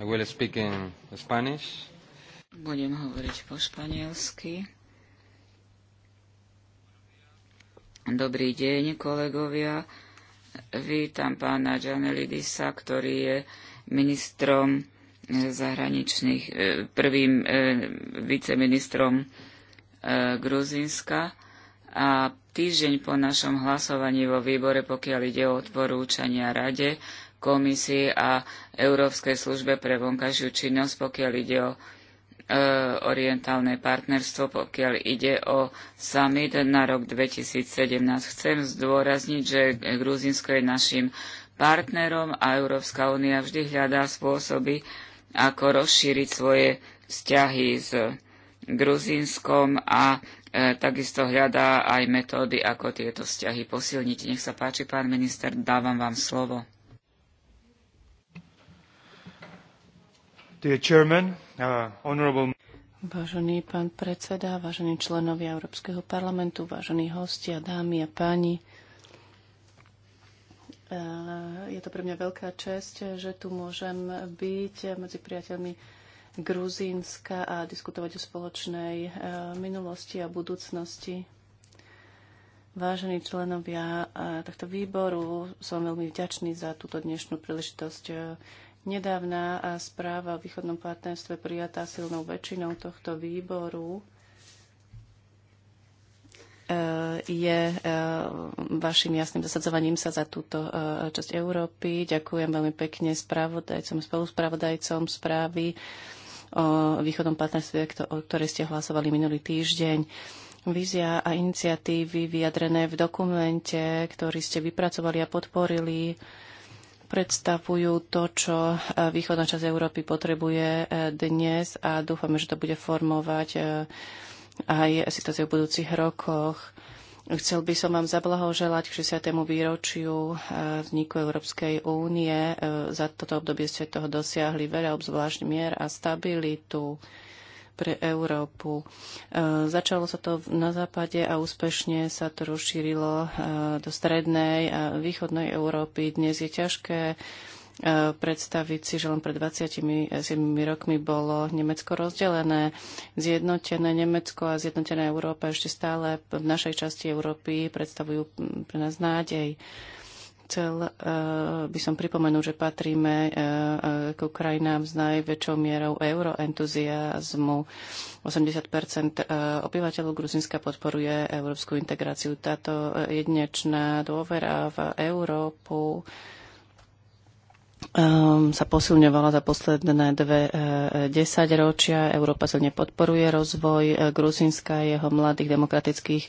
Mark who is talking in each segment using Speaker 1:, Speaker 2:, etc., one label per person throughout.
Speaker 1: I will speak in Spanish.
Speaker 2: Budem hovoriť po španielsky. Dobrý deň, kolegovia. Vítam pána Janelidisa, ktorý je ministrom eh, zahraničných, eh, prvým eh, viceministrom Gruzinska a týždeň po našom hlasovaní vo výbore, pokiaľ ide o odporúčania rade, komisii a Európskej službe pre vonkajšiu činnosť, pokiaľ ide o e, orientálne partnerstvo, pokiaľ ide o summit na rok 2017. Chcem zdôrazniť, že Gruzinsko je našim partnerom a Európska únia vždy hľadá spôsoby, ako rozšíriť svoje vzťahy s Gruzínskom a e, takisto hľadá aj metódy, ako tieto vzťahy posilniť. Nech sa páči, pán minister, dávam vám slovo.
Speaker 1: Dear Chairman, uh, honorable...
Speaker 3: Vážený pán predseda, vážení členovia Európskeho parlamentu, vážení hostia, dámy a páni, uh, je to pre mňa veľká česť, že tu môžem byť medzi priateľmi Gruzínska a diskutovať o spoločnej uh, minulosti a budúcnosti. Vážení členovia uh, tohto výboru, som veľmi vďačný za túto dnešnú príležitosť Nedávna správa o východnom partnerstve prijatá silnou väčšinou tohto výboru e, je e, vašim jasným zasadzovaním sa za túto e, časť Európy. Ďakujem veľmi pekne spravodajcom, spoluspravodajcom správy o východnom partnerstve, o ktorej ste hlasovali minulý týždeň. Vízia a iniciatívy vyjadrené v dokumente, ktorý ste vypracovali a podporili, predstavujú to, čo e, východná časť Európy potrebuje e, dnes a dúfame, že to bude formovať e, aj situáciu v budúcich rokoch. Chcel by som vám zablahoželať k 60. výročiu vzniku Európskej únie. Za toto obdobie ste toho dosiahli veľa, obzvlášť mier a stabilitu pre Európu. E, začalo sa to na západe a úspešne sa to rozšírilo e, do strednej a východnej Európy. Dnes je ťažké e, predstaviť si, že len pred 27 rokmi bolo Nemecko rozdelené. Zjednotené Nemecko a zjednotená Európa ešte stále v našej časti Európy predstavujú pre nás nádej. Uh, Chcel eh, by som pripomenúť, že patríme eh, eh, k krajinám s najväčšou mierou euroentuziasmu. 80 obyvateľov Gruzinska podporuje európsku integráciu. Táto jedinečná dôvera v Európu um, sa posilňovala za posledné dve e, desaťročia. Európa silne podporuje rozvoj eh, Gruzinska, jeho mladých demokratických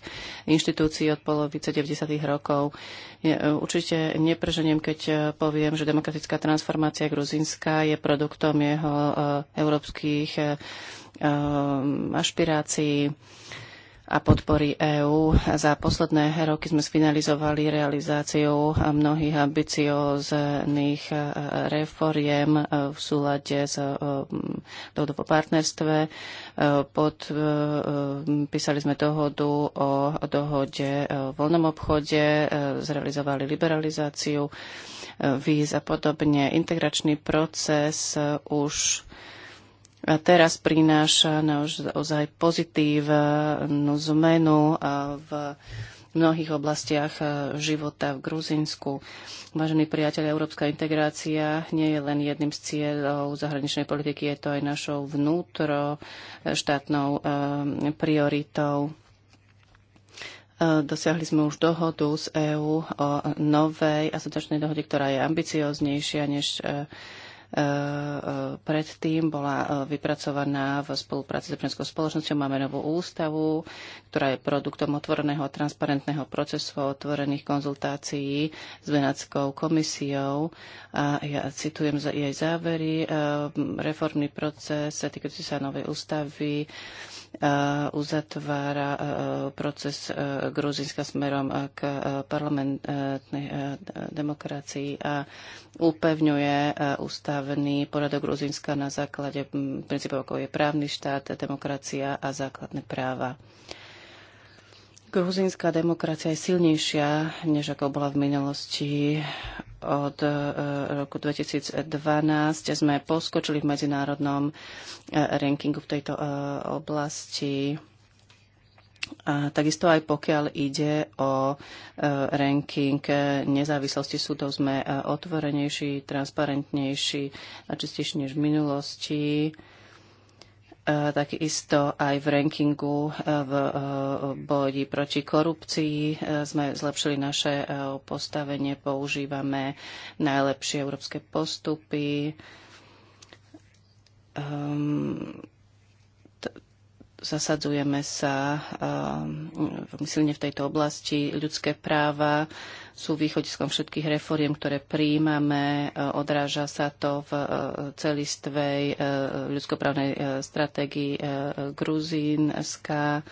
Speaker 3: inštitúcií od polovice 90. rokov. Je, eh, určite nepreženiem, keď poviem, že demokratická transformácia Gruzinska je produktom jeho uh, európskych e, ašpirácií a podpory EÚ. Za posledné roky sme sfinalizovali realizáciu mnohých ambicióznych reforiem v súlade s eh, dohodou po partnerstve. Eh, Podpísali eh, sme dohodu o dohode o voľnom obchode, zrealizovali liberalizáciu víz a podobne. Integračný proces už a teraz prináša naozaj pozitívnu zmenu v mnohých oblastiach e, života v Gruzínsku. Vážení priateľ, európska integrácia nie je len jedným z cieľov zahraničnej politiky, je to aj našou vnútroštátnou e, prioritou. E, dosiahli sme už dohodu z EÚ o novej asociačnej dohode, ktorá je ambicioznejšia než E, e, predtým bola e, vypracovaná v spolupráci s občianskou spoločnosťou. Máme novú ústavu, ktorá je produktom otvoreného a transparentného procesu otvorených konzultácií s Venáckou komisiou. A ja citujem jej závery. Reformný proces týkajúci sa novej ústavy Eh, uzatvára eh, eh, proces Gruzinska smerom k parlamentnej demokracii a upevňuje ústavný poradok Gruzinska na základe hm, princípov, ako je právny štát, demokracia a základné práva. Gruzinská demokracia je silnejšia, než ako bola v minulosti od e, roku 2012 sme poskočili v medzinárodnom e, rankingu v tejto e, oblasti. A takisto aj pokiaľ ide o ranking nezávislosti súdov, sme otvorenejší, transparentnejší a čistejší než v minulosti E, takisto aj v rankingu e, v e, boji proti korupcii sme zlepšili naše postavenie, používame najlepšie európske postupy. Um, zasadzujeme sa um, silne v tejto oblasti ľudské práva sú východiskom všetkých reforiem, ktoré príjmame. E, odráža sa to v e, celistvej e, ľudskoprávnej stratégii Gruzínska.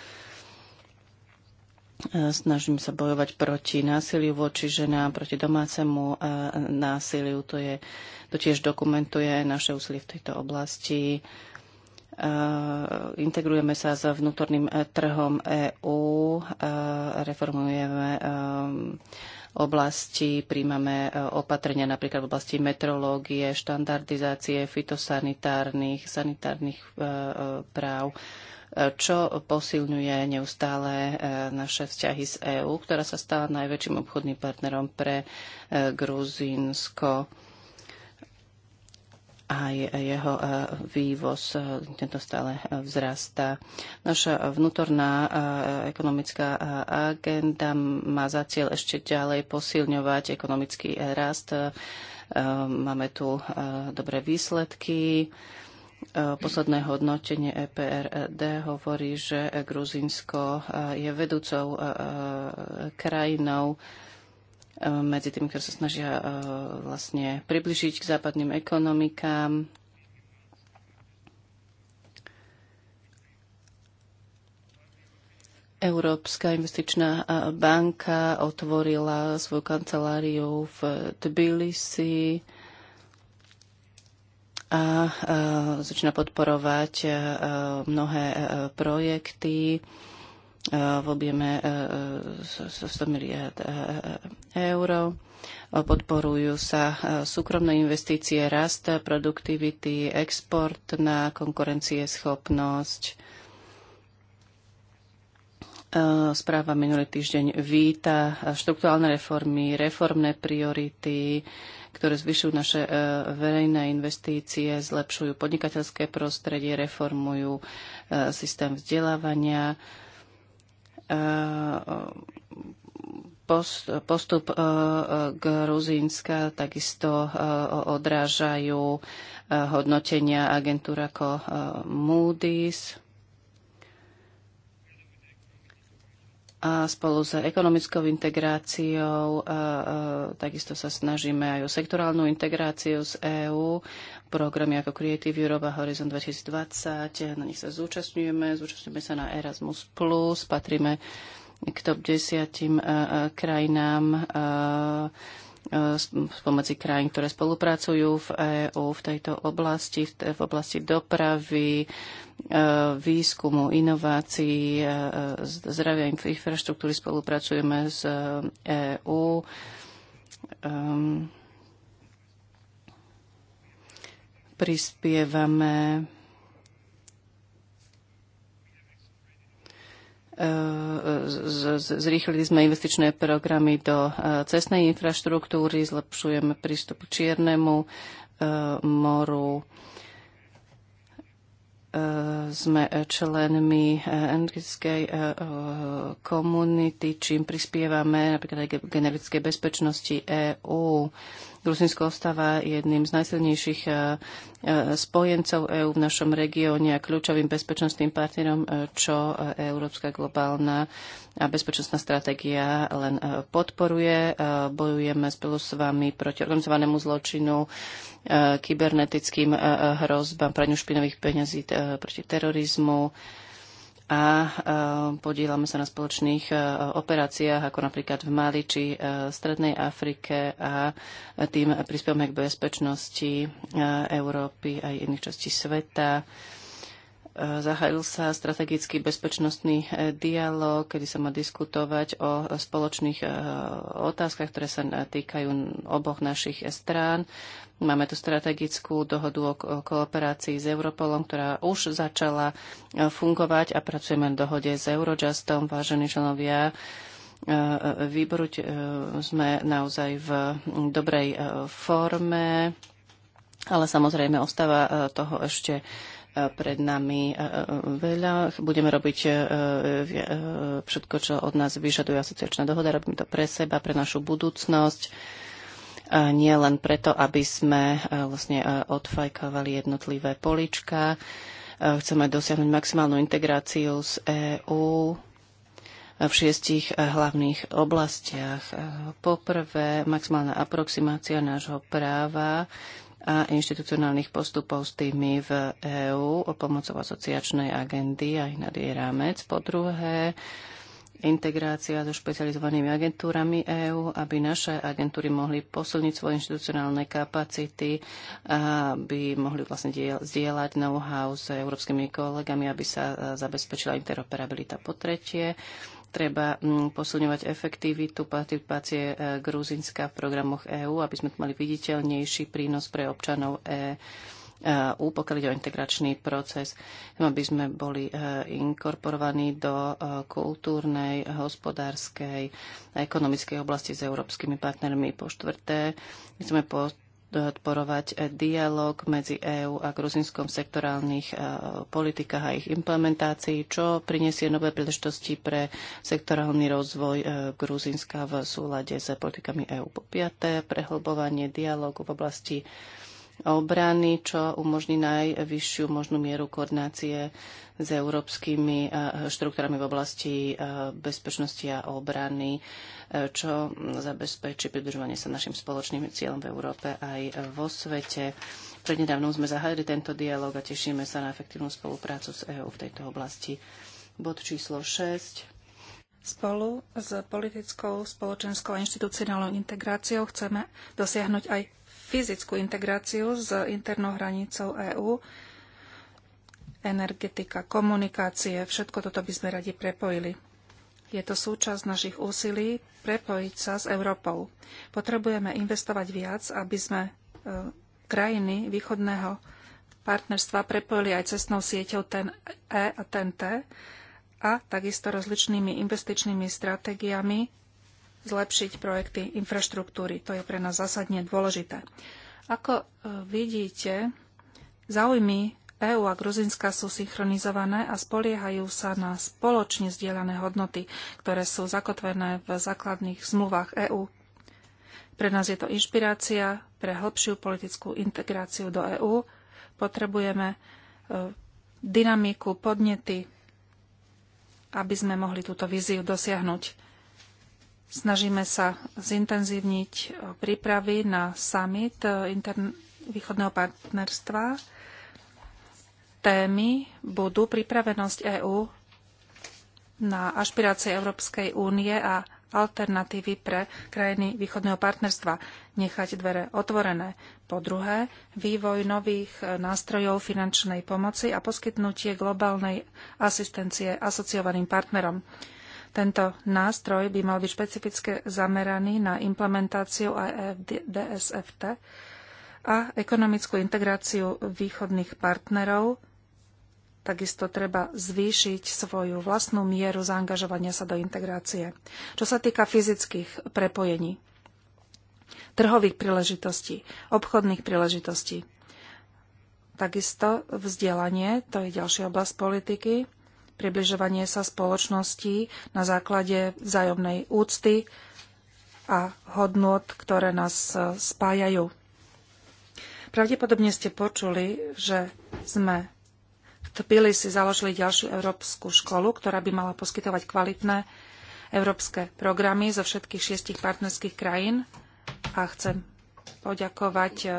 Speaker 3: Snažím sa bojovať proti násiliu voči ženám, proti domácemu násiliu. To, je, to tiež dokumentuje naše úsilie v tejto oblasti. Eh, integrujeme sa s vnútorným eh, trhom EÚ, eh, reformujeme oblasti, príjmame opatrenia napríklad v oblasti metrológie, štandardizácie fitosanitárnych, sanitárnych práv, čo posilňuje neustále naše vzťahy s EÚ, ktorá sa stala najväčším obchodným partnerom pre Gruzínsko aj jeho e, vývoz e, tento stále e, vzrastá. Naša vnútorná ekonomická agenda má za cieľ ešte ďalej posilňovať ekonomický rast. Máme tu dobré výsledky. Posledné hodnotenie EPRD hovorí, že Gruzinsko je vedúcou krajinou Eh, medzi tým, ktorí sa snažia eh, vlastne približiť k západným ekonomikám. Európska investičná eh, banka otvorila svoju kanceláriu v Tbilisi a začína podporovať mnohé projekty v objeme 100 e, e, miliard eur. E, Podporujú sa súkromné investície, rast produktivity, export na konkurencieschopnosť. Správa minulý týždeň víta štruktúrálne reformy, reformné priority, ktoré zvyšujú naše verejné investície, zlepšujú podnikateľské prostredie, reformujú systém vzdelávania E, postup e, e, Gruzínska takisto odrážajú hodnotenia agentúr ako Moody's a spolu s ekonomickou integráciou a, a, takisto sa snažíme aj o sektorálnu integráciu z EÚ, programy ako Creative Europe a Horizon 2020, na nich sa zúčastňujeme, zúčastňujeme sa na Erasmus+, patríme k top desiatim krajinám, a, s pomoci krajín, ktoré spolupracujú v EÚ v tejto oblasti, v oblasti dopravy, e, výskumu, inovácií, e, e, zdravia infraštruktúry spolupracujeme s EÚ. Ehm, prispievame Zrýchlili sme investičné programy do e, cestnej infraštruktúry, zlepšujeme prístup k Čiernemu e, moru. E, sme členmi energetickej komunity, čím prispievame napríklad aj k generickej bezpečnosti EÚ. Gruzinsko ostáva jedným z najsilnejších e, e, spojencov EÚ v našom regióne a kľúčovým bezpečnostným partnerom, e, čo Európska globálna a bezpečnostná stratégia len podporuje. Bojujeme spolu s vami proti organizovanému zločinu, kybernetickým hrozbám, praniu špinových peňazí proti terorizmu a e, podielame sa na spoločných e, operáciách, ako napríklad v Mali či e, Strednej Afrike a tým prispievame k bezpečnosti Európy aj iných častí sveta. Eh, zahájil sa strategický bezpečnostný eh, dialog, kedy sa má diskutovať o spoločných eh, otázkach, ktoré sa týkajú oboch našich strán. Máme tu strategickú dohodu o kooperácii s Europolom, ktorá už začala fungovať a pracujeme v dohode s Eurojustom. Vážení členovia výboru sme naozaj v hm, dobrej forme, ale samozrejme ostáva toho ešte pred nami e, e, veľa. Budeme robiť e, všetko, čo od nás vyžaduje asociačná dohoda. Robíme to pre seba, pre našu budúcnosť. Nie len preto, aby sme vlastne odfajkovali jednotlivé polička. Chceme dosiahnuť maximálnu integráciu z EÚ v šiestich hlavných oblastiach. Poprvé, maximálna aproximácia nášho práva a inštitucionálnych postupov s tými v EÚ o pomocou asociačnej agendy aj nad jej rámec. Po druhé, integrácia so špecializovanými agentúrami EÚ, aby naše agentúry mohli posilniť svoje inštitucionálne kapacity, aby mohli vlastne zdieľať know-how s európskymi kolegami, aby sa e, zabezpečila interoperabilita. Po tretie, treba mm, posilňovať efektivitu participácie e, Gruzinska v programoch EÚ, aby sme mali viditeľnejší prínos pre občanov EÚ, e, pokiaľ ide o integračný proces, aby sme boli e, inkorporovaní do kultúrnej, hospodárskej a ekonomickej oblasti s európskymi partnermi. Po štvrté, chceme po podporovať e, dialog medzi EÚ a Gruzinskom v sektorálnych e, politikách a ich implementácii, čo prinesie nové príležitosti pre sektorálny rozvoj e, Gruzinska v súlade s politikami EÚ. Po piaté, prehlbovanie dialogu v oblasti obrany, čo umožní najvyššiu možnú mieru koordinácie s európskymi eh, štruktúrami v oblasti eh, bezpečnosti a obrany, eh, čo zabezpečí pridržovanie sa našim spoločným cieľom v Európe aj vo svete. Prednedávnom sme zahájili tento dialog a tešíme sa na efektívnu spoluprácu s EÚ v tejto oblasti. Bod číslo 6.
Speaker 4: Spolu s politickou, spoločenskou a inštitucionálnou integráciou chceme dosiahnuť aj fyzickú integráciu s internou hranicou EÚ, energetika, komunikácie, všetko toto by sme radi prepojili. Je to súčasť našich úsilí prepojiť sa s Európou. Potrebujeme investovať viac, aby sme e, krajiny východného partnerstva prepojili aj cestnou sieťou ten E a ten T, a takisto rozličnými investičnými stratégiami zlepšiť projekty infraštruktúry. To je pre nás zásadne dôležité. Ako e, vidíte, záujmy EÚ a Gruzinska sú synchronizované a spoliehajú sa na spoločne zdieľané hodnoty, ktoré sú zakotvené v základných zmluvách EÚ. Pre nás je to inšpirácia pre hĺbšiu politickú integráciu do EÚ. Potrebujeme e, dynamiku, podnety, aby sme mohli túto víziu dosiahnuť. Snažíme sa zintenzívniť e, prípravy na summit e, východného partnerstva. Témy budú pripravenosť EÚ na ašpirácie Európskej únie a alternatívy pre krajiny východného partnerstva. Nechať dvere otvorené. Po druhé, vývoj nových e, nástrojov finančnej pomoci a poskytnutie globálnej asistencie asociovaným partnerom. Tento nástroj by mal byť špecificky zameraný na implementáciu e DSFT a ekonomickú integráciu východných partnerov. Takisto treba zvýšiť svoju vlastnú mieru zaangažovania sa do integrácie. Čo sa týka fyzických prepojení, trhových príležitostí, obchodných príležitostí, takisto vzdelanie, to je ďalšia oblasť politiky, približovanie sa spoločnosti na základe vzájomnej úcty a hodnot, ktoré nás e, spájajú. Pravdepodobne ste počuli, že sme v si založili ďalšiu európsku školu, ktorá by mala poskytovať kvalitné európske programy zo všetkých šiestich partnerských krajín. A chcem poďakovať e,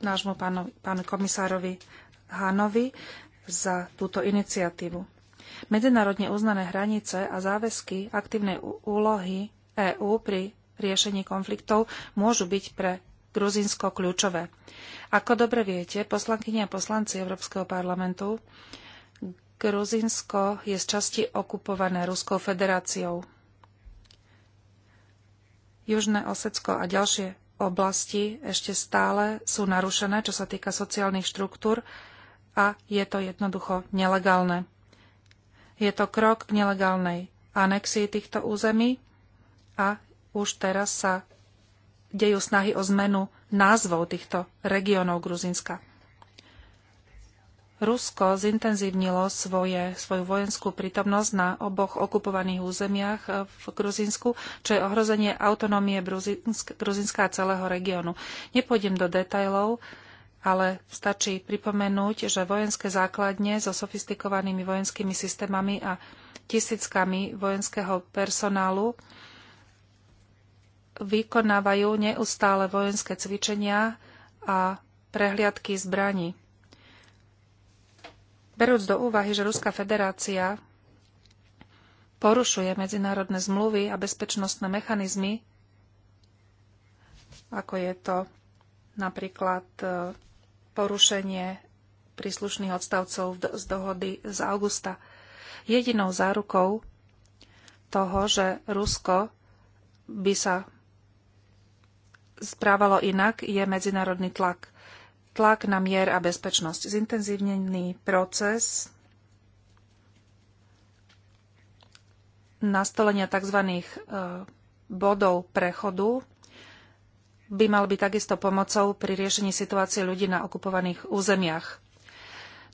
Speaker 4: nášmu pánu, pánu komisárovi Hanovi za túto iniciatívu medzinárodne uznané hranice a záväzky aktívnej úlohy EÚ pri riešení konfliktov môžu byť pre Gruzinsko kľúčové. Ako dobre viete, poslankyni a poslanci Európskeho parlamentu, Gruzinsko je z časti okupované Ruskou federáciou. Južné Osecko a ďalšie oblasti ešte stále sú narušené, čo sa týka sociálnych štruktúr a je to jednoducho nelegálne. Je to krok k nelegálnej anexii týchto území a už teraz sa dejú snahy o zmenu názvov týchto regiónov Gruzinska. Rusko zintenzívnilo svoje, svoju vojenskú prítomnosť na oboch okupovaných územiach e, v Gruzinsku, čo je ohrozenie autonómie Gruzinska a celého regiónu. Nepôjdem do detajlov, ale stačí pripomenúť, že vojenské základne so sofistikovanými vojenskými systémami a tisíckami vojenského personálu vykonávajú neustále vojenské cvičenia a prehliadky zbraní. Berúc do úvahy, že Ruská federácia porušuje medzinárodné zmluvy a bezpečnostné mechanizmy, ako je to napríklad e, porušenie príslušných odstavcov z dohody z augusta. Jedinou zárukou toho, že Rusko by sa správalo inak, je medzinárodný tlak. Tlak na mier a bezpečnosť. Zintenzívnený proces nastolenia tzv. E, bodov prechodu by mal byť takisto pomocou pri riešení situácie ľudí na okupovaných územiach.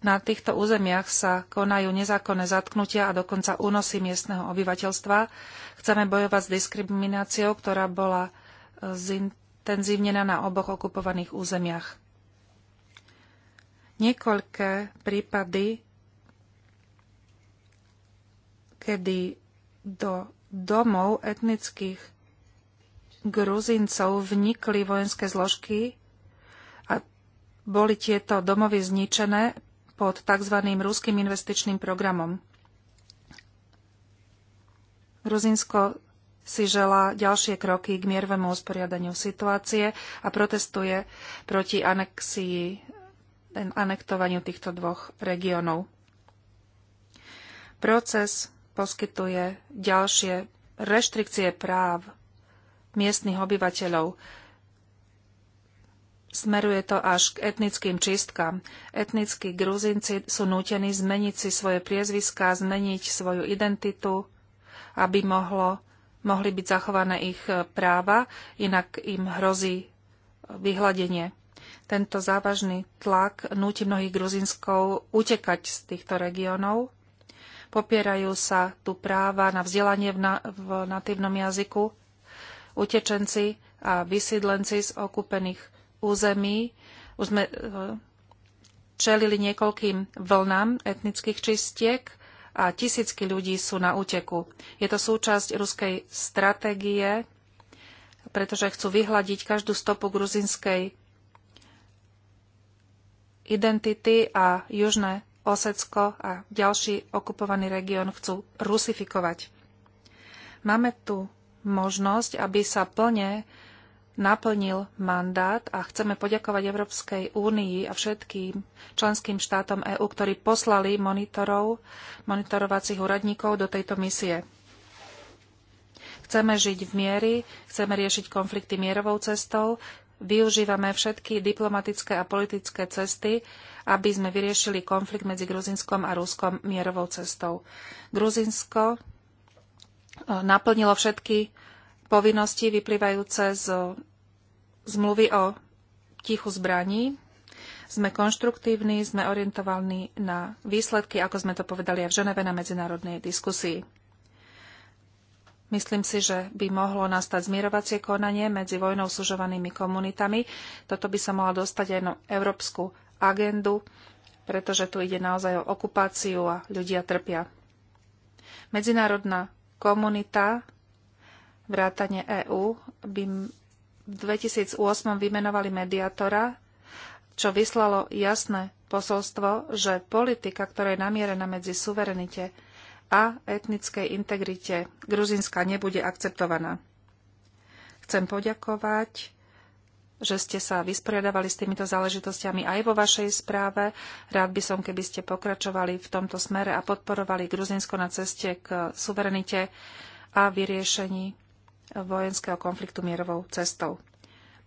Speaker 4: Na týchto územiach sa konajú nezákonné zatknutia a dokonca únosy miestneho obyvateľstva. Chceme bojovať s diskrimináciou, ktorá bola e, zintenzívnená na oboch okupovaných územiach. Niekoľké prípady, kedy do domov etnických Gruzincov vnikli vojenské zložky a boli tieto domovy zničené pod tzv. ruským investičným programom. Gruzinsko si želá ďalšie kroky k mierovému usporiadaniu situácie a protestuje proti anexii, anektovaniu týchto dvoch regiónov. Proces poskytuje ďalšie reštrikcie práv miestnych obyvateľov. Smeruje to až k etnickým čistkám. Etnickí gruzinci sú nútení zmeniť si svoje priezviská, zmeniť svoju identitu, aby mohlo, mohli byť zachované ich práva, inak im hrozí vyhľadenie. Tento závažný tlak núti mnohých gruzinskov utekať z týchto regiónov. Popierajú sa tu práva na vzdelanie v, na, v natívnom jazyku, utečenci a vysídlenci z okupených území. Už sme e, čelili niekoľkým vlnám etnických čistiek a tisícky ľudí sú na úteku. Je to súčasť ruskej stratégie, pretože chcú vyhľadiť každú stopu gruzinskej identity a južné Osecko a ďalší okupovaný región chcú rusifikovať. Máme tu možnosť, aby sa plne naplnil mandát a chceme poďakovať Európskej únii a všetkým členským štátom EÚ, ktorí poslali monitorov, monitorovacích úradníkov do tejto misie. Chceme žiť v miery, chceme riešiť konflikty mierovou cestou, využívame všetky diplomatické a politické cesty, aby sme vyriešili konflikt medzi Gruzinskom a Ruskom mierovou cestou. Gruzinsko E, naplnilo všetky povinnosti vyplývajúce z zmluvy o tichu zbraní. Sme konštruktívni, sme orientovaní na výsledky, ako sme to povedali aj v Ženeve na medzinárodnej diskusii. Myslím si, že by mohlo nastať zmierovacie konanie medzi vojnou služovanými komunitami. Toto by sa mala dostať aj na európsku agendu, pretože tu ide naozaj o okupáciu a ľudia trpia. Medzinárodná komunita vrátane EÚ by v 2008 vymenovali mediátora, čo vyslalo jasné posolstvo, že politika, ktorá je namierená medzi suverenite a etnickej integrite Gruzinska nebude akceptovaná. Chcem poďakovať že ste sa vysporiadavali s týmito záležitostiami aj vo vašej správe. Rád by som, keby ste pokračovali v tomto smere a podporovali Gruzinsko na ceste k suverenite a vyriešení vojenského konfliktu mierovou cestou.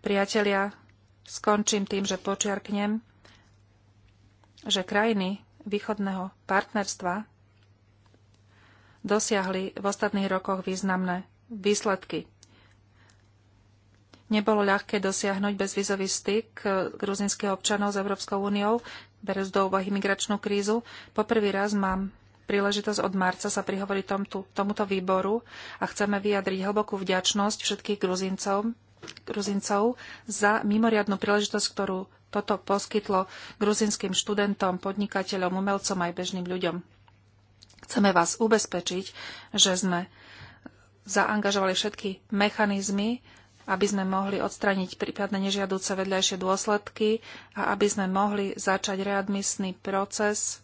Speaker 4: Priatelia, skončím tým, že počiarknem, že krajiny východného partnerstva dosiahli v ostatných rokoch významné výsledky nebolo ľahké dosiahnuť bezvizový styk eh, gruzinských občanov s Európskou úniou, berúc do úvahy migračnú krízu. Poprvý raz mám príležitosť od marca sa prihovoriť tomtu, tomuto výboru a chceme vyjadriť hlbokú vďačnosť všetkých Gruzincov, Gruzincov za mimoriadnú príležitosť, ktorú toto poskytlo gruzinským študentom, podnikateľom, umelcom aj bežným ľuďom. Chceme vás ubezpečiť, že sme zaangažovali všetky mechanizmy, aby sme mohli odstraniť prípadne nežiaduce vedľajšie dôsledky a aby sme mohli začať readmisný proces.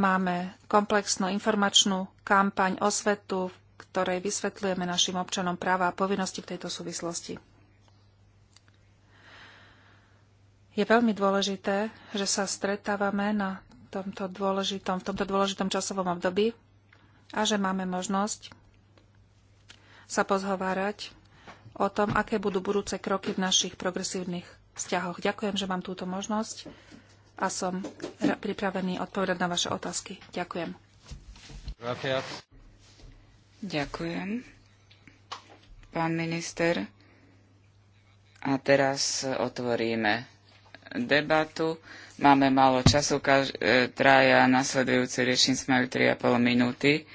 Speaker 4: Máme komplexnú informačnú kampaň o svetu, v ktorej vysvetľujeme našim občanom práva a povinnosti v tejto súvislosti. Je veľmi dôležité, že sa stretávame na tomto dôležitom, v tomto dôležitom časovom období a že máme možnosť sa pozhovárať o tom, aké budú budúce kroky v našich progresívnych vzťahoch. Ďakujem, že mám túto možnosť a som pripravený odpovedať na vaše otázky. Ďakujem.
Speaker 2: Ďakujem. Pán minister, a teraz otvoríme debatu. Máme málo času, kaž- eh, traja nasledujúci riečníci majú 3,5 minúty.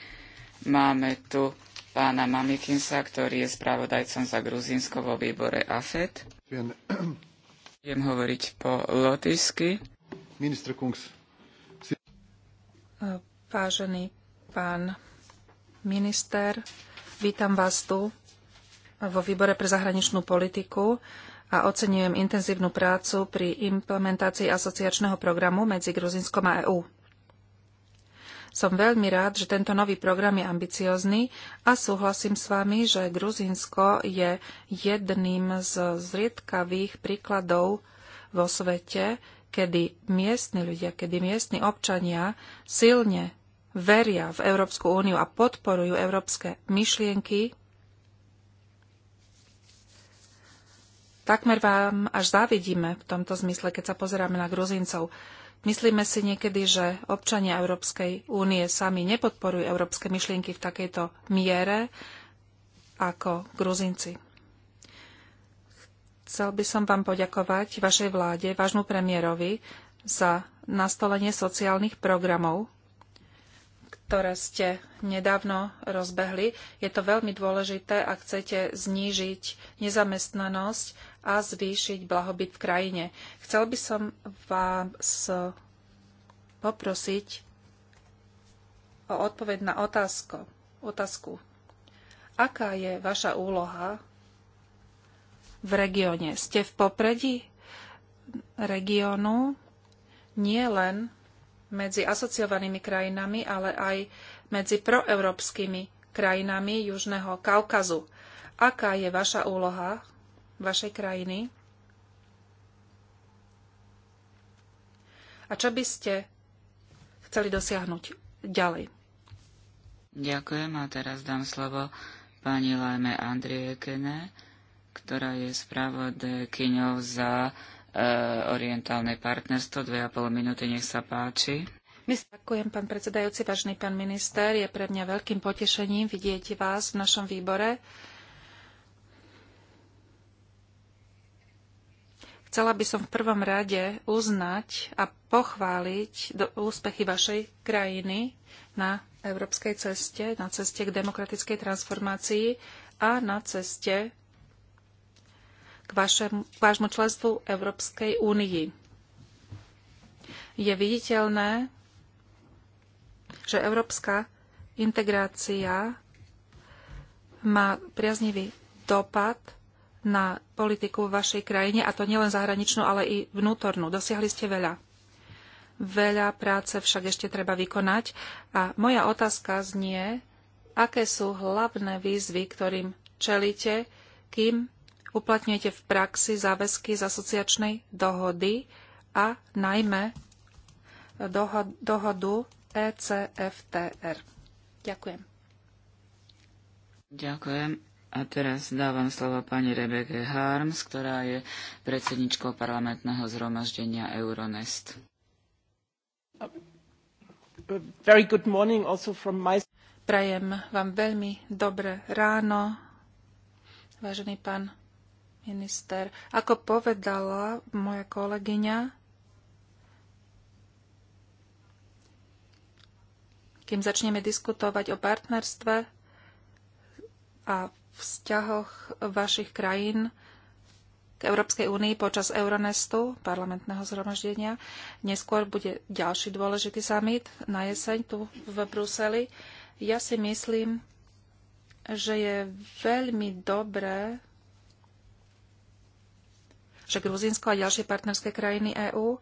Speaker 2: Máme tu pána Mamikinsa, ktorý je spravodajcom za Gruzínsko vo výbore AFET. Budem hovoriť po lotišsky. Minister Kungs. E,
Speaker 4: vážený pán minister, vítam vás tu vo výbore pre zahraničnú politiku a oceňujem intenzívnu prácu pri implementácii asociačného programu medzi Gruzinskom a EÚ. Som veľmi rád, že tento nový program je ambiciózny a súhlasím s vami, že Gruzinsko je jedným z zriedkavých príkladov vo svete, kedy miestni ľudia, kedy miestni občania silne veria v Európsku úniu a podporujú európske myšlienky, takmer vám až závidíme v tomto zmysle, keď sa pozeráme na Gruzincov. Myslíme si niekedy, že občania Európskej únie sami nepodporujú európske myšlienky v takejto miere ako Gruzinci. Chcel by som vám poďakovať vašej vláde, vášmu premiérovi, za nastolenie sociálnych programov, ktoré ste nedávno rozbehli. Je to veľmi dôležité, ak chcete znížiť nezamestnanosť a zvýšiť blahobyt v krajine. Chcel by som vás poprosiť o odpoveď na otázku. otázku. Aká je vaša úloha v regióne? Ste v popredí regiónu nie len medzi asociovanými krajinami, ale aj medzi proeurópskymi krajinami Južného Kaukazu. Aká je vaša úloha vašej krajiny? A čo by ste chceli dosiahnuť ďalej?
Speaker 2: Ďakujem a teraz dám slovo pani Lajme Kene, ktorá je spravodkyňou za e, orientálne partnerstvo. Dve a pol minúty, nech sa páči.
Speaker 4: Ďakujem, pán predsedajúci, vážny pán minister. Je pre mňa veľkým potešením vidieť vás v našom výbore. Chcela by som v prvom rade uznať a pochváliť do úspechy vašej krajiny na európskej ceste, na ceste k demokratickej transformácii a na ceste k, vašemu, k vášmu členstvu Európskej únii. Je viditeľné, že európska integrácia má priaznivý dopad na politiku v vašej krajine, a to nielen zahraničnú, ale i vnútornú. Dosiahli ste veľa. Veľa práce však ešte treba vykonať. A moja otázka znie, aké sú hlavné výzvy, ktorým čelíte, kým uplatňujete v praxi záväzky z asociačnej dohody a najmä dohodu ECFTR. Ďakujem.
Speaker 2: Ďakujem. A teraz dávam slovo pani Rebeke Harms, ktorá je predsedničkou parlamentného zhromaždenia Euronest.
Speaker 4: Very good morning also from my... Prajem vám veľmi dobré ráno, vážený pán minister. Ako povedala moja kolegyňa, kým začneme diskutovať o partnerstve a vzťahoch vašich krajín k Európskej únii počas Euronestu, parlamentného zhromaždenia. Neskôr bude ďalší dôležitý summit na jeseň tu v Bruseli. Ja si myslím, že je veľmi dobré, že Gruzínsko a ďalšie partnerské krajiny EÚ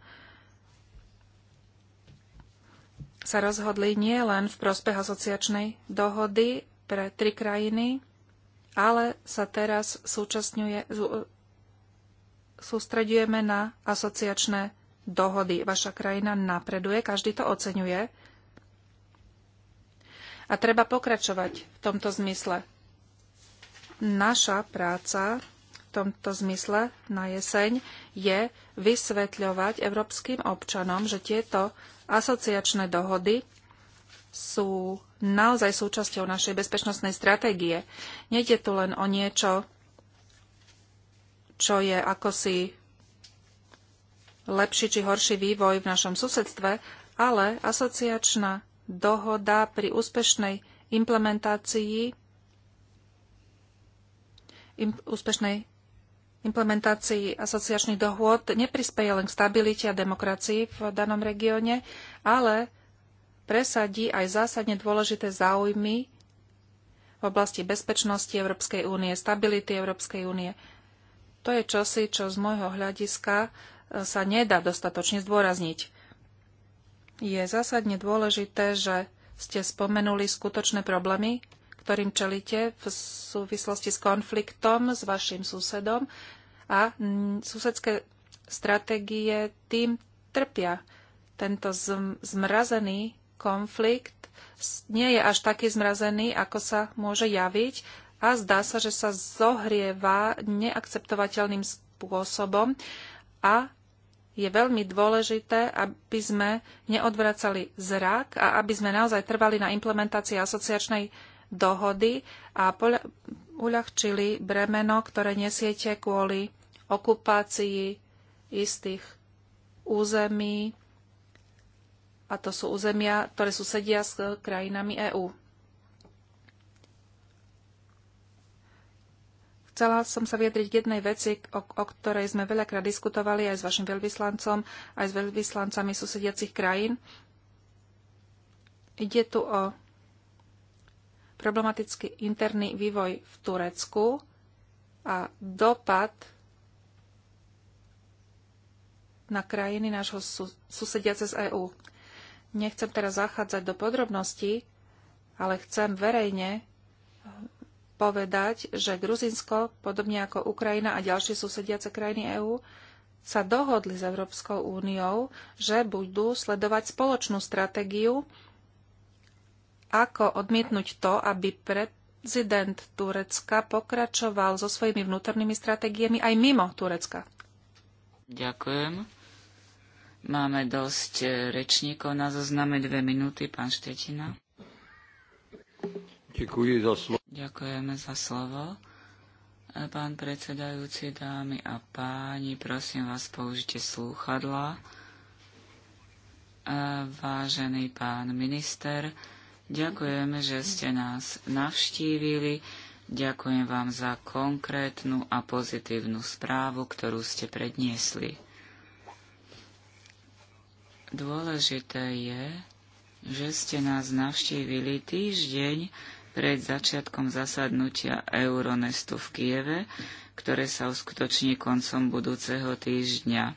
Speaker 4: sa rozhodli nie len v prospech asociačnej dohody pre tri krajiny, ale sa teraz súčasňuje, sústredujeme na asociačné dohody. Vaša krajina napreduje, každý to oceňuje. A treba pokračovať v tomto zmysle. Naša práca v tomto zmysle na jeseň je vysvetľovať európskym občanom, že tieto asociačné dohody sú naozaj súčasťou našej bezpečnostnej stratégie. Nejde tu len o niečo, čo je akosi lepší či horší vývoj v našom susedstve, ale asociačná dohoda pri úspešnej implementácii im, úspešnej implementácii asociačných dohôd neprispeje len k stabilite a demokracii v danom regióne, ale presadí aj zásadne dôležité záujmy v oblasti bezpečnosti Európskej únie, stability Európskej únie. To je čosi, čo z môjho hľadiska e, sa nedá dostatočne zdôrazniť. Je zásadne dôležité, že ste spomenuli skutočné problémy, ktorým čelíte v súvislosti s konfliktom s vašim susedom a susedské stratégie tým trpia. Tento zmrazený konflikt nie je až taký zmrazený, ako sa môže javiť a zdá sa, že sa zohrieva neakceptovateľným spôsobom a je veľmi dôležité, aby sme neodvracali zrak a aby sme naozaj trvali na implementácii asociačnej dohody a uľahčili bremeno, ktoré nesiete kvôli okupácii istých území a to sú územia, ktoré sú sedia s krajinami EÚ. Chcela som sa vyjadriť k jednej veci, o, o ktorej sme veľakrát diskutovali aj s vašim veľvyslancom, aj s veľvyslancami susediacich krajín. Ide tu o problematický interný vývoj v Turecku a dopad na krajiny nášho susediace z EÚ. Nechcem teraz zachádzať do podrobností, ale chcem verejne povedať, že Gruzinsko, podobne ako Ukrajina a ďalšie susediace krajiny EÚ, sa dohodli s Európskou úniou, že budú sledovať spoločnú stratégiu, ako odmietnúť to, aby prezident Turecka pokračoval so svojimi vnútornými stratégiami aj mimo Turecka.
Speaker 2: Ďakujem. Máme dosť e, rečníkov na zozname, dve minúty, pán Štetina. Ďakujem za slovo. Ďakujeme za slovo. E, pán predsedajúci, dámy a páni, prosím vás, použite slúchadlá. E, vážený pán minister, ďakujeme, že ste nás navštívili. Ďakujem vám za konkrétnu a pozitívnu správu, ktorú ste predniesli. Dôležité je, že ste nás navštívili týždeň pred začiatkom zasadnutia Euronestu v Kieve, ktoré sa uskutoční koncom budúceho týždňa.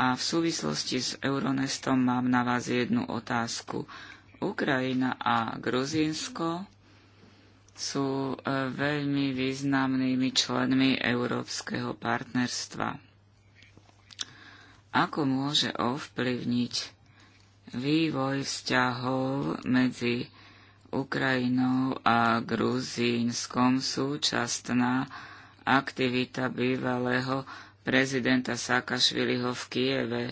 Speaker 2: A v súvislosti s Euronestom mám na vás jednu otázku. Ukrajina a Gruzínsko sú e, veľmi významnými členmi európskeho partnerstva ako môže ovplyvniť vývoj vzťahov medzi Ukrajinou a Gruzínskom súčasná aktivita bývalého prezidenta Sakašviliho v Kieve.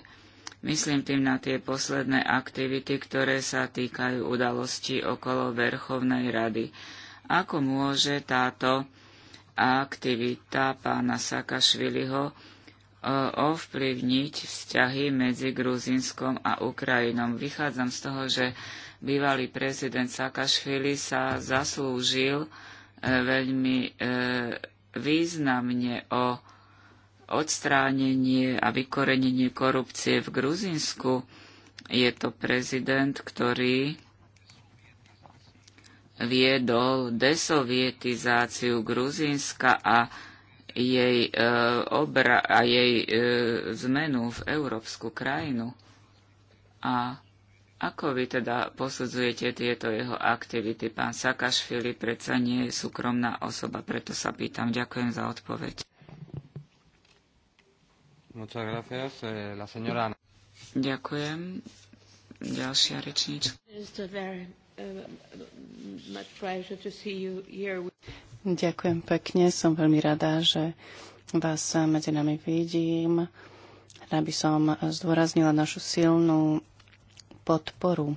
Speaker 2: Myslím tým na tie posledné aktivity, ktoré sa týkajú udalostí okolo Verchovnej rady. Ako môže táto aktivita pána Sakašviliho E, ovplyvniť vzťahy medzi Gruzinskom a Ukrajinom. Vychádzam z toho, že bývalý prezident Sakašvili sa zaslúžil e, veľmi e, významne o odstránenie a vykorenenie korupcie v Gruzinsku. Je to prezident, ktorý viedol desovietizáciu Gruzinska a jej e, obra a jej e, zmenu v európsku krajinu. A ako vy teda posudzujete tieto jeho aktivity? Pán Sakašvili predsa nie je súkromná osoba, preto sa pýtam. Ďakujem za odpoveď. Eh, Ďakujem. Ďalšia rečnička.
Speaker 3: Ďakujem pekne. Som veľmi rada, že vás medzi nami vidím. Rada by som zdôraznila našu silnú podporu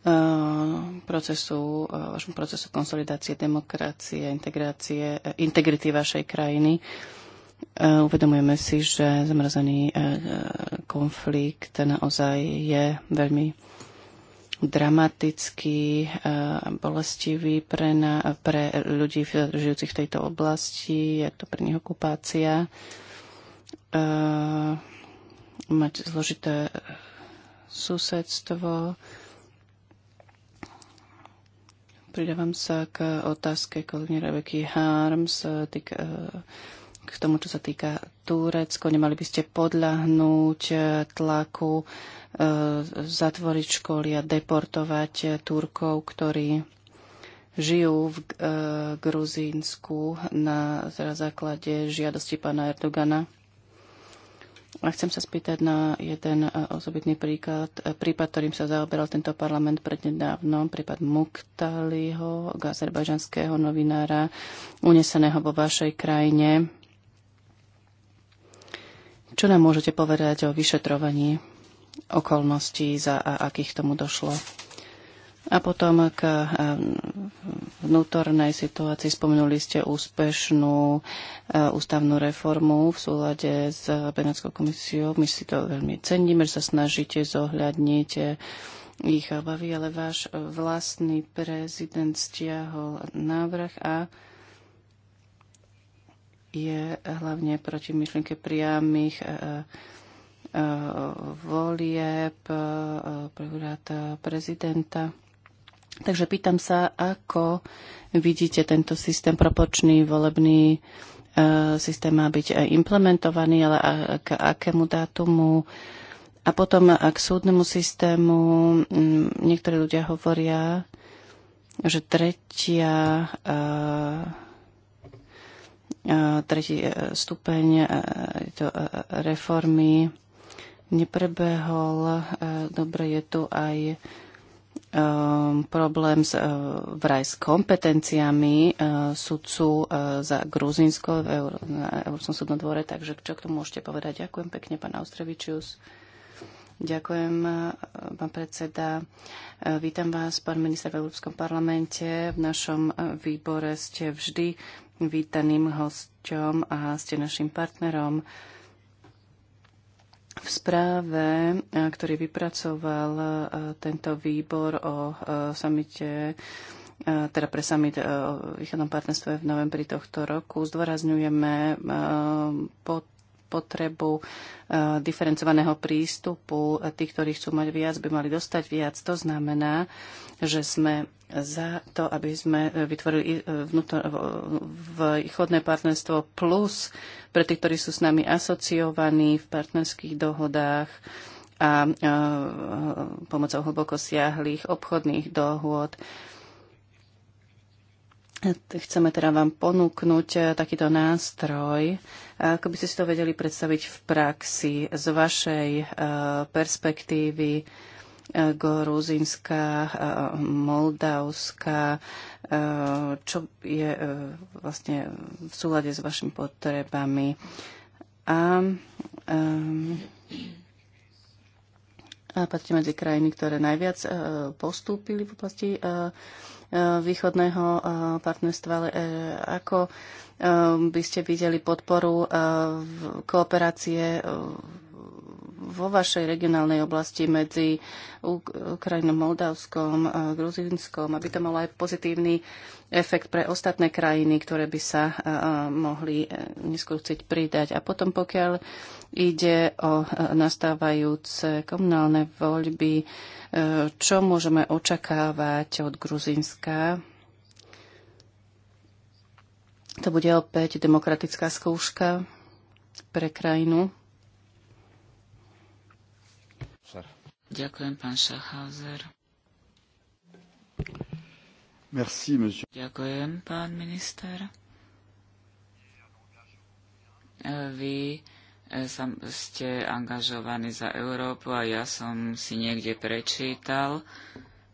Speaker 3: e, procesu, e, vašom procesu konsolidácie demokracie, integrácie, e, integrity vašej krajiny. Uvedomujeme si, že zamrazený konflikt naozaj je veľmi dramatický a eh, bolestivý pre, na, pre ľudí žijúcich v tejto oblasti. Je to pre nich okupácia. E, mať zložité susedstvo. Pridávam sa k otázke kolegyne Rebeky Harms eh, týk, e, k tomu, čo sa týka Turecko. Nemali by ste podľahnúť e, tlaku, e, zatvoriť školy a deportovať Turkov, ktorí žijú v e, Gruzínsku na teda, základe žiadosti pána Erdogana. A chcem sa spýtať na jeden e, osobitný príklad, e, prípad, ktorým sa zaoberal tento parlament prednedávnom, prípad Muktaliho, azerbajdžanského novinára, uneseného vo vašej krajine čo nám môžete povedať o vyšetrovaní okolností, za akých tomu došlo? A potom k e, vnútornej situácii spomenuli ste úspešnú e, ústavnú reformu v súlade s Benátskou komisiou. My si to veľmi ceníme, že sa snažíte zohľadniť e, ich obavy, ale váš vlastný prezident stiahol návrh a je hlavne proti myšlienke priamých e, e, volieb, e, prehľad prezidenta. Takže pýtam sa, ako vidíte tento systém propočný volebný systém má byť implementovaný, ale k akému dátumu a potom a k súdnemu systému niektorí ľudia hovoria, že tretia E, tretí e, stupeň e, to reformy neprebehol. Dobre, je tu aj problém s, vraj s kompetenciami sudcu za Gruzinsko v Európskom súdnom dvore, takže čo k tomu môžete povedať? Ďakujem pekne, pán Austrevičius. Ďakujem, pán predseda. Vítam vás, pán minister v Európskom parlamente. V našom výbore ste vždy vítaným hosťom a ste našim partnerom. V správe, ktorý vypracoval tento výbor o samite teda pre summit o východnom partnerstve v novembri tohto roku. Zdôrazňujeme pod potrebu e, diferencovaného prístupu. Tí, ktorí chcú mať viac, by mali dostať viac. To znamená, že sme za to, aby sme vytvorili e, vnútor, východné partnerstvo plus pre tých, ktorí sú s nami asociovaní v partnerských dohodách a e, pomocou hlboko siahlých obchodných dohôd. Chceme teda vám ponúknuť takýto nástroj, ako by ste si to vedeli predstaviť v praxi z vašej e, perspektívy e, Gorúzinská, e, Moldavská, čo je vlastne v súlade s vašimi potrebami. A a patrí medzi krajiny, ktoré najviac postúpili v oblasti E, východného e, partnerstva, ale e, ako by ste videli podporu kooperácie vo vašej regionálnej oblasti medzi Ukrajinou, Moldavskom, a Gruzinskom, aby to malo aj pozitívny efekt pre ostatné krajiny, ktoré by sa mohli e, neskôr chcieť pridať. A potom, pokiaľ ide o e, nastávajúce komunálne voľby, e, čo môžeme očakávať od Gruzinska? To bude opäť demokratická skúška pre krajinu.
Speaker 2: Ďakujem, pán Schachhauser.
Speaker 1: Merci, monsieur.
Speaker 2: Ďakujem, pán minister. E, vy e, sa, ste angažovaní za Európu a ja som si niekde prečítal,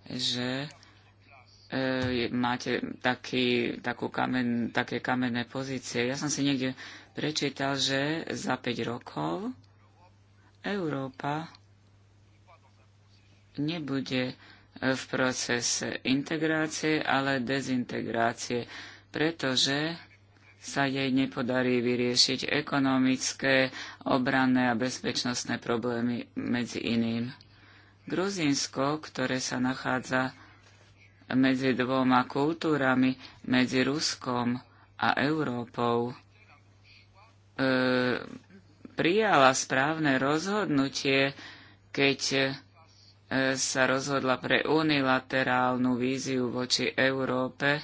Speaker 2: že e, máte taký, takú kamen, také kamenné pozície. Ja som si niekde prečítal, že za 5 rokov Európa nebude e, v procese integrácie, ale dezintegrácie, pretože sa jej nepodarí vyriešiť ekonomické, obranné a bezpečnostné problémy medzi iným. Gruzínsko, ktoré sa nachádza medzi dvoma kultúrami, medzi Ruskom a Európou, e, prijala správne rozhodnutie, keď sa rozhodla pre unilaterálnu víziu voči Európe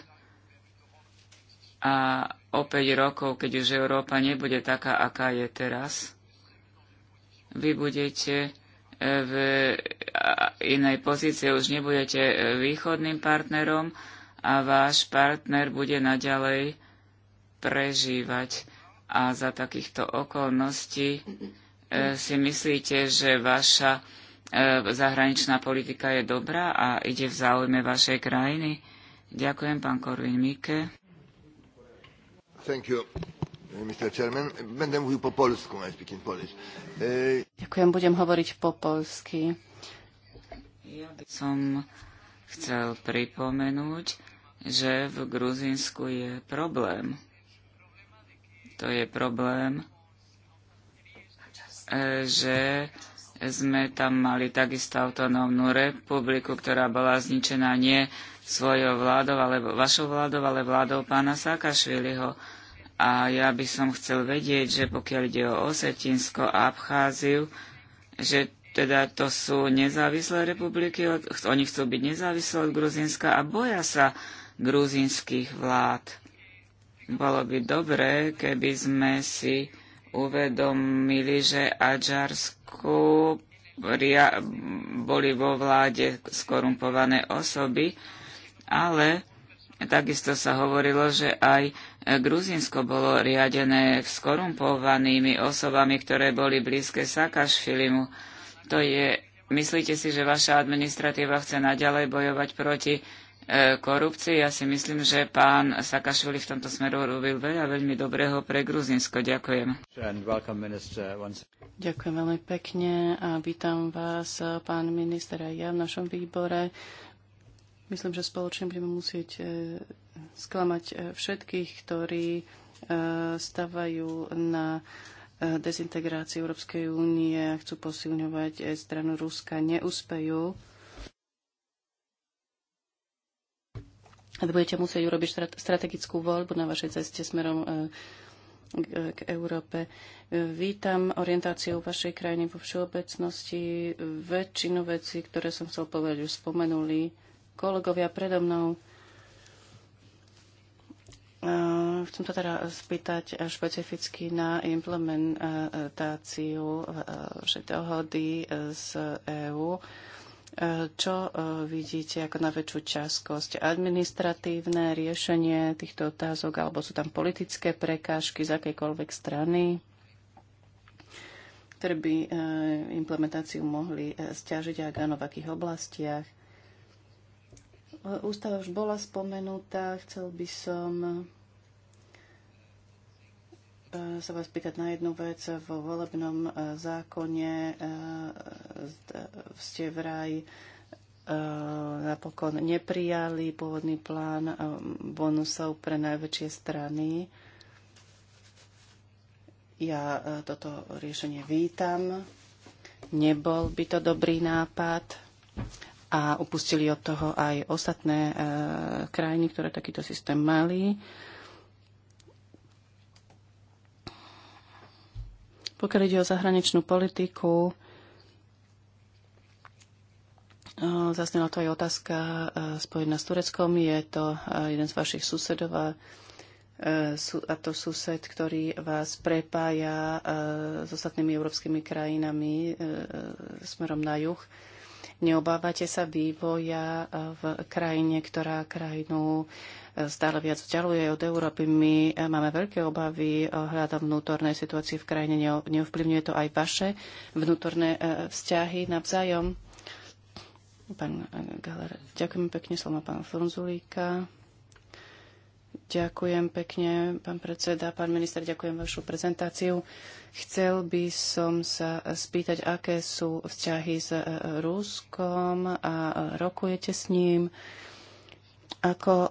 Speaker 2: a o 5 rokov, keď už Európa nebude taká, aká je teraz, vy budete e, v inej pozície, už nebudete e, východným partnerom a váš partner bude naďalej prežívať. A za takýchto okolností e, si myslíte, že vaša E, zahraničná politika je dobrá a ide v záujme vašej krajiny. Ďakujem, pán Korvin Mike. Thank you. Eh, eh,
Speaker 3: Ďakujem, budem hovoriť po polsky.
Speaker 1: Ja
Speaker 2: by som chcel pripomenúť, že v Gruzínsku je problém. To je problém, eh, že sme tam mali takisto autonómnu republiku, ktorá bola zničená nie svojou vládou, alebo vašou vládou, ale vládou pána Sákašviliho. A ja by som chcel vedieť, že pokiaľ ide o Osetinsko a Abcháziu, že teda to sú nezávislé republiky, oni chcú byť nezávislé od Gruzinska a boja sa gruzinských vlád. Bolo by dobré, keby sme si uvedomili, že Adžarsku boli vo vláde skorumpované osoby, ale takisto sa hovorilo, že aj Gruzinsko bolo riadené skorumpovanými osobami, ktoré boli blízke Sakašfilimu. To je, myslíte si, že vaša administratíva chce naďalej bojovať proti E, korupcii. Ja si myslím, že pán Sakašvili v tomto smeru robil veľa veľmi dobrého pre Gruzinsko. Ďakujem.
Speaker 3: Ďakujem veľmi pekne a vítam vás, e, pán minister, aj ja v našom výbore. Myslím, že spoločne budeme musieť e, sklamať všetkých, ktorí stavajú na dezintegrácii Európskej únie a chcú posilňovať stranu Ruska. Neúspejú vy budete musieť urobiť strategickú voľbu na vašej ceste smerom e, e, k Európe. E, vítam orientáciu vašej krajiny vo všeobecnosti. Väčšinu vecí, ktoré som chcel povedať, už spomenuli kolegovia predo mnou. Chcem to teda spýtať špecificky na implementáciu dohody z EÚ. Čo e, vidíte ako väčšiu časkosť? Administratívne riešenie týchto otázok, alebo sú tam politické prekážky z akejkoľvek strany, ktoré by e, implementáciu mohli e, stiažiť, aj áno, v akých oblastiach? Ústava už bola spomenutá, chcel by som E, sa vás pýtať na jednu vec. V volebnom e, zákone e, ste vraj napokon neprijali pôvodný plán bonusov pre najväčšie strany. Ja toto riešenie vítam. Nebol by to dobrý nápad a upustili od toho aj ostatné krajiny, ktoré takýto systém mali. Pokiaľ ide o zahraničnú politiku, eh, zaznela to aj otázka eh, spojená s Tureckom. Je to eh, jeden z vašich susedov a, a to sused, ktorý vás prepája s ostatnými európskymi krajinami smerom na juh. Neobávate sa vývoja e, v krajine, ktorá krajinu e, stále viac vzdialuje od Európy. My e, máme veľké obavy hľadom vnútornej situácii v krajine. Neovplyvňuje to aj vaše vnútorné vzťahy navzájom? Pán Galer, ďakujem pekne, slova pán Frunzulíka. Ďakujem pekne, pán predseda, pán minister, ďakujem vašu prezentáciu. Chcel by som sa spýtať, aké sú vzťahy s e, Ruskom a rokujete s ním. Ako e,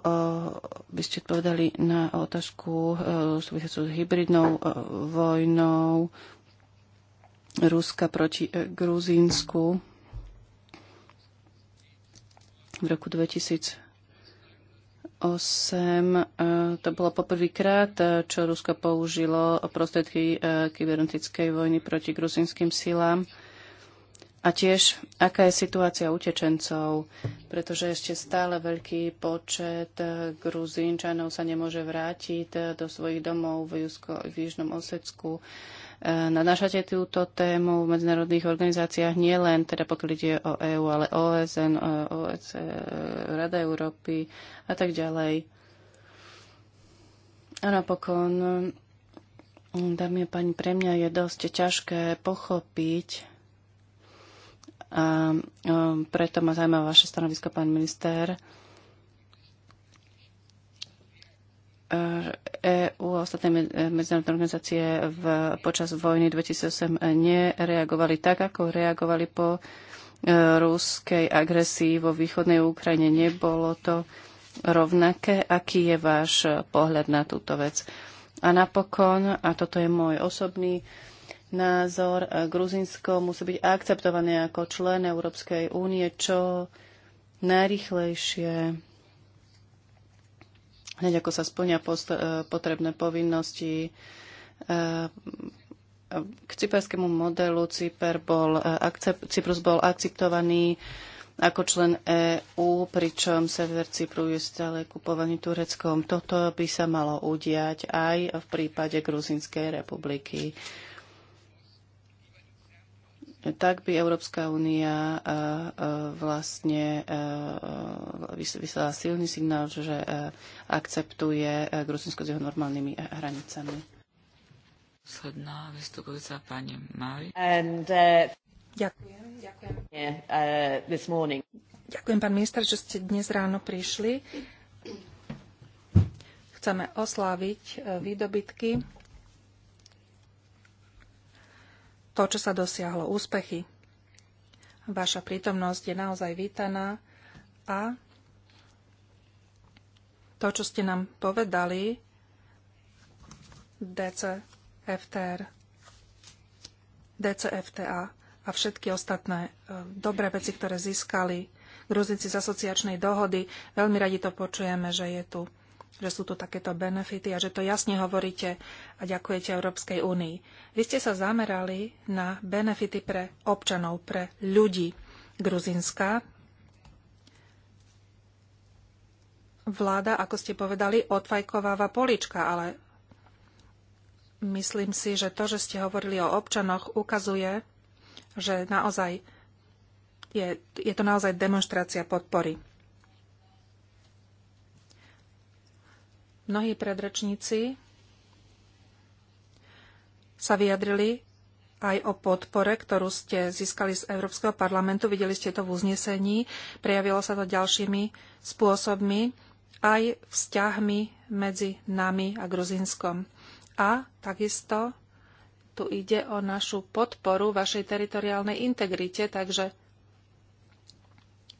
Speaker 3: by ste povedali na otázku e, súvisiacu s hybridnou vojnou Ruska proti Gruzínsku v roku 2000 E, to bolo poprvýkrát, e, čo Rusko použilo prostriedky e, kybernetickej vojny proti gruzinským silám. A tiež, aká je situácia utečencov, pretože ešte stále veľký počet Gruzínčanov sa nemôže vrátiť do svojich domov v, Jusko, v Južnom Osecku. Eh, nadnášate túto tému v medzinárodných organizáciách, nie len teda pokiaľ ide o EÚ, ale OSN, eh, OEC, Rada Európy a tak ďalej. A napokon, mm, dámy a páni, pre mňa je dosť ťažké pochopiť, a eh, preto ma zaujíma vaše stanovisko, pán minister, EU e a ostatné e, medzinárodné organizácie v, počas vojny 2008 nereagovali tak, ako reagovali po e, ruskej agresii vo východnej Ukrajine. Nebolo to rovnaké. Aký je váš pohľad na túto vec? A napokon, a toto je môj osobný názor, Gruzinsko musí byť akceptované ako člen Európskej únie čo najrychlejšie hneď ako sa splňa e, potrebné povinnosti. E, k cyperskému modelu Cyper bol, e, Cyprus bol akceptovaný ako člen EÚ, pričom sever Cypru je stále kupovaný Tureckom. Toto by sa malo udiať aj v prípade Gruzinskej republiky tak by Európska únia e, e, vlastne e, vyslala silný signál, že akceptuje Gruzinsko s jeho normálnymi hranicami.
Speaker 2: Sledná vystupujúca pani Mali.
Speaker 4: And, uh... Ďakujem,
Speaker 2: ďakujem. Yeah,
Speaker 4: uh, this morning. Ďakujem, pán minister, že ste dnes ráno prišli. Chceme osláviť výdobytky to, čo sa dosiahlo, úspechy. Vaša prítomnosť je naozaj vítaná a to, čo ste nám povedali, DCFTR, DCFTA a všetky ostatné e, dobré veci, ktoré získali Gruzinci z asociačnej dohody. Veľmi radi to počujeme, že je tu že sú tu takéto benefity a že to jasne hovoríte a ďakujete Európskej únii. Vy ste sa zamerali na benefity pre občanov, pre ľudí. Gruzinska. vláda, ako ste povedali, odfajkováva polička, ale myslím si, že to, že ste hovorili o občanoch, ukazuje, že naozaj je, je to naozaj demonstrácia podpory. Mnohí predrečníci sa vyjadrili aj o podpore, ktorú ste získali z Európskeho parlamentu. Videli ste to v uznesení, prejavilo sa to ďalšími spôsobmi, aj vzťahmi medzi nami a Gruzinskom. A takisto tu ide o našu podporu vašej teritoriálnej integrite, takže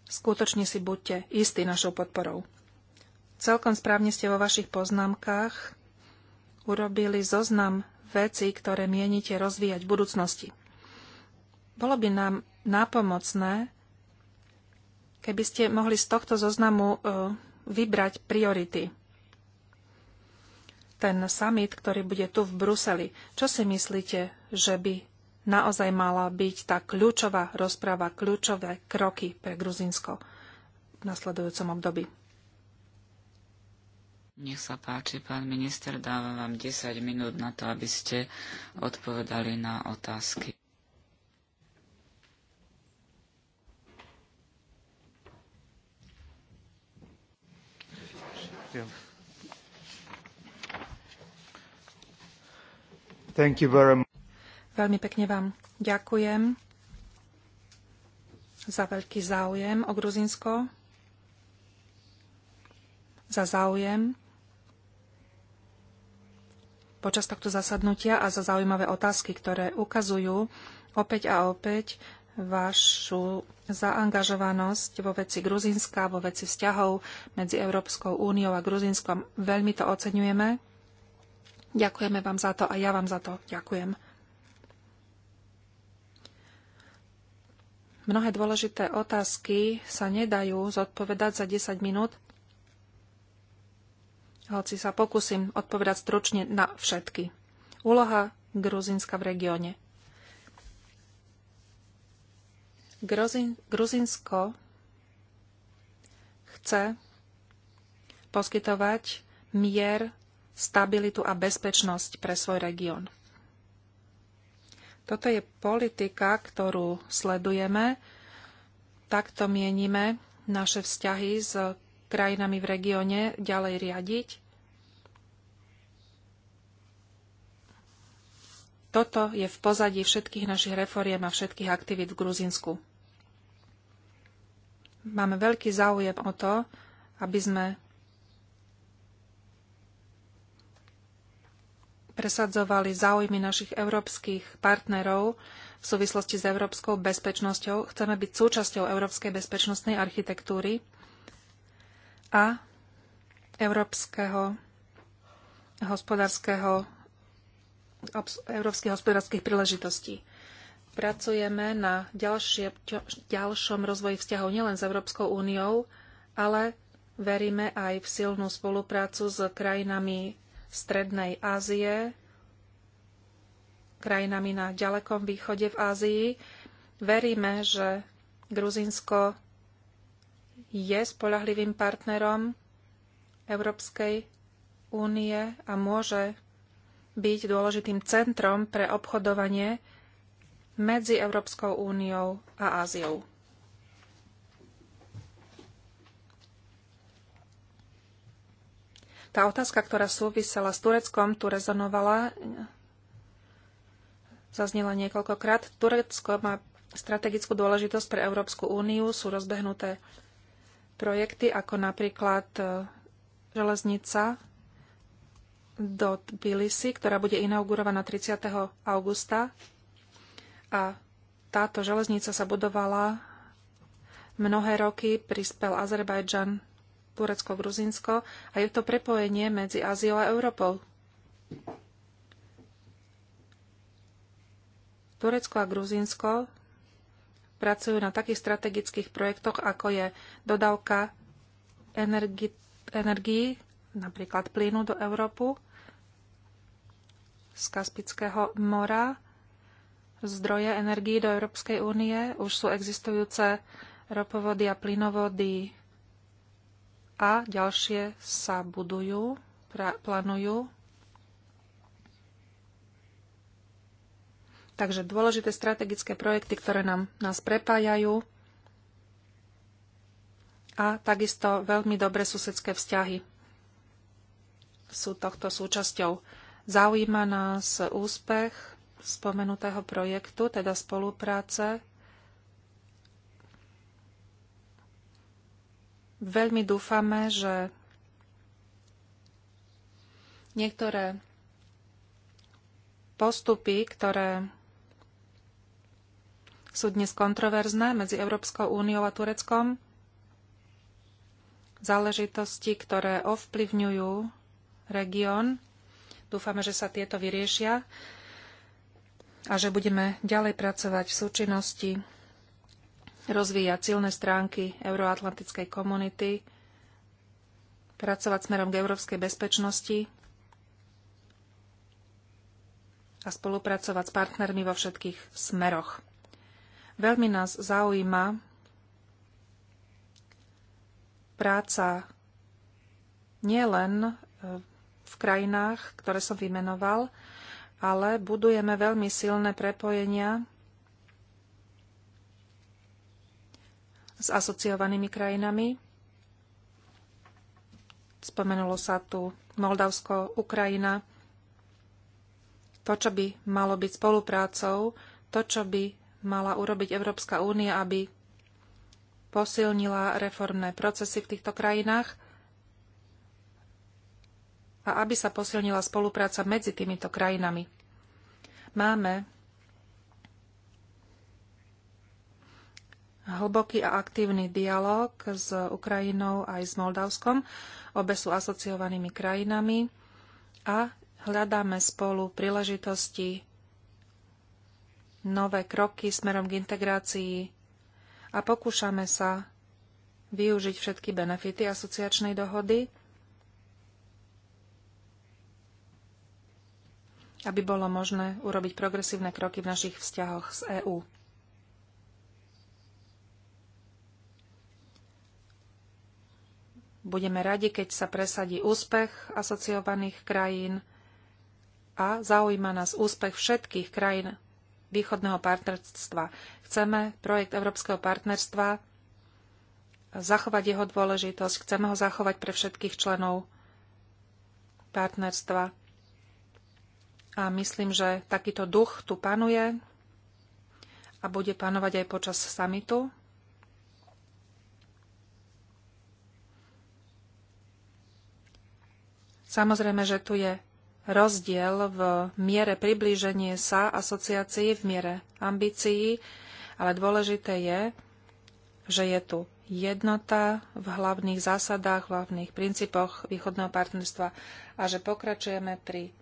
Speaker 4: skutočne si buďte istí našou podporou. Celkom správne ste vo vašich poznámkach urobili zoznam vecí, ktoré mienite rozvíjať v budúcnosti. Bolo by nám nápomocné, keby ste mohli z tohto zoznamu e, vybrať priority. Ten summit, ktorý bude tu v Bruseli, čo si myslíte, že by naozaj mala byť tá kľúčová rozpráva, kľúčové kroky pre Gruzinsko v nasledujúcom období?
Speaker 2: Nech sa páči, pán minister, dávam vám 10 minút na to, aby ste odpovedali na otázky.
Speaker 4: Veľmi pekne vám ďakujem za veľký záujem o Gruzinsko, za záujem počas tohto zasadnutia a za zaujímavé otázky, ktoré ukazujú opäť a opäť vašu zaangažovanosť vo veci Gruzinska, vo veci vzťahov medzi Európskou úniou a Gruzinskom. Veľmi to oceňujeme. Ďakujeme vám za to a ja vám za to ďakujem. Mnohé dôležité otázky sa nedajú zodpovedať za 10 minút, hoci sa pokúsim odpovedať stručne na všetky. Úloha Gruzinska v regióne. Gruzin, Gruzinsko chce poskytovať mier, stabilitu a bezpečnosť pre svoj región. Toto je politika, ktorú sledujeme. Takto mienime naše vzťahy s krajinami v regióne ďalej riadiť. Toto je v pozadí všetkých našich reforiem a všetkých aktivít v Gruzinsku. Máme veľký záujem o to, aby sme presadzovali záujmy našich európskych partnerov v súvislosti s európskou bezpečnosťou. Chceme byť súčasťou európskej bezpečnostnej architektúry a európskeho hospodárskeho, európskych hospodárskych príležitostí. Pracujeme na ďalšie, ďalšom rozvoji vzťahov nielen s Európskou úniou, ale veríme aj v silnú spoluprácu s krajinami Strednej Ázie, krajinami na ďalekom východe v Ázii. Veríme, že Gruzinsko je spolahlivým partnerom Európskej únie a môže byť dôležitým centrom pre obchodovanie medzi Európskou úniou a Áziou. Tá otázka, ktorá súvisela s Tureckom, tu rezonovala, zaznela niekoľkokrát. Turecko má strategickú dôležitosť pre Európsku úniu, sú rozbehnuté projekty ako napríklad e, železnica do Tbilisi, ktorá bude inaugurovaná 30. augusta. A táto železnica sa budovala mnohé roky, prispel Azerbajdžan, Turecko, Gruzinsko a je to prepojenie medzi Áziou a Európou. Turecko a Gruzinsko pracujú na takých strategických projektoch, ako je dodávka energií, napríklad plynu do Európu, z Kaspického mora, zdroje energií do Európskej únie, už sú existujúce ropovody a plynovody a ďalšie sa budujú, plánujú Takže dôležité strategické projekty, ktoré nám, nás prepájajú a takisto veľmi dobré susedské vzťahy sú tohto súčasťou. Zaujíma nás úspech spomenutého projektu, teda spolupráce. Veľmi dúfame, že niektoré postupy, ktoré sú dnes kontroverzné medzi Európskou úniou a Tureckom. Záležitosti, ktoré ovplyvňujú región. Dúfame, že sa tieto vyriešia a že budeme ďalej pracovať v súčinnosti, rozvíjať silné stránky euroatlantickej komunity, pracovať smerom k európskej bezpečnosti a spolupracovať s partnermi vo všetkých smeroch. Veľmi nás zaujíma práca nielen e, v krajinách, ktoré som vymenoval, ale budujeme veľmi silné prepojenia s asociovanými krajinami. Spomenulo sa tu Moldavsko, Ukrajina. To, čo by malo byť spoluprácou, to, čo by mala urobiť Európska únia, aby posilnila reformné procesy v týchto krajinách a aby sa posilnila spolupráca medzi týmito krajinami. Máme hlboký a aktívny dialog s Ukrajinou aj s Moldavskom. Obe sú asociovanými krajinami a hľadáme spolu príležitosti nové kroky smerom k integrácii a pokúšame sa využiť všetky benefity asociačnej dohody, aby bolo možné urobiť progresívne kroky v našich vzťahoch s EÚ. Budeme radi, keď sa presadí úspech asociovaných krajín a zaujíma nás úspech všetkých krajín východného partnerstva. Chceme projekt Európskeho partnerstva zachovať jeho dôležitosť, chceme ho zachovať pre všetkých členov partnerstva. A myslím, že takýto duch tu panuje a bude panovať aj počas samitu. Samozrejme, že tu je rozdiel v miere priblíženie sa asociácii, v miere ambícií, ale dôležité je, že je tu jednota v hlavných zásadách, v hlavných princípoch východného partnerstva a že pokračujeme pri e,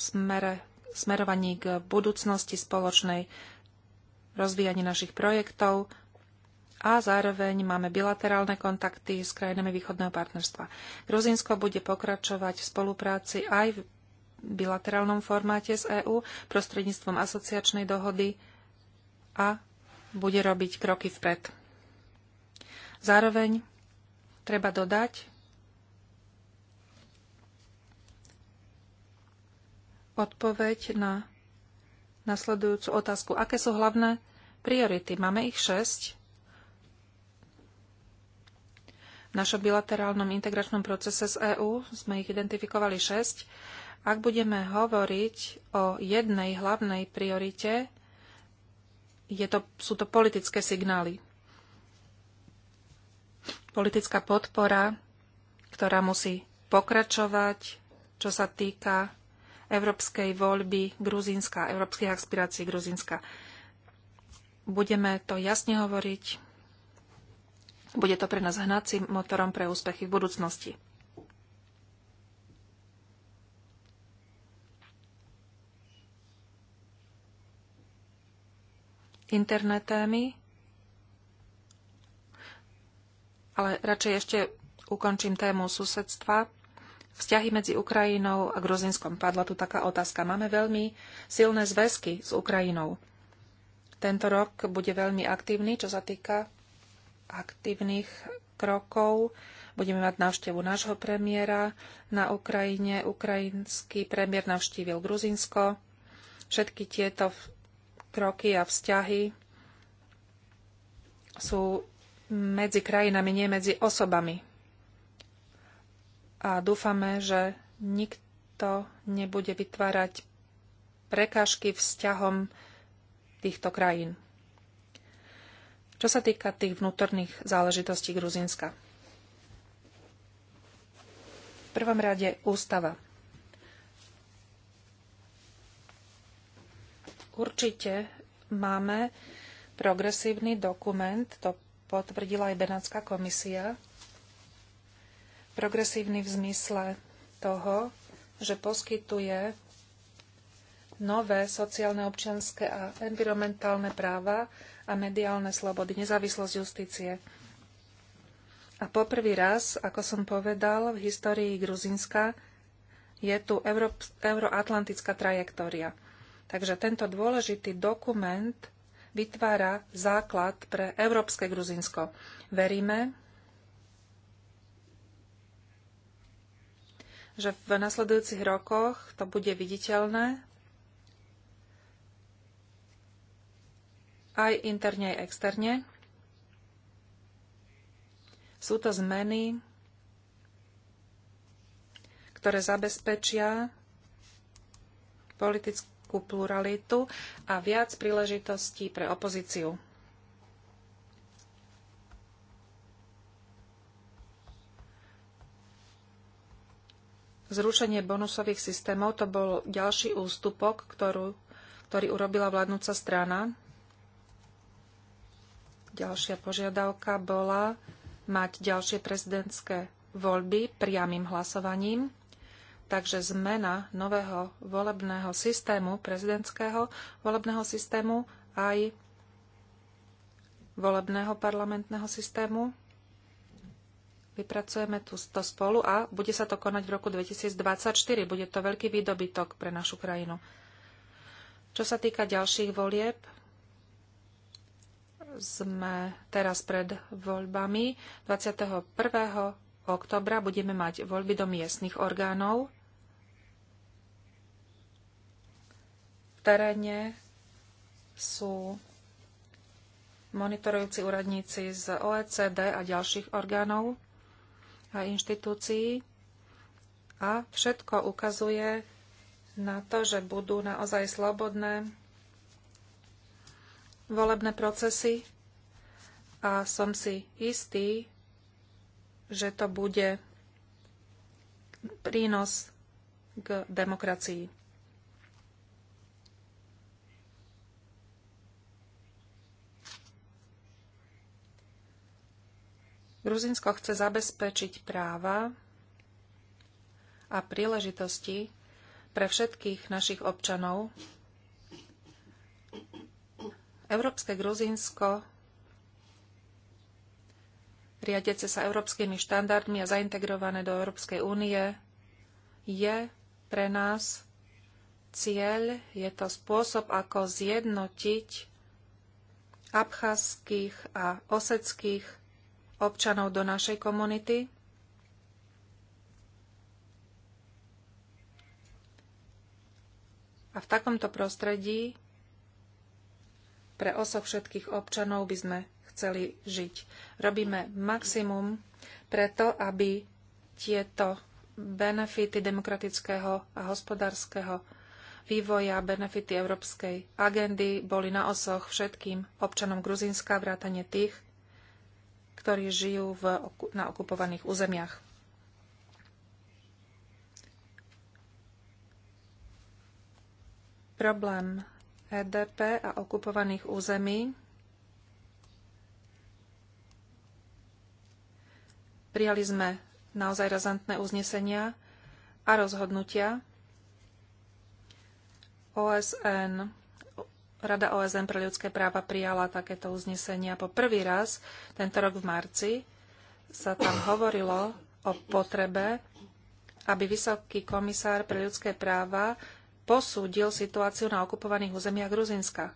Speaker 4: smere, smerovaní k budúcnosti spoločnej, rozvíjaní našich projektov, a zároveň máme bilaterálne kontakty s krajinami východného partnerstva. Gruzínsko bude pokračovať v spolupráci aj v bilaterálnom formáte s EÚ prostredníctvom asociačnej dohody a bude robiť kroky vpred. Zároveň treba dodať, odpoveď na nasledujúcu otázku. Aké sú hlavné priority? Máme ich šesť našom bilaterálnom integračnom procese z EÚ, sme ich identifikovali 6, ak budeme hovoriť o jednej hlavnej priorite, je to, sú to politické signály. Politická podpora, ktorá musí pokračovať, čo sa týka európskej voľby Gruzínska, európskych aspirácií Gruzínska. Budeme to jasne hovoriť bude to pre nás hnacím motorom pre úspechy v budúcnosti. Interné témy, ale radšej ešte ukončím tému susedstva. Vzťahy medzi Ukrajinou a Gruzinskom. Padla tu taká otázka. Máme veľmi silné zväzky s Ukrajinou. Tento rok bude veľmi aktívny, čo sa týka aktívnych krokov. Budeme mať návštevu nášho premiéra na Ukrajine. Ukrajinský premiér navštívil Gruzinsko. Všetky tieto kroky a vzťahy sú medzi krajinami, nie medzi osobami. A dúfame, že nikto nebude vytvárať prekážky vzťahom týchto krajín. Čo sa týka tých vnútorných záležitostí Gruzinska. V prvom rade ústava. Určite máme progresívny dokument, to potvrdila aj Benátska komisia. Progresívny v zmysle toho, že poskytuje nové sociálne, občianské a environmentálne práva a mediálne slobody, nezávislosť justície. A poprvý raz, ako som povedal, v histórii Gruzinska je tu euro, euroatlantická trajektória. Takže tento dôležitý dokument vytvára základ pre európske Gruzinsko. Veríme, že v nasledujúcich rokoch to bude viditeľné aj interne, aj externe. Sú to zmeny, ktoré zabezpečia politickú pluralitu a viac príležitostí pre opozíciu. Zrušenie bonusových systémov to bol ďalší ústupok, ktorú, ktorý urobila vládnúca strana Ďalšia požiadavka bola mať ďalšie prezidentské voľby priamým hlasovaním. Takže zmena nového volebného systému, prezidentského volebného systému aj volebného parlamentného systému. Vypracujeme tu to spolu a bude sa to konať v roku 2024. Bude to veľký výdobytok pre našu krajinu. Čo sa týka ďalších volieb, sme teraz pred voľbami. 21. oktobra budeme mať voľby do miestnych orgánov. V teréne sú monitorujúci úradníci z OECD a ďalších orgánov a inštitúcií. A všetko ukazuje na to, že budú naozaj slobodné volebné procesy a som si istý, že to bude prínos k demokracii. Gruzinsko chce zabezpečiť práva a príležitosti pre všetkých našich občanov Európske Gruzínsko riadiace sa európskymi štandardmi a zaintegrované do Európskej únie je pre nás cieľ, je to spôsob, ako zjednotiť abcházských a oseckých občanov do našej komunity. A v takomto prostredí pre osoch všetkých občanov by sme chceli žiť. Robíme maximum preto, aby tieto benefity demokratického a hospodárskeho vývoja, benefity európskej agendy boli na osoch všetkým občanom Gruzínska, vrátane tých, ktorí žijú v, na okupovaných územiach. Problém HDP e a okupovaných území. Prijali sme naozaj razantné uznesenia a rozhodnutia. OSN, Rada OSN pre ľudské práva prijala takéto uznesenia po prvý raz tento rok v marci. Sa tam hovorilo o potrebe, aby vysoký komisár pre ľudské práva posúdil situáciu na okupovaných územiach Gruzinska.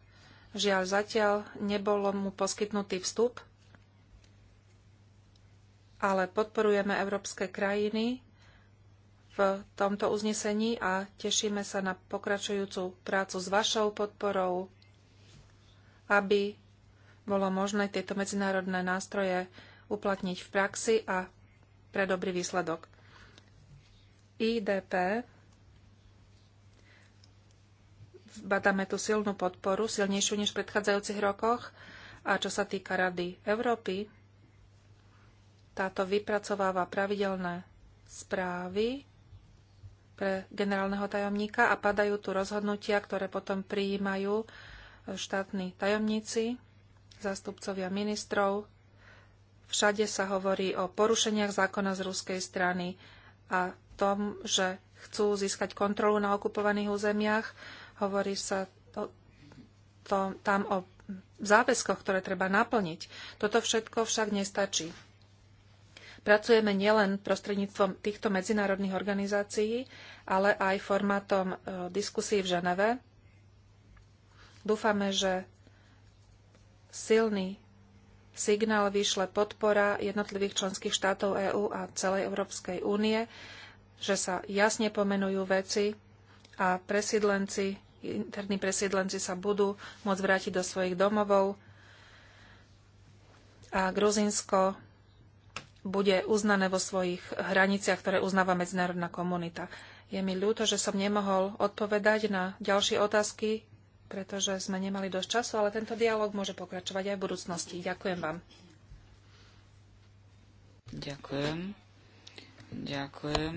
Speaker 4: Žiaľ, zatiaľ nebolo mu poskytnutý vstup, ale podporujeme európske krajiny v tomto uznesení a tešíme sa na pokračujúcu prácu s vašou podporou, aby bolo možné tieto medzinárodné nástroje uplatniť v praxi a pre dobrý výsledok. IDP badáme tú silnú podporu, silnejšiu než v predchádzajúcich rokoch. A čo sa týka Rady Európy, táto vypracováva pravidelné správy pre generálneho tajomníka a padajú tu rozhodnutia, ktoré potom prijímajú e, štátni tajomníci, zástupcovia ministrov. Všade sa hovorí o porušeniach zákona z ruskej strany a tom, že chcú získať kontrolu na okupovaných územiach Hovorí sa to, to, tam o záväzkoch, ktoré treba naplniť. Toto všetko však nestačí. Pracujeme nielen prostredníctvom týchto medzinárodných organizácií, ale aj formátom e, diskusí v Ženeve. Dúfame, že silný signál vyšle podpora jednotlivých členských štátov EÚ a celej Európskej únie, že sa jasne pomenujú veci a presídlenci interní presiedlenci sa budú môcť vrátiť do svojich domovov a Gruzinsko bude uznané vo svojich hraniciach, ktoré uznáva medzinárodná komunita. Je mi ľúto, že som nemohol odpovedať na ďalšie otázky, pretože sme nemali dosť času, ale tento dialog môže pokračovať aj v budúcnosti. Ďakujem vám.
Speaker 2: Ďakujem. Ďakujem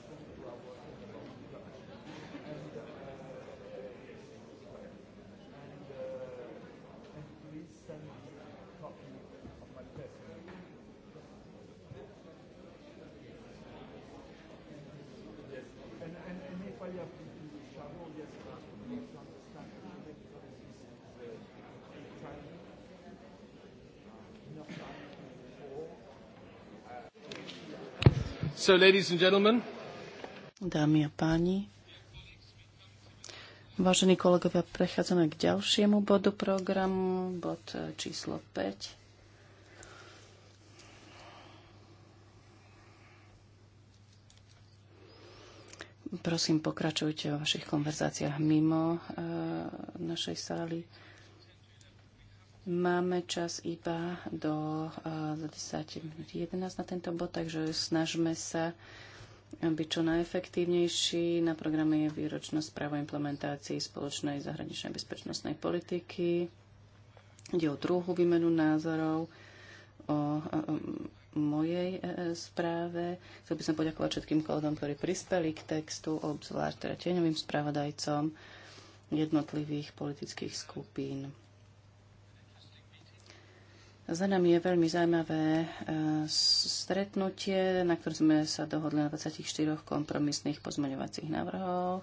Speaker 1: So, ladies and gentlemen.
Speaker 3: Dámy a páni, vážení kolegovia, prechádzame k ďalšiemu bodu programu, bod číslo 5. Prosím, pokračujte o vašich konverzáciách mimo e, našej sály. Máme čas iba do 11 eh, na tento bod, takže snažme sa byť čo najefektívnejší. Na programe je výročnosť správa implementácii spoločnej zahraničnej bezpečnostnej politiky. Ide o druhú výmenu názorov, o, o eh, mojej eh, správe. Chcel by som poďakovať všetkým kolegom, ktorí prispeli k textu, obzvlášť teda tieňovým spravodajcom jednotlivých politických skupín. Za nami je veľmi zaujímavé e, stretnutie, na ktorom sme sa dohodli na 24 kompromisných pozmeňovacích návrhoch.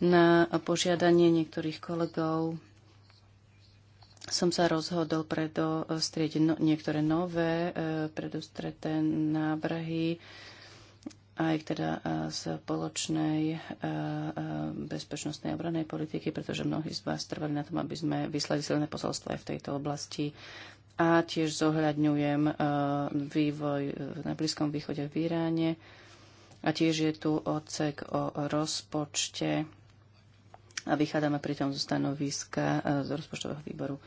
Speaker 3: Na požiadanie niektorých kolegov som sa rozhodol predostrieť no, niektoré nové e, predostreté návrhy, aj teda e, z spoločnej e, e, bezpečnostnej obranej politiky, pretože mnohí z vás trvali na tom, aby sme vyslali silné posolstvo aj v tejto oblasti. A tiež zohľadňujem vývoj na Blízkom východe v Iráne. A tiež je tu odsek o rozpočte a vychádzame pritom zo stanoviska z rozpočtového výboru.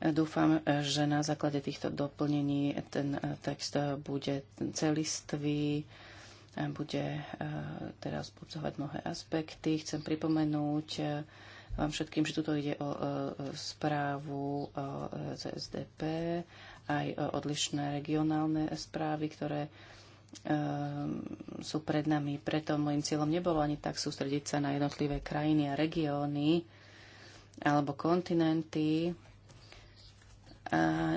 Speaker 3: Dúfam, že na základe týchto doplnení ten e, text bude celistvý, e, bude e, teraz budzovať mnohé aspekty. Chcem pripomenúť vám všetkým, že tuto ide o správu SDP, aj o odlišné regionálne správy, ktoré sú pred nami. Preto môjim cieľom nebolo ani tak sústrediť sa na jednotlivé krajiny a regióny alebo kontinenty,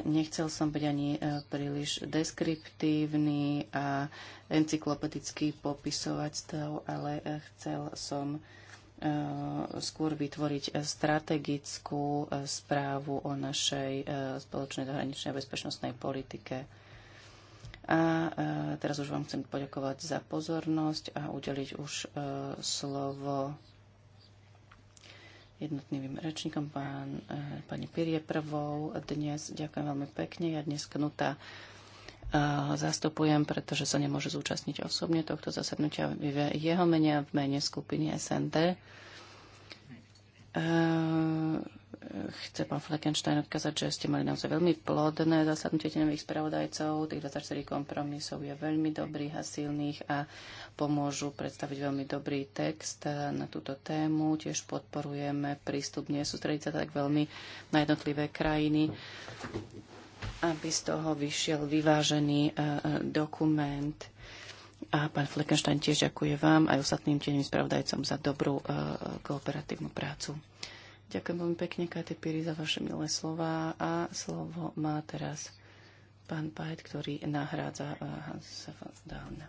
Speaker 3: Nechcel som byť ani e, príliš deskriptívny a encyklopedicky popisovať stav, ale e, chcel som e, skôr vytvoriť strategickú správu o našej spoločnej zahraničnej a bezpečnostnej politike. A teraz už vám chcem poďakovať za pozornosť a udeliť už slovo jednotným rečníkom, pán, e, pani Pirie prvou dnes. Ďakujem veľmi pekne. Ja dnes knutá e, zastupujem, pretože sa nemôže zúčastniť osobne tohto zasadnutia v jeho mene a v mene skupiny SND. E chce pán Fleckenstein odkázať, že ste mali naozaj veľmi plodné zasadnutie tenových spravodajcov. Tých 24 kompromisov je veľmi dobrých a silných a pomôžu predstaviť veľmi dobrý text na túto tému. Tiež podporujeme prístup nesústrediť sa tak veľmi na jednotlivé krajiny aby z toho vyšiel vyvážený e, e, dokument. A pán Fleckenstein tiež ďakuje vám aj ostatným tieňom spravodajcom za dobrú e, kooperatívnu prácu. Ďakujem veľmi pekne, Katy Piri, za vaše milé slova. A slovo má teraz pán Pajt, ktorý nahrádza Hansa van Dahna.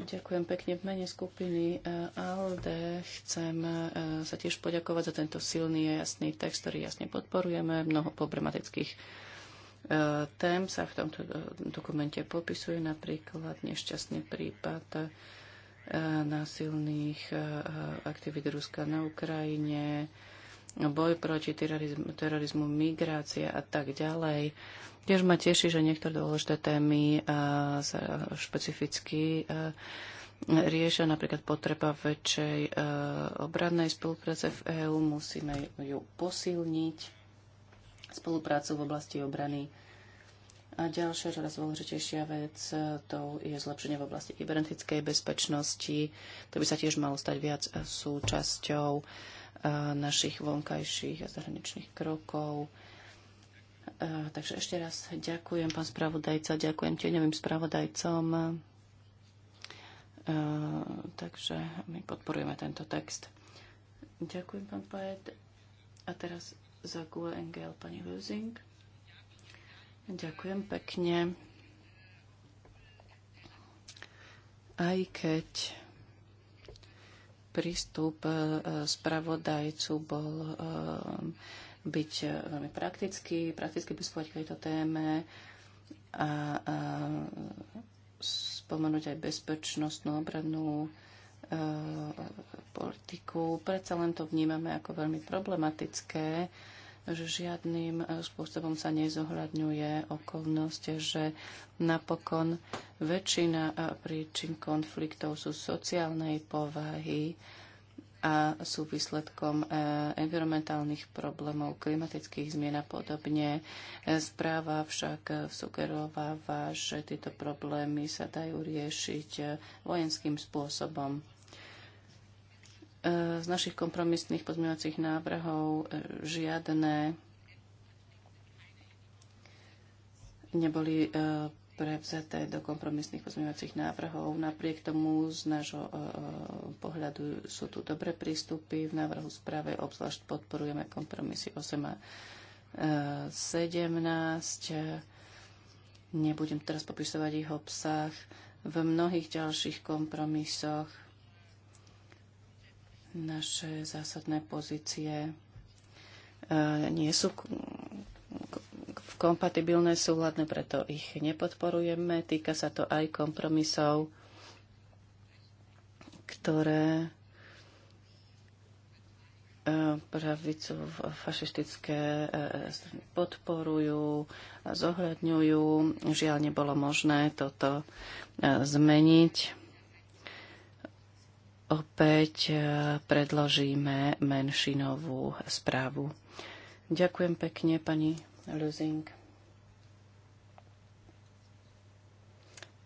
Speaker 3: Ďakujem pekne v mene skupiny e, ALDE. Chcem e, sa tiež poďakovať za tento silný a jasný text, ktorý jasne podporujeme. Mnoho problematických e, tém sa v tomto dokumente popisuje, napríklad nešťastný prípad násilných e, e, aktivít Ruska na Ukrajine, boj proti terorizmu, terorizmu migrácia a tak ďalej. Tiež ma teší, že niektoré dôležité témy e, sa špecificky riešia, napríklad potreba väčšej obrannej spolupráce v EÚ, musíme ju posilniť, spoluprácu v oblasti obrany a ďalšia čoraz dôležitejšia vec e, to je zlepšenie v oblasti kybernetickej bezpečnosti. To by sa tiež malo stať viac e, súčasťou e, našich vonkajších a zahraničných krokov. Takže ešte raz ďakujem, pán spravodajca, ďakujem tieňovým spravodajcom. Takže my podporujeme tento text. Ďakujem, pán Paet. A teraz za QNGL pani Lusing. Ďakujem pekne. Aj keď prístup e, spravodajcu bol e, byť e, veľmi praktický, prakticky pristupovať k tejto téme a, a spomenúť aj bezpečnostnú obradnú e, politiku. Predsa len to vnímame ako veľmi problematické že žiadnym e, spôsobom sa nezohľadňuje okolnosť, že napokon väčšina e, príčin konfliktov sú sociálnej povahy a sú výsledkom e, environmentálnych problémov, klimatických zmien a podobne. Správa však sugerováva, že tieto problémy sa dajú riešiť vojenským spôsobom. E, z našich kompromisných pozmeňovacích návrhov e, žiadne neboli e, prevzaté do kompromisných pozmeňovacích návrhov. Napriek tomu z nášho pohľadu sú tu dobré prístupy. V návrhu správe obzvlášť podporujeme kompromisy 8 a 17. Nebudem teraz popisovať ich obsah. V mnohých ďalších kompromisoch naše zásadné pozície e, nie sú kompatibilné, súhľadné, preto ich nepodporujeme. Týka sa to aj kompromisov, ktoré e, pravicu fašistické e, strany podporujú, zohľadňujú. Žiaľ, nebolo možné toto zmeniť opäť e, predložíme menšinovú správu. Ďakujem pekne, pani Luzing.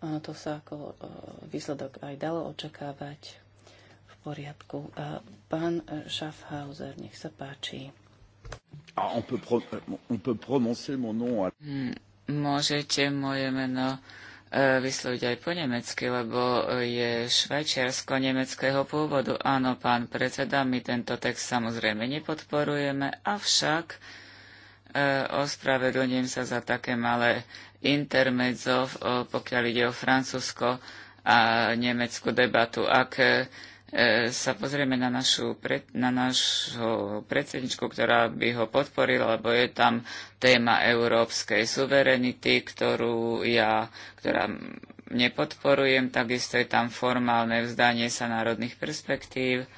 Speaker 3: Ono to sa ako e, výsledok aj dalo očakávať v poriadku. E, pán Schaffhauser, nech sa páči.
Speaker 1: A ah, on peut, on peut mon nom. Hmm,
Speaker 2: môžete moje meno vysloviť aj po nemecky, lebo je švajčiarsko-nemeckého pôvodu. Áno, pán predseda, my tento text samozrejme nepodporujeme, avšak e, ospravedlňujem sa za také malé intermedzo, pokiaľ ide o Francúzsko a nemeckú debatu. Ak E, sa pozrieme na našu, pred, na predsedničku, ktorá by ho podporila, lebo je tam téma európskej suverenity, ktorú ja, ktorá nepodporujem, takisto je tam formálne vzdanie sa národných perspektív.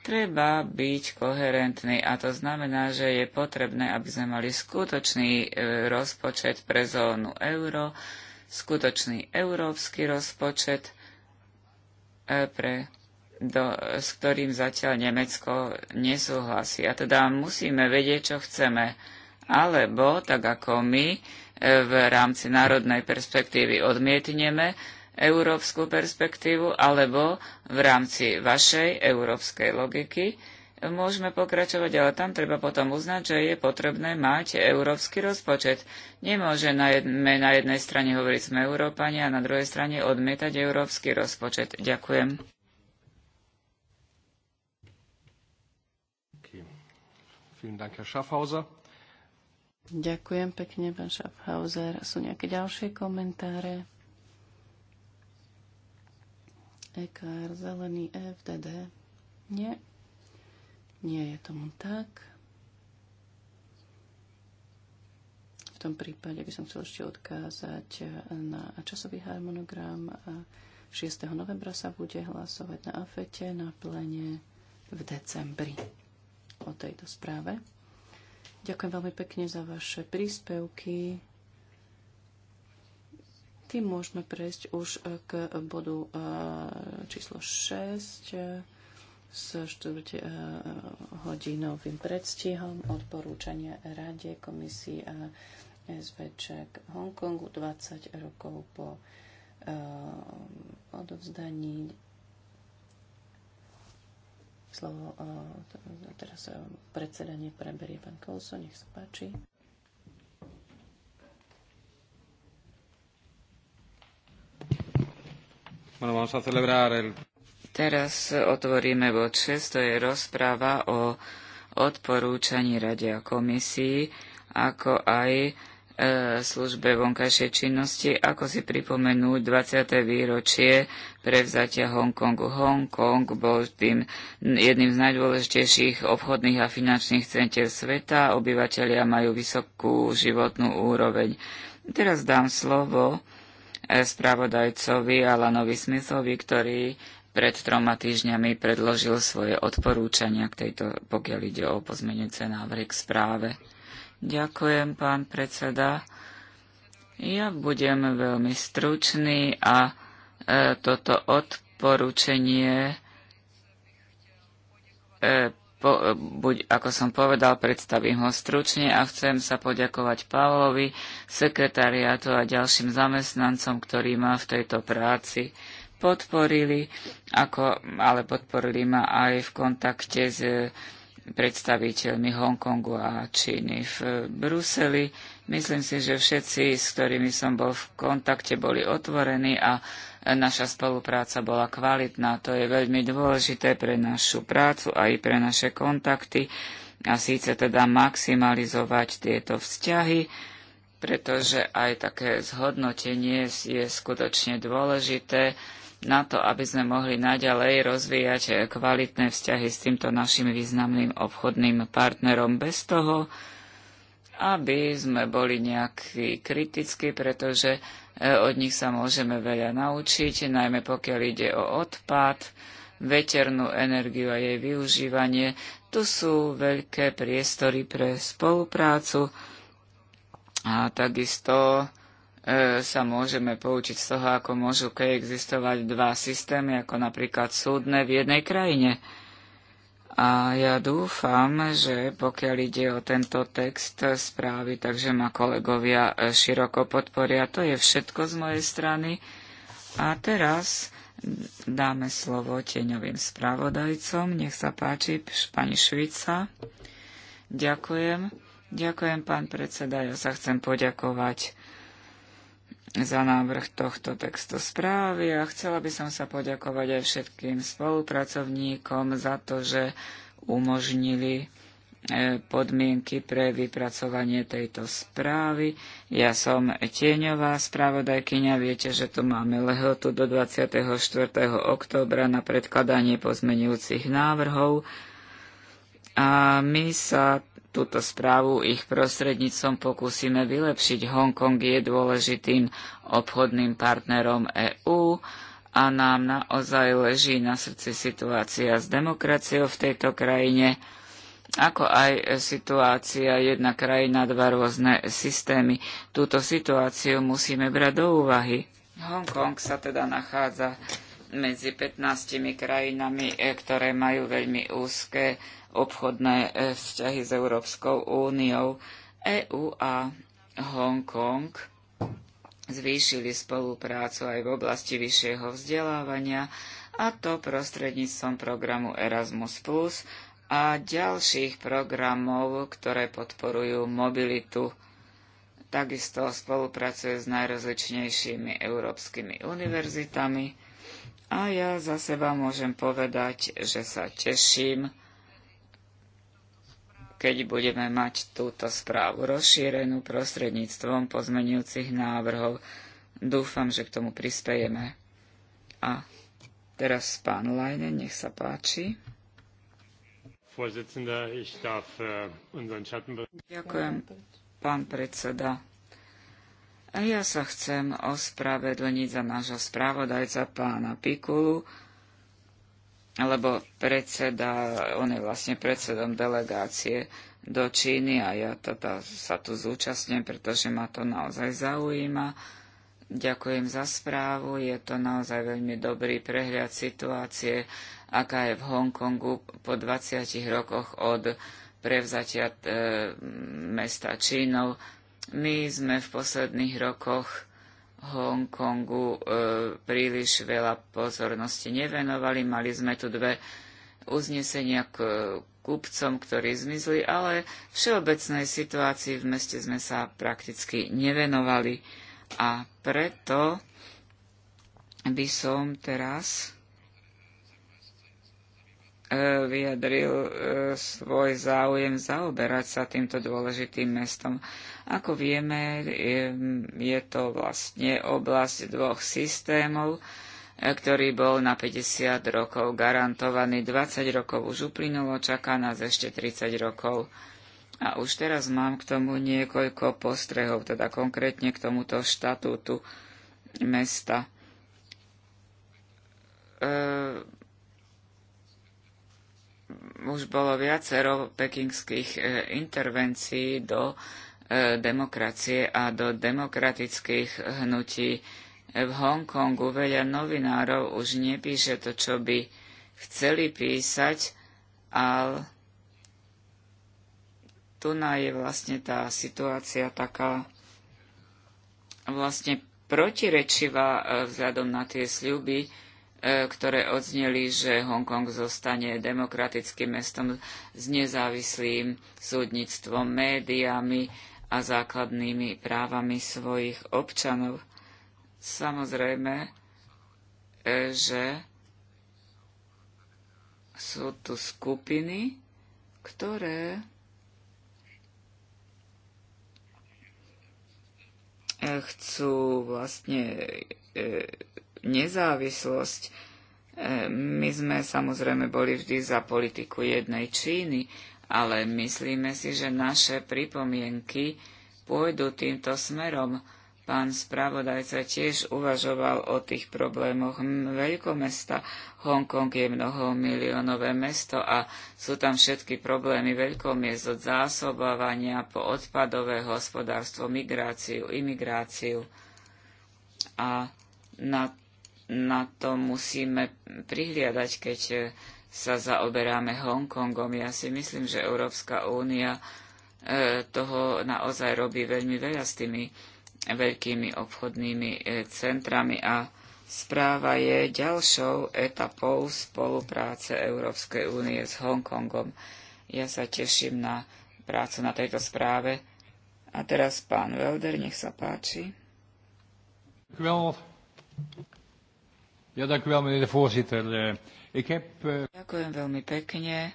Speaker 2: Treba byť koherentný a to znamená, že je potrebné, aby sme mali skutočný e, rozpočet pre zónu euro, skutočný európsky rozpočet e, pre do, s ktorým zatiaľ Nemecko nesúhlasí. A teda musíme vedieť, čo chceme. Alebo, tak ako my, e, v rámci národnej perspektívy odmietneme európsku perspektívu, alebo v rámci vašej európskej logiky môžeme pokračovať, ale tam treba potom uznať, že je potrebné mať európsky rozpočet. Nemôže na, jedme, na jednej strane hovoriť sme Európania a na druhej strane odmietať európsky rozpočet. Ďakujem. Vielen Dank, Herr Schaffhauser.
Speaker 3: Ďakujem pekne, pán Schaffhauser. Sú nejaké ďalšie komentáre? EKR, zelený e, FDD? Nie. Nie je tomu tak. V tom prípade by som chcel ešte odkázať na časový harmonogram. 6. novembra sa bude hlasovať na AFETE na plene v decembri o tejto správe. Ďakujem veľmi pekne za vaše príspevky. Tým môžeme prejsť už eh, k bodu eh, číslo 6 eh, s hodinovým predstihom odporúčania Rade, komisii a SVČ k Hongkongu 20 rokov po odovzdaní Slovo eh, teraz eh, predsedanie preberie pán Kolso, nech sa páči.
Speaker 2: Teraz otvoríme bod 6, to je rozpráva o odporúčaní Rade a komisii, ako aj službe vonkajšej činnosti, ako si pripomenúť 20. výročie prevzatia Hongkongu. Hongkong bol tým jedným z najdôležitejších obchodných a finančných centier sveta. Obyvatelia majú vysokú životnú úroveň. Teraz dám slovo e, spravodajcovi Alanovi Smithovi, ktorý pred troma týždňami predložil svoje odporúčania k tejto, pokiaľ ide o pozmenujúce návrhy k správe. Ďakujem, pán predseda. Ja budem veľmi stručný a e, toto odporúčenie, e, po, buď, ako som povedal, predstavím ho stručne a chcem sa poďakovať Pavlovi, sekretariátu a ďalším zamestnancom, ktorí ma v tejto práci podporili, ako, ale podporili ma aj v kontakte s e, predstaviteľmi Hongkongu a Číny v Bruseli. Myslím si, že všetci, s ktorými som bol v kontakte, boli otvorení a naša spolupráca bola kvalitná. To je veľmi dôležité pre našu prácu aj pre naše kontakty a síce teda maximalizovať tieto vzťahy, pretože aj také zhodnotenie je skutočne dôležité na to, aby sme mohli naďalej rozvíjať kvalitné vzťahy s týmto našim významným obchodným partnerom bez toho, aby sme boli nejakí kritickí, pretože e, od nich sa môžeme veľa naučiť, najmä pokiaľ ide o odpad, veternú energiu a jej využívanie. Tu sú veľké priestory pre spoluprácu a takisto E, sa môžeme poučiť z toho, ako môžu existovať dva systémy, ako napríklad súdne v jednej krajine. A ja dúfam, že pokiaľ ide o tento text správy, takže ma kolegovia e, široko podporia. To je všetko z mojej strany. A teraz dáme slovo tieňovým spravodajcom. Nech sa páči, pani Švica. Ďakujem. Ďakujem, pán predseda. Ja sa chcem poďakovať za návrh tohto textu správy a chcela by som sa poďakovať aj všetkým spolupracovníkom za to, že umožnili e, podmienky pre vypracovanie tejto správy. Ja som tieňová spravodajkyňa. Viete, že tu máme lehotu do 24. októbra na predkladanie pozmenujúcich návrhov. A my sa túto správu ich prostredníctvom pokúsime vylepšiť. Hongkong je dôležitým obchodným partnerom EÚ a nám naozaj leží na srdci situácia s demokraciou v tejto krajine, ako aj situácia jedna krajina, dva rôzne systémy. Túto situáciu musíme brať do úvahy. Hongkong sa teda nachádza medzi 15 krajinami, e, ktoré majú veľmi úzke obchodné e, vzťahy s Európskou úniou. EÚ a Hongkong zvýšili spoluprácu aj v oblasti vyššieho vzdelávania, a to prostredníctvom programu Erasmus+, a ďalších programov, ktoré podporujú mobilitu. Takisto spolupracuje s najrozličnejšími európskymi univerzitami a ja za seba môžem povedať, že sa teším keď budeme mať túto správu rozšírenú prostredníctvom pozmenujúcich návrhov. Dúfam, že k tomu prispejeme. A teraz pán Lajne, nech sa páči.
Speaker 1: Äh, Ďakujem,
Speaker 2: pán predseda. A ja sa chcem ospravedlniť za nášho správodajca pána Pikulu, lebo predseda, on je vlastne predsedom delegácie do Číny a ja teda sa tu zúčastňujem, pretože ma to naozaj zaujíma. Ďakujem za správu, je to naozaj veľmi dobrý prehľad situácie, aká je v Hongkongu po 20 rokoch od prevzatia e, mesta Čínov. My sme v posledných rokoch Hongkongu e, príliš veľa pozornosti nevenovali. Mali sme tu dve uznesenia k kupcom, ktorí zmizli, ale všeobecnej situácii v meste sme sa prakticky nevenovali. A preto by som teraz e, vyjadril e, svoj záujem zaoberať sa týmto dôležitým mestom. Ako vieme, je to vlastne oblasť dvoch systémov, e, ktorý bol na 50 rokov garantovaný. 20 rokov už uplynulo, čaká nás ešte 30 rokov. A už teraz mám k tomu niekoľko postrehov, teda konkrétne k tomuto štatútu mesta. E, už bolo viacero pekingských e, intervencií do e, E, demokracie a do demokratických hnutí. E, v Hongkongu veľa novinárov už nepíše to, čo by chceli písať, ale tu je vlastne tá situácia taká vlastne protirečivá e, vzhľadom na tie sľuby, ktoré odzneli, že Hongkong zostane demokratickým mestom s nezávislým súdnictvom, médiami, a základnými právami svojich občanov. Samozrejme, e, že sú tu skupiny, ktoré chcú vlastne e, nezávislosť. E, my sme samozrejme boli vždy za politiku jednej Číny, ale myslíme si, že naše pripomienky pôjdu týmto smerom. Pán spravodajca tiež uvažoval o tých problémoch veľkomesta. Hongkong je mnohomiliónové mesto a sú tam všetky problémy veľkomiest od zásobovania po odpadové hospodárstvo, migráciu, imigráciu. A na, na to musíme prihliadať, keď sa zaoberáme Hongkongom. Ja si myslím, že Európska únia e, toho naozaj robí veľmi veľa s tými veľkými obchodnými e, centrami a správa je ďalšou etapou spolupráce Európskej únie s Hongkongom. Ja sa teším na prácu na tejto správe. A teraz pán Welder, nech sa páči. Ja,
Speaker 1: dank u wel, meneer de voorzitter. Eh,
Speaker 2: Ďakujem veľmi pekne.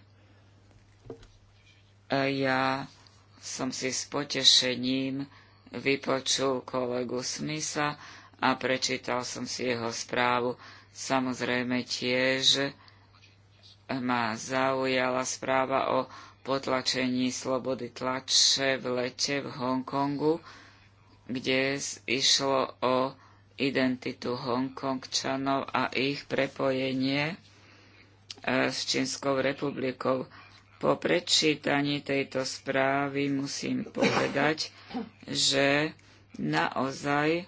Speaker 2: Ja som si s potešením vypočul kolegu Smisa a prečítal som si jeho správu. Samozrejme tiež ma zaujala správa o potlačení slobody tlače v lete v Hongkongu, kde išlo o identitu Hongkongčanov a ich prepojenie s Čínskou republikou. Po prečítaní tejto správy musím povedať, že naozaj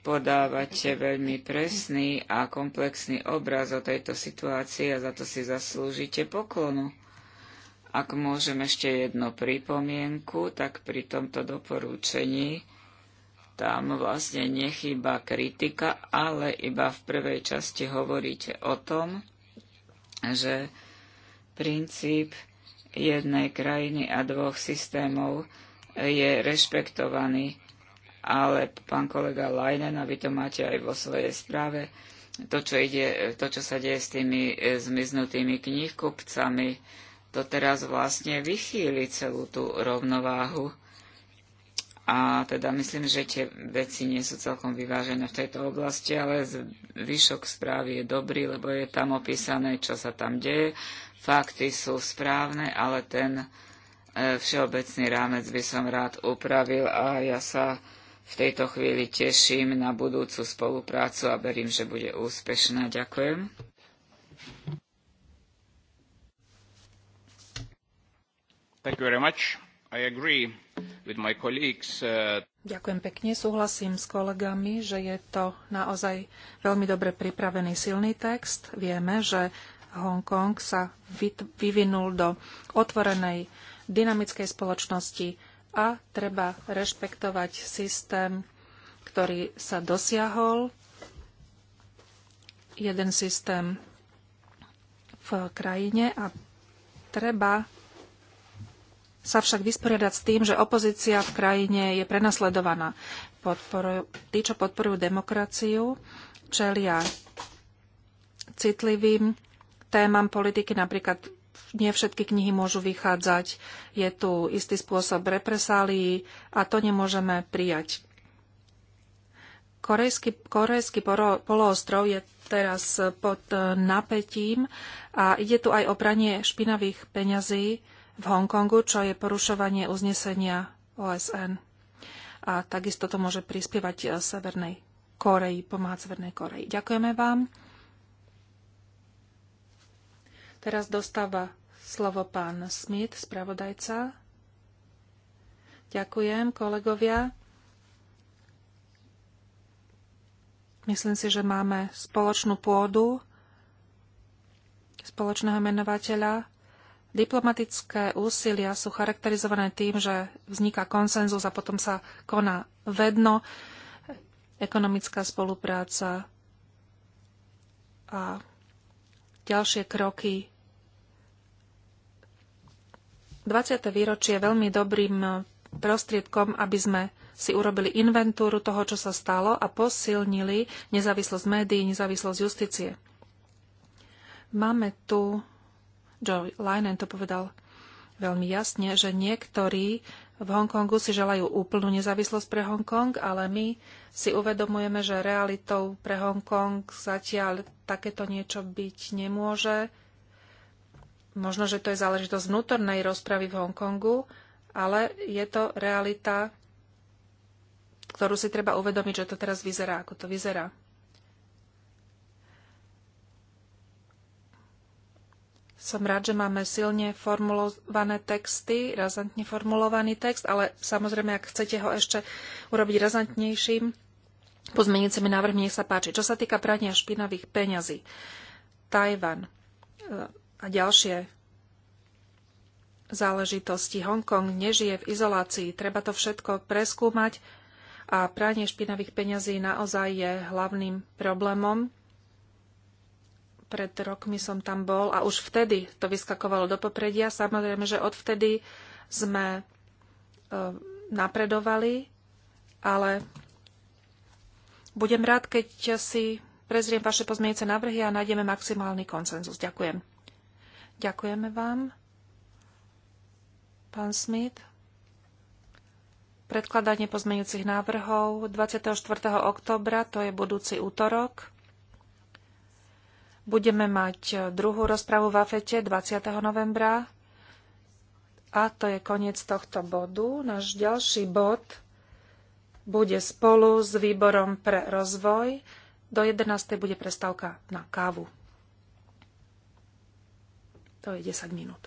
Speaker 2: podávate veľmi presný a komplexný obraz o tejto situácii a za to si zaslúžite poklonu. Ak môžem ešte jednu pripomienku, tak pri tomto doporúčení tam vlastne nechýba kritika, ale iba v prvej časti hovoríte o tom, že princíp jednej krajiny a dvoch systémov je rešpektovaný, ale pán kolega Leinen, a vy to máte aj vo svojej správe, to, čo, ide, to, čo sa deje s tými e, zmiznutými knihkupcami, to teraz vlastne vychýli celú tú rovnováhu a teda myslím, že tie veci nie sú celkom vyvážené v tejto oblasti, ale výšok správy je dobrý, lebo je tam opísané, čo sa tam deje. Fakty sú správne, ale ten e, všeobecný rámec by som rád upravil a ja sa v tejto chvíli teším na budúcu spoluprácu a verím, že bude úspešná. Ďakujem. Thank you very much. Uh,
Speaker 4: Ďakujem pekne, súhlasím s kolegami, že je to naozaj veľmi dobre pripravený silný text. Vieme, že Hongkong sa vyvinul do otvorenej dynamickej spoločnosti a treba rešpektovať systém, ktorý sa dosiahol. Jeden systém v krajine a treba sa však vysporiadať s tým, že opozícia v krajine je prenasledovaná. Podporujú, tí, čo podporujú demokraciu, čelia citlivým témam politiky, napríklad nie všetky knihy môžu vychádzať, je tu istý spôsob represálií a to nemôžeme prijať. Korejský, korejský poloostrov je teraz pod napätím a ide tu aj o pranie špinavých peňazí v Hongkongu, čo je porušovanie uznesenia OSN. A takisto to môže prispievať e, Severnej Koreji, pomáhať Severnej Koreji. Ďakujeme vám. Teraz dostáva slovo pán Smith, spravodajca. Ďakujem, kolegovia. Myslím si, že máme spoločnú pôdu, spoločného menovateľa. Diplomatické úsilia sú charakterizované tým, že vzniká konsenzus a potom sa koná vedno, ekonomická spolupráca a ďalšie kroky. 20. výročie je veľmi dobrým prostriedkom, aby sme si urobili inventúru toho, čo sa stalo a posilnili nezávislosť médií, nezávislosť justície. Máme tu Joe Linen to povedal veľmi jasne, že niektorí v Hongkongu si želajú úplnú nezávislosť pre Hongkong, ale my si uvedomujeme, že realitou pre Hongkong zatiaľ takéto niečo byť nemôže. Možno, že to je záležitosť vnútornej rozpravy v Hongkongu, ale je to realita, ktorú si treba uvedomiť, že to teraz vyzerá, ako to vyzerá. Som rád, že máme silne formulované texty, razantne formulovaný text, ale samozrejme, ak chcete ho ešte urobiť razantnejším, pozmeňujúcimi návrhmi, nech sa páči. Čo sa týka prania špinavých peňazí, Tajvan e, a ďalšie záležitosti. Hongkong nežije v izolácii. Treba to všetko preskúmať a pranie špinavých peňazí naozaj je hlavným problémom pred rokmi som tam bol a už vtedy to vyskakovalo do popredia. Samozrejme, že odvtedy sme e, napredovali, ale budem rád, keď si prezriem vaše pozmienice návrhy a nájdeme maximálny konsenzus. Ďakujem. Ďakujeme vám, pán Smith. Predkladanie pozmeňujúcich návrhov 24. oktobra, to je budúci útorok. Budeme mať e, druhú rozpravu v AFETE 20. novembra. A to je koniec tohto bodu. Náš ďalší bod bude spolu s výborom pre rozvoj. Do 11. bude prestávka na kávu. To je 10 minút.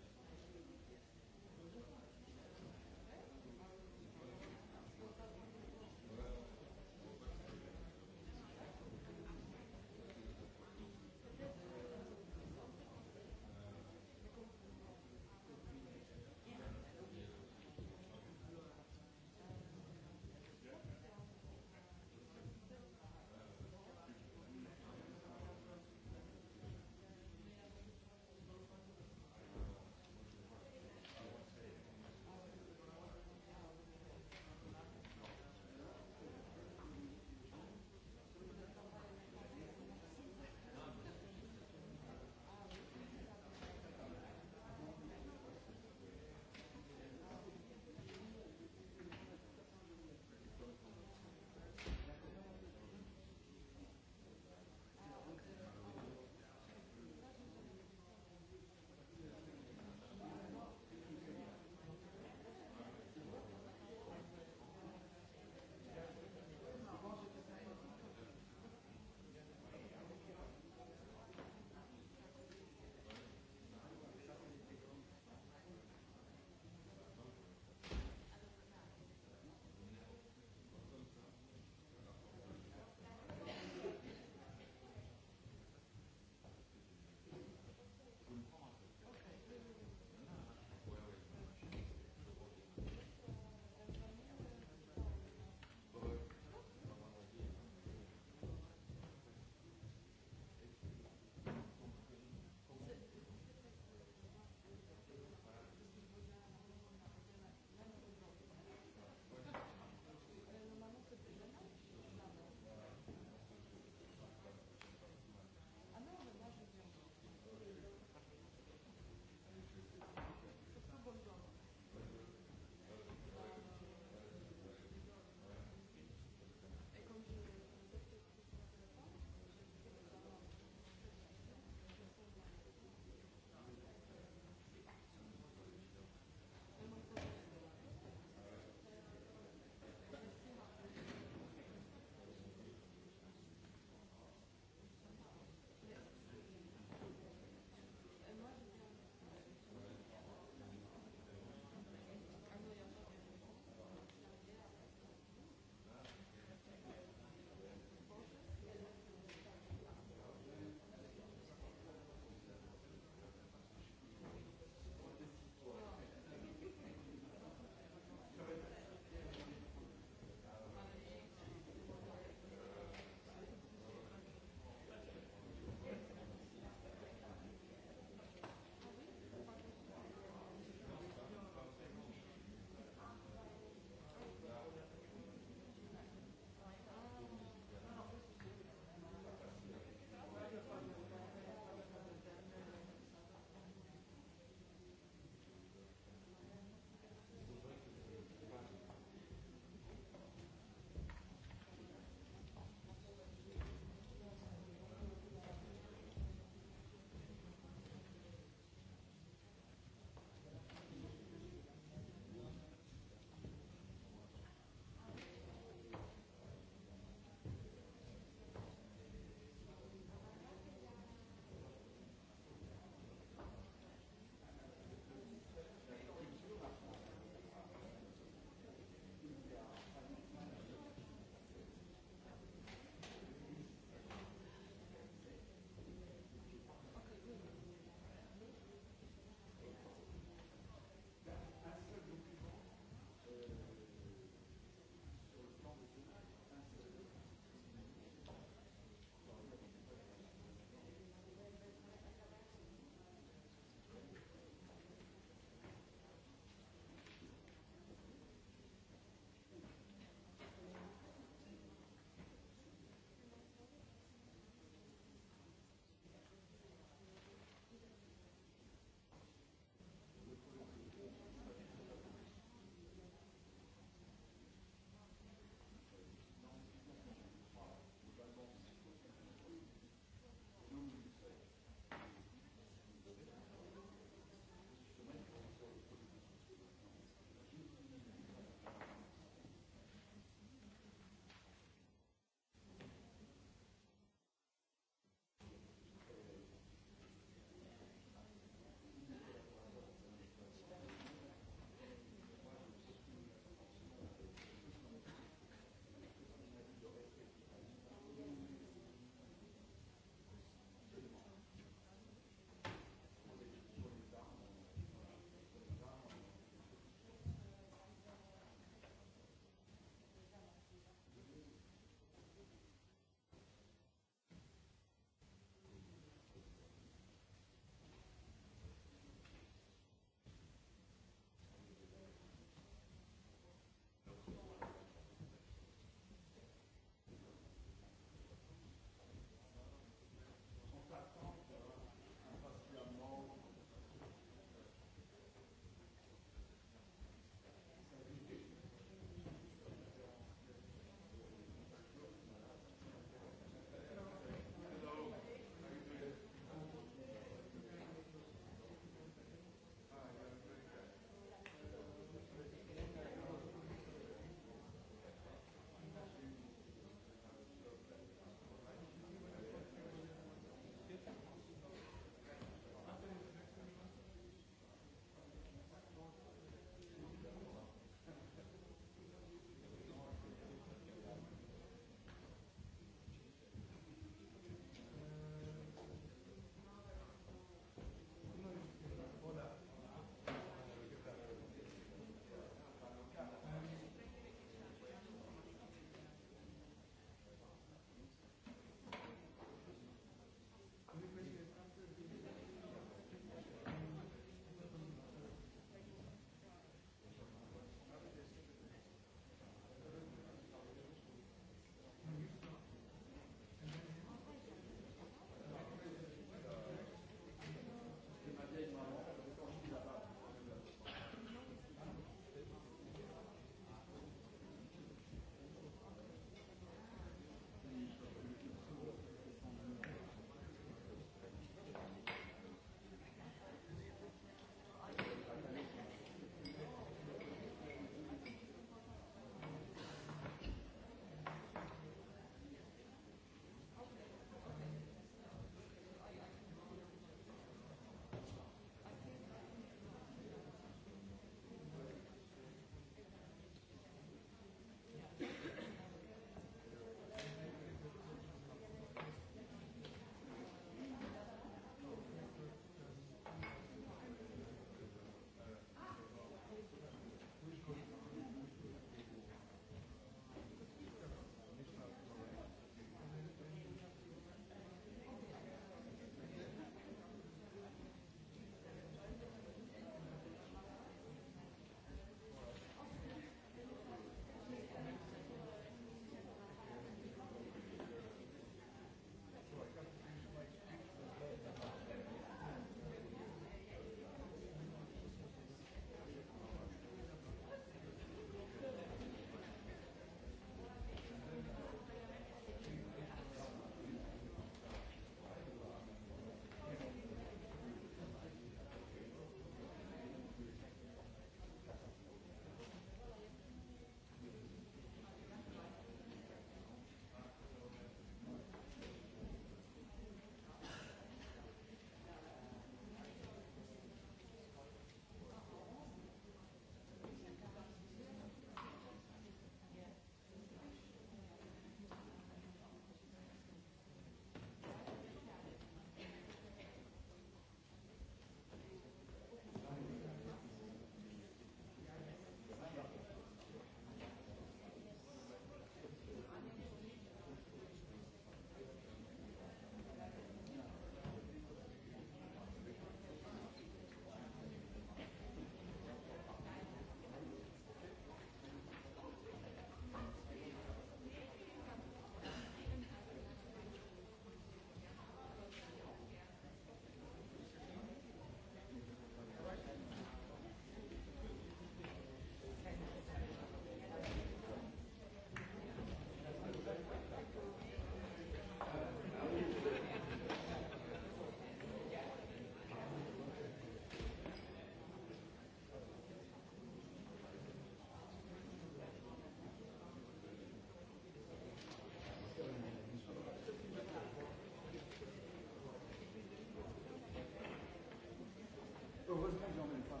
Speaker 1: heureusement que j'emmène pas.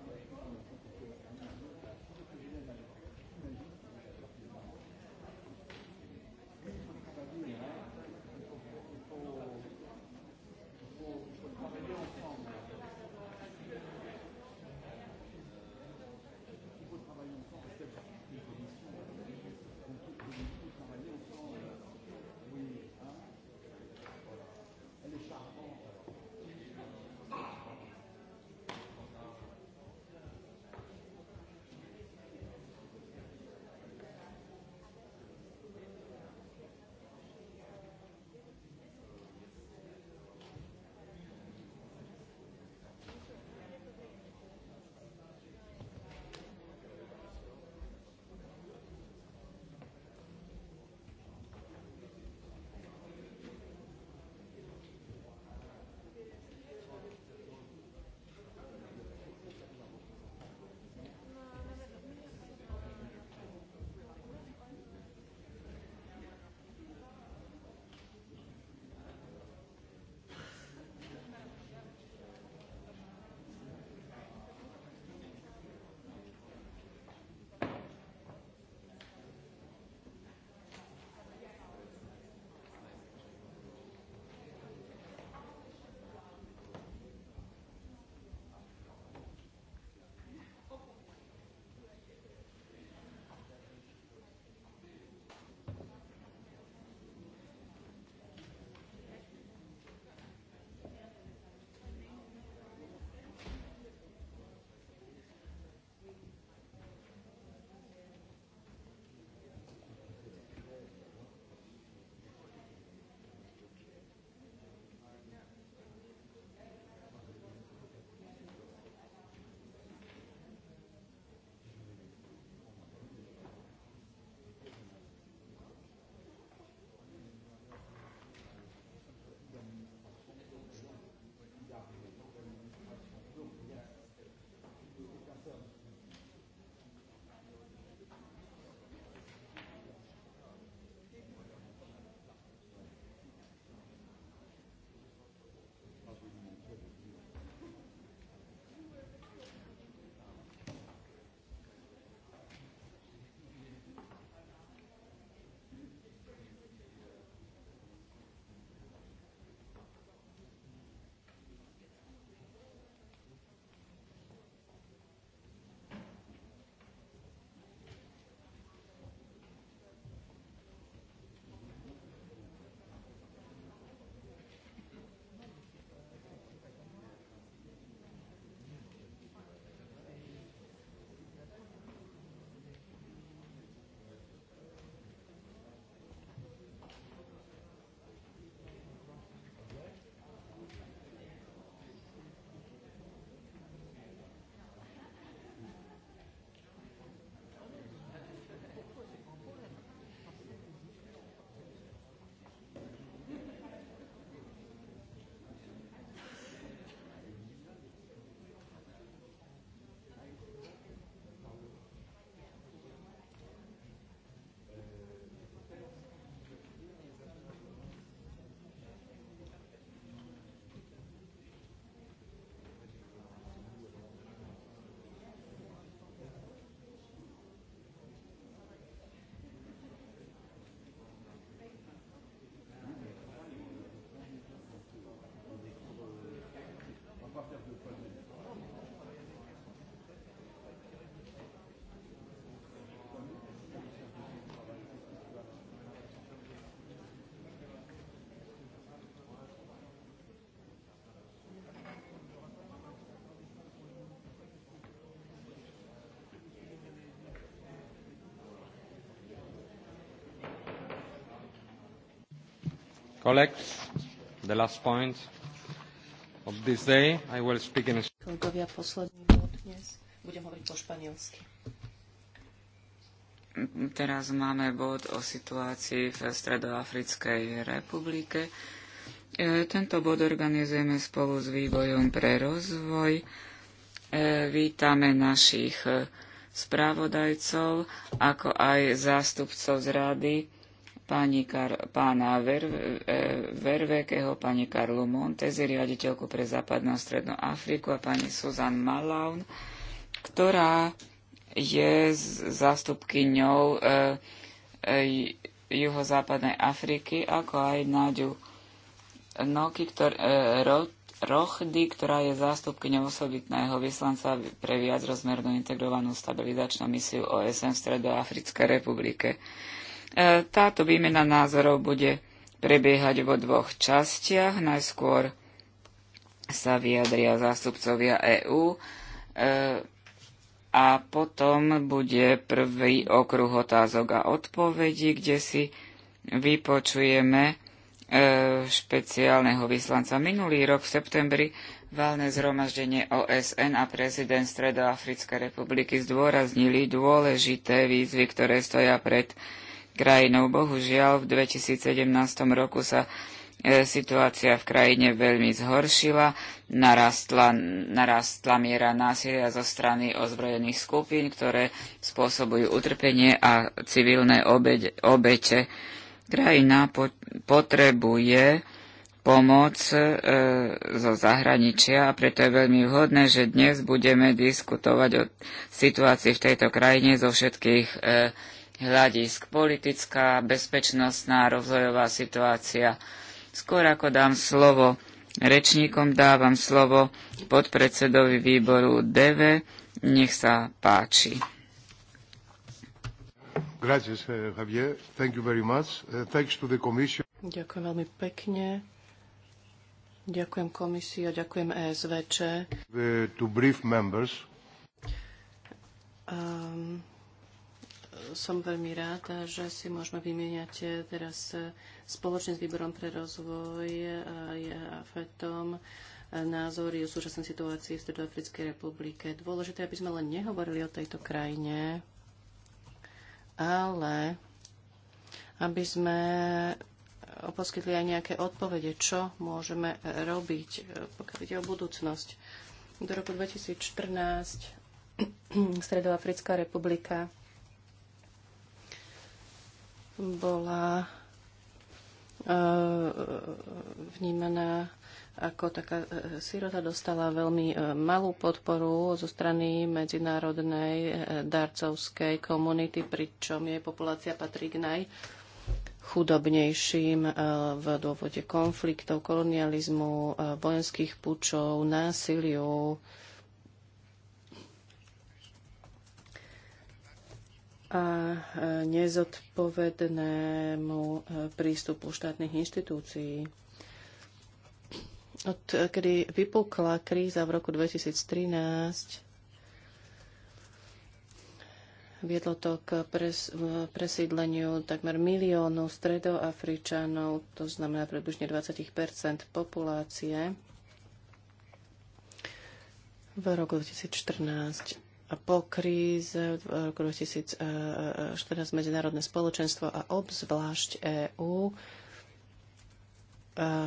Speaker 1: Kolegovia,
Speaker 3: posledný bod dnes. Budem hovoriť po španielsky.
Speaker 2: Teraz máme bod o situácii v Stredoafrickej republike. E, tento bod organizujeme spolu s Vývojom pre rozvoj. E, vítame našich spravodajcov, ako aj zástupcov z rady pani Kar pána Ver, eh, Vervekeho, pani Karlu Montezi, riaditeľku pre západnú a strednú Afriku a pani Susan Malaun, ktorá je zástupkyňou e, e, juhozápadnej Afriky, ako aj Náďu Noky, ktor, e, Ro, Rochdy, ktorá je zástupkyňou osobitného vyslanca pre viacrozmernú integrovanú stabilizačnú misiu OSN v Stredoafrickej republike. E, E, táto výmena názorov bude prebiehať vo dvoch častiach. Najskôr sa vyjadria zástupcovia EÚ e, a potom bude prvý okruh otázok a odpovedí, kde si vypočujeme e, špeciálneho vyslanca. Minulý rok v septembri válne zhromaždenie OSN a prezident Stredoafrickej republiky zdôraznili dôležité výzvy, ktoré stoja pred krajinou. Bohužiaľ, v 2017 roku sa e, situácia v krajine veľmi zhoršila, narastla, narastla miera násilia zo strany ozbrojených skupín, ktoré spôsobujú utrpenie a civilné obeď, obete. Krajina po, potrebuje pomoc e, zo zahraničia a preto je veľmi vhodné, že dnes budeme diskutovať o situácii v tejto krajine zo všetkých e, hľadisk. Politická, bezpečnostná, rozvojová situácia. Skôr ako dám slovo rečníkom, dávam slovo podpredsedovi výboru DV. Nech sa páči.
Speaker 1: Eh, eh, ďakujem
Speaker 3: veľmi pekne. Ďakujem komisii a ďakujem ESVČ.
Speaker 1: Eh, to brief members.
Speaker 3: Um, som veľmi rád, že si môžeme vymieňať eh, teraz eh, spoločne s Výborom pre rozvoj eh, a FETom názory o súčasnej situácii v Stredoafrickej republike. Dôležité, aby sme len nehovorili o tejto krajine, ale aby sme poskytli aj nejaké odpovede, čo môžeme robiť, pokiaľ ide o budúcnosť. Do roku 2014 Stredoafrická republika bola e, vnímaná ako taká e, sirota dostala veľmi e, malú podporu zo strany medzinárodnej darcovskej komunity, pričom jej populácia patrí k najchudobnejším v dôvode konfliktov, kolonializmu, vojenských pučov, násiliu, a nezodpovednému e, prístupu štátnych inštitúcií. Od e, kedy vypukla kríza v roku 2013, viedlo to k pres, presídleniu takmer miliónu stredoafričanov, to znamená približne 20 populácie v roku 2014 po kríze v roku 2014 medzinárodné spoločenstvo a obzvlášť EÚ e,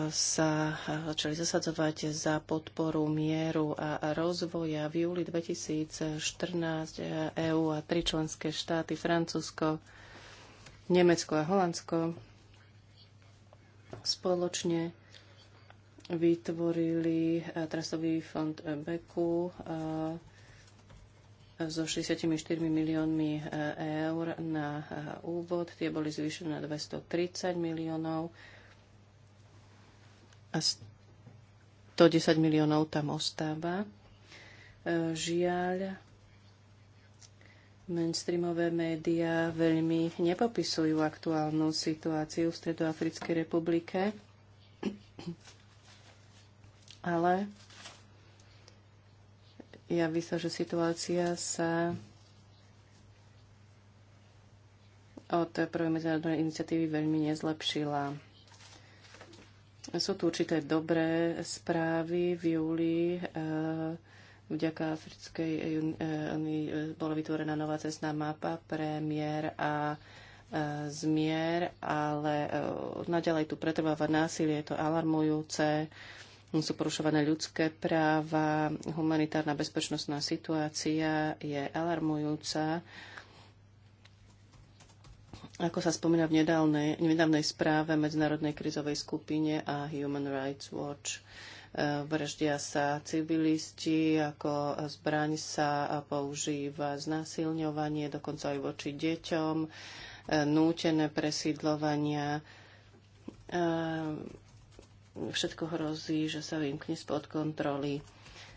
Speaker 3: sa začali zasadzovať za podporu mieru a rozvoja. V júli 2014 EÚ a tri členské štáty Francúzsko, Nemecko a Holandsko spoločne vytvorili e, trestový fond Beku e, so 64 miliónmi e, eur na e, úvod. Tie boli zvýšené na 230 miliónov a 110 miliónov tam ostáva. E, žiaľ, mainstreamové médiá veľmi nepopisujú aktuálnu situáciu v Stredoafrickej republike, ale javí sa, že situácia sa od prvej medzinárodnej iniciatívy veľmi nezlepšila. Sú tu určité dobré správy. V júli eh, vďaka Africkej eh, unii eh, bola vytvorená nová cestná mapa mier a zmier, ale naďalej tu pretrváva násilie, je to alarmujúce sú porušované ľudské práva, humanitárna bezpečnostná situácia je alarmujúca. Ako sa spomína v nedávnej, nedávnej správe Medzinárodnej krizovej skupine a Human Rights Watch, e, vraždia sa civilisti, ako zbraň sa používa znásilňovanie, dokonca aj voči deťom, e, nútené presídlovania e, všetko hrozí, že sa vymkne spod kontroly.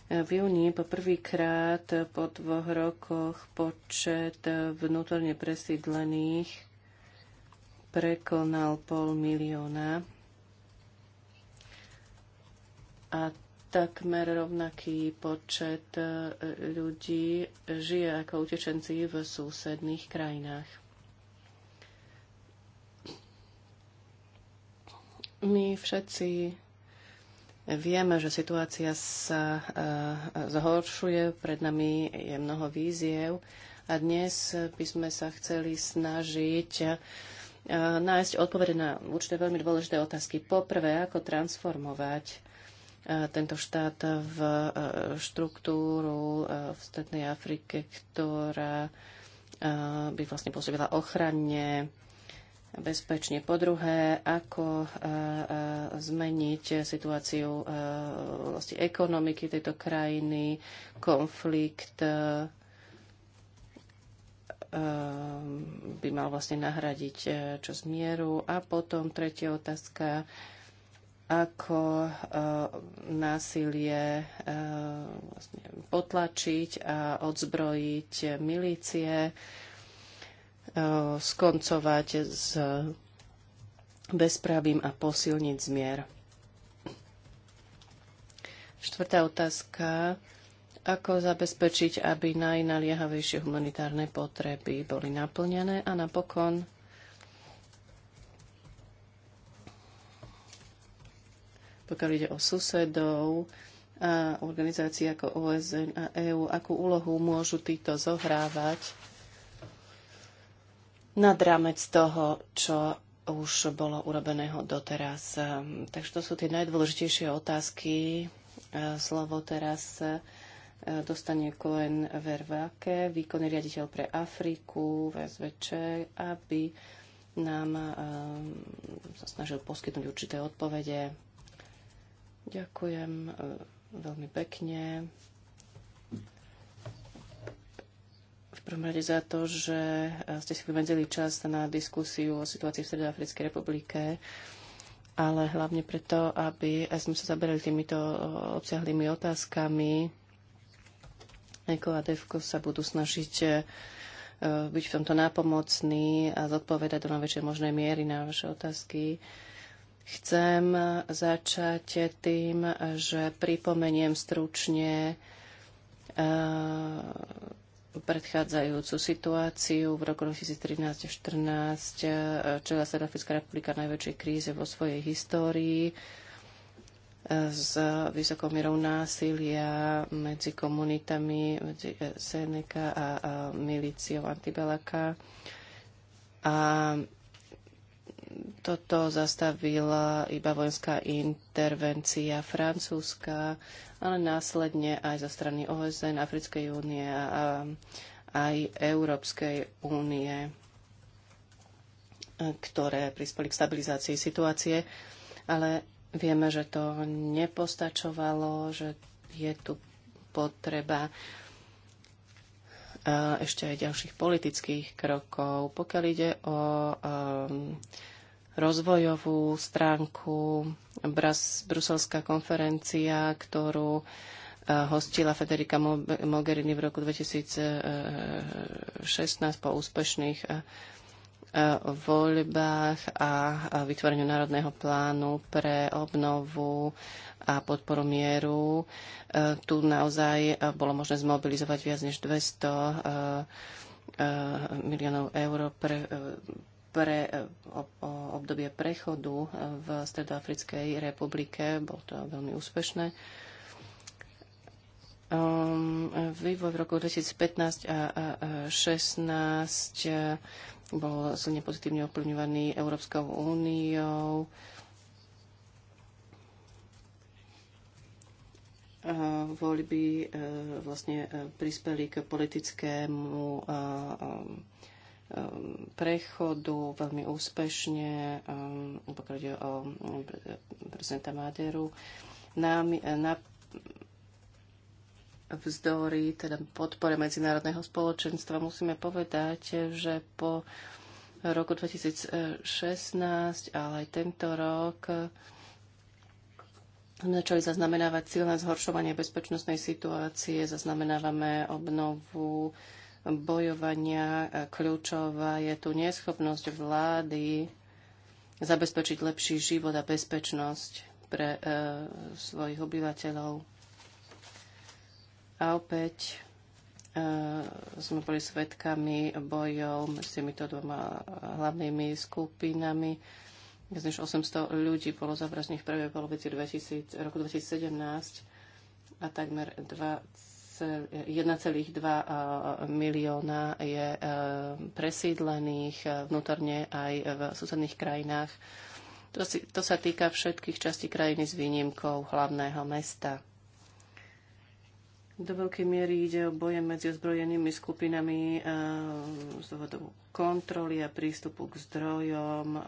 Speaker 3: V júni poprvýkrát po dvoch rokoch počet vnútorne presídlených prekonal pol milióna a takmer rovnaký počet ľudí žije ako utečenci v susedných krajinách. My všetci vieme, že situácia sa e, zhoršuje, pred nami je mnoho víziev a dnes by sme sa chceli snažiť e, nájsť odpovede na určité veľmi dôležité otázky. Poprvé, ako transformovať e, tento štát v štruktúru v Strednej Afrike, ktorá by vlastne pôsobila ochranne bezpečne. Po druhé, ako e, e, zmeniť situáciu vlastne ekonomiky tejto krajiny, konflikt by mal vlastne nahradiť čo z mieru. A potom tretia otázka, ako násilie vlastne potlačiť a odzbrojiť milície E, skoncovať s bezpravím a posilniť zmier. Štvrtá otázka. Ako zabezpečiť, aby najnaliehavejšie humanitárne potreby boli naplnené a napokon pokiaľ ide o susedov a organizácií ako OSN a EÚ, akú úlohu môžu títo zohrávať nad rámec toho, čo už bolo urobeného doteraz. Ehm, takže to sú tie najdôležitejšie otázky. Ehm, slovo teraz ehm, dostane Cohen Vervake, výkonný riaditeľ pre Afriku, VSVČ, aby nám sa snažil poskytnúť určité odpovede. Ďakujem veľmi pekne. prvom rade za to, že e, ste si vymedzili čas na diskusiu o situácii v Stredoafrickej republike, ale hlavne preto, aby sme sa zaberali týmito e, obsiahlými otázkami. Eko a Devko sa budú snažiť e, byť v tomto nápomocný a zodpovedať do najväčšej možnej miery na vaše otázky. Chcem začať tým, že pripomeniem stručne predchádzajúcu situáciu. V roku 2013-2014 čelila Sedafická republika najväčšej kríze vo svojej histórii eh, s vysokou mierou násilia medzi komunitami, medzi eh, Seneca a, a milíciou Antibelaka. A toto zastavila iba vojenská intervencia francúzska ale následne aj zo strany OSN, Africkej únie a aj Európskej únie, e, ktoré prispeli k stabilizácii situácie. Ale vieme, že to nepostačovalo, že je tu potreba e, ešte aj ďalších politických krokov. Pokiaľ ide o um, rozvojovú stránku. Bruselská konferencia, ktorú eh, hostila Federica Mogherini v roku 2016 po úspešných eh, eh, voľbách a vytvoreniu národného plánu pre obnovu a podporu mieru. Tu naozaj bolo možné zmobilizovať viac než 200 miliónov eur pre pre eh, o, obdobie prechodu eh, v Stredoafrickej republike. Bolo to veľmi úspešné. Ehm, vývoj v roku 2015 a, 2016 16 eh, bol silne pozitívne ovplyvňovaný Európskou úniou. voľby vlastne prispeli k politickému Um, prechodu veľmi úspešne, um, pokiaľ ide o um, prezidenta Maderu, nám, eh, na, vzdory, teda podpore medzinárodného spoločenstva, musíme povedať, že po roku 2016, ale aj tento rok, sme začali zaznamenávať silné zhoršovanie bezpečnostnej situácie, zaznamenávame obnovu bojovania. E, kľúčová je tu neschopnosť vlády zabezpečiť lepší život a bezpečnosť pre e, svojich obyvateľov. A opäť e, sme boli svetkami bojov s týmito dvoma hlavnými skupinami. Viac než 800 ľudí bolo zavraždených v prvej polovici 2000, roku 2017 a takmer 20 1,2 eh, milióna je eh, presídlených eh, vnútorne aj v susedných krajinách. To, si, to sa týka všetkých častí krajiny s výnimkou hlavného mesta. Do veľkej miery ide o boje medzi ozbrojenými skupinami z dôvodu kontroly a prístupu k zdrojom,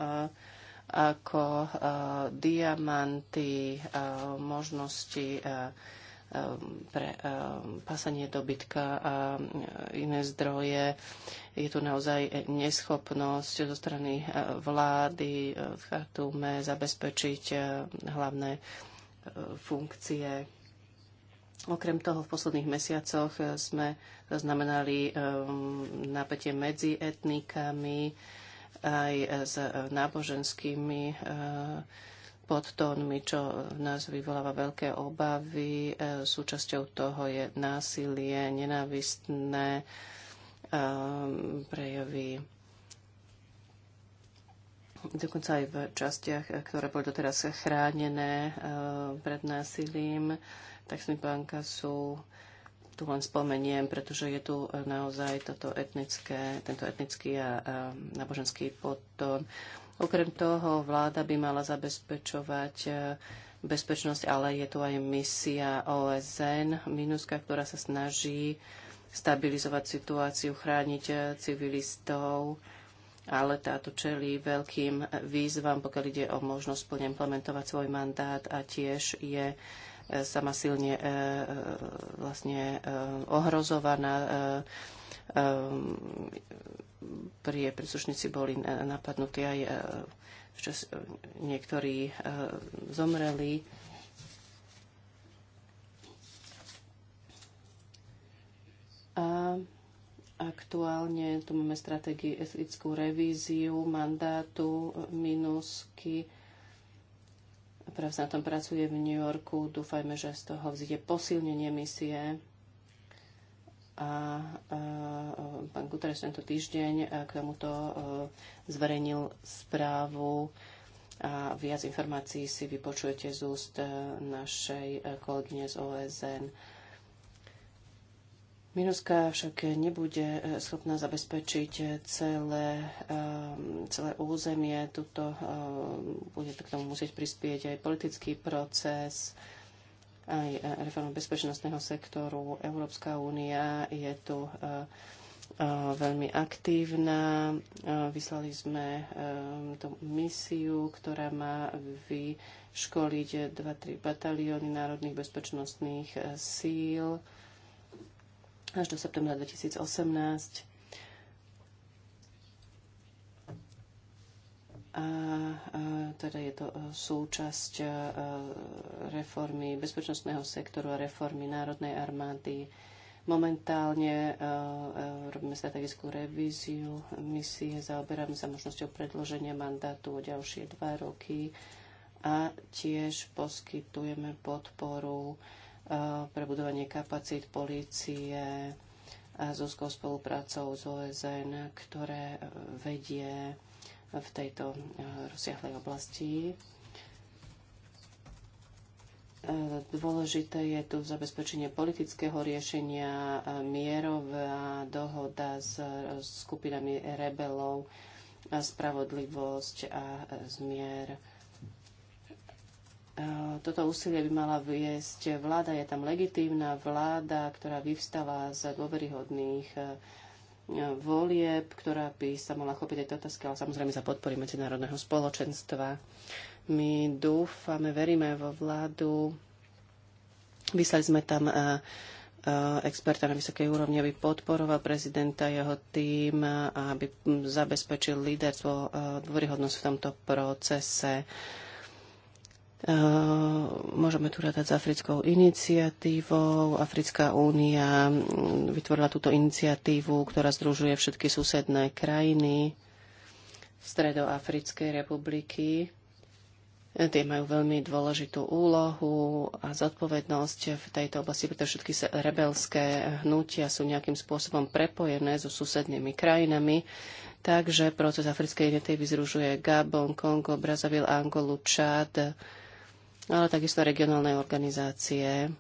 Speaker 3: ako diamanty, možnosti pre pasanie dobytka a e, iné zdroje. Je tu naozaj neschopnosť zo strany e, vlády e, v Chartume zabezpečiť hlavné funkcie. Okrem toho v posledných mesiacoch sme zaznamenali napätie medzi etnikami aj s náboženskými podtónmi, čo v nás vyvoláva veľké obavy. E, súčasťou toho je násilie, nenávistné e, prejavy dokonca aj v častiach, ktoré boli doteraz chránené e, pred násilím, tak sme pánka sú tu len spomeniem, pretože je tu naozaj toto etnické, tento etnický a, a náboženský potom Okrem toho vláda by mala zabezpečovať e, bezpečnosť, ale je tu aj misia OSN, MINUSKA, ktorá sa snaží stabilizovať situáciu, chrániť e, civilistov, ale táto čelí veľkým výzvam, pokiaľ ide o možnosť plne implementovať svoj mandát a tiež je e, sama silne e, vlastne e, ohrozovaná e, pri príslušníci boli napadnutí aj e, čas, e, niektorí e, zomreli. A aktuálne tu máme stratégiu etickú revíziu mandátu minusky. Práve na tom pracuje v New Yorku. Dúfajme, že z toho vzíde posilnenie misie a pán Guterres tento týždeň k tomuto zverejnil správu a viac informácií si vypočujete z úst našej kolegyne z OSN. Minuska však nebude e, schopná zabezpečiť celé, celé územie. Tuto bude k tomu musieť prispieť aj politický proces, aj e, reformu bezpečnostného sektoru. Európska únia je tu e, e, veľmi aktívna. Vyslali sme tú misiu, ktorá má vyškoliť 2-3 batalióny národných bezpečnostných síl až do septembra 2018 a teda je to e, súčasť e, reformy bezpečnostného sektoru a reformy Národnej armády. Momentálne e, robíme strategickú revíziu misie, zaoberáme sa možnosťou predloženia mandátu o ďalšie dva roky a tiež poskytujeme podporu pre budovanie kapacít polície a s úzkou spoluprácou z OSN, ktoré vedie v tejto eh, rozsiahlej oblasti. Eh, dôležité je tu zabezpečenie politického riešenia, eh, mierová dohoda s skupinami rebelov, spravodlivosť a zmier. Toto úsilie by mala viesť vláda, je tam legitímna vláda, ktorá vyvstáva z dôveryhodných volieb, ktorá by sa mohla chopiť tejto otázky, ale samozrejme za podpory medzinárodného spoločenstva. My dúfame, veríme vo vládu. Vyslali sme tam eh, eh, experta na vysokej úrovni, aby podporoval prezidenta, jeho tým a eh, aby hm, zabezpečil líderstvo, dôryhodnosť v tomto procese. Eh, môžeme tu rátať s africkou iniciatívou. Africká únia mm, vytvorila túto iniciatívu, ktorá združuje všetky susedné krajiny Stredoafrickej republiky. Eh, tie majú veľmi dôležitú úlohu a zodpovednosť v tejto oblasti, pretože všetky rebelské hnutia sú nejakým spôsobom prepojené so susednými krajinami. Takže proces africkej iniciatívy vyzružuje Gabon, Kongo, Brazavil, Angolu, Čad, ale takisto regionálne organizácie.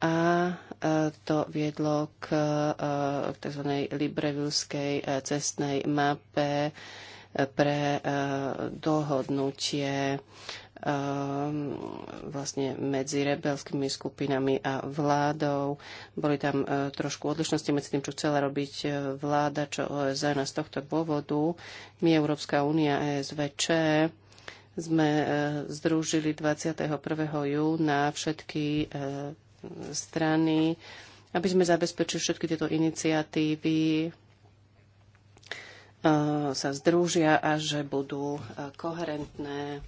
Speaker 3: A e, to viedlo k, e, tzv. librevilskej e, cestnej mape pre dohodnutie vlastne medzi rebelskými skupinami a vládou. Boli tam trošku odlišnosti medzi tým, čo chcela robiť vláda, čo OSN a z tohto dôvodu my, Európska únia, ESVČ, sme e, združili 21. júna všetky e, strany, aby sme zabezpečili všetky tieto iniciatívy, e, sa združia a že budú koherentné.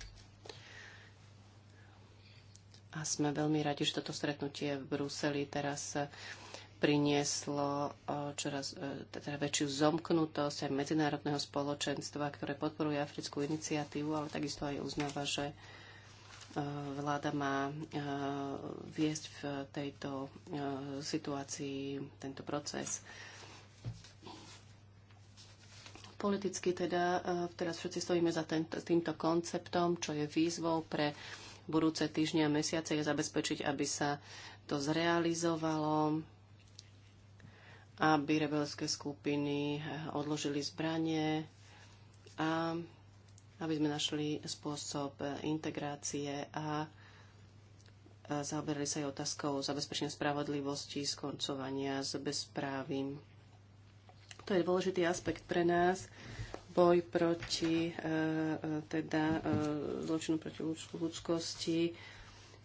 Speaker 3: A sme veľmi radi, že toto stretnutie v Bruseli teraz prinieslo čoraz e, teda väčšiu zomknutosť aj medzinárodného spoločenstva, ktoré podporuje africkú iniciatívu, ale takisto aj uznáva, že e, vláda má e, viesť v tejto situácii tento proces. Politicky teda teraz všetci stojíme za týmto konceptom, čo je výzvou pre budúce týždne a mesiace je zabezpečiť, aby sa to zrealizovalo aby rebelské skupiny eh, odložili zbranie a aby sme našli spôsob eh, integrácie a eh, zaoberali sa aj otázkou zabezpečenia spravodlivosti, skoncovania s bezprávim. To je dôležitý aspekt pre nás. Boj proti teda zločinu proti ľudskosti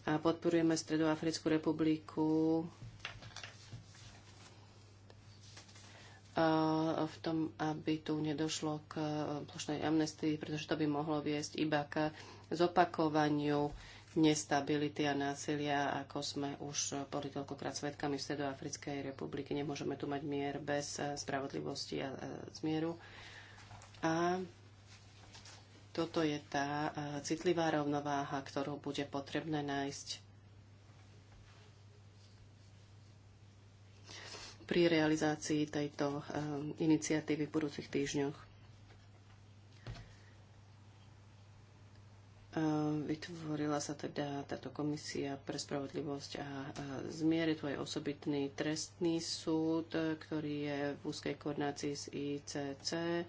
Speaker 3: a podporujeme Stredoafrickú republiku v tom, aby tu nedošlo k e, plošnej amnestii, pretože to by mohlo viesť iba k zopakovaniu nestability a násilia, ako sme už e, boli toľkokrát svetkami v Stredoafrickej republiky. Nemôžeme tu mať mier bez e, spravodlivosti a zmieru. A toto je tá citlivá rovnováha, ktorú bude potrebné nájsť pri realizácii tejto eh, iniciatívy v budúcich týždňoch. Eh, vytvorila sa teda táto komisia pre spravodlivosť a zmier. Je tu aj osobitný trestný súd, ktorý je v úzkej koordinácii s ICC.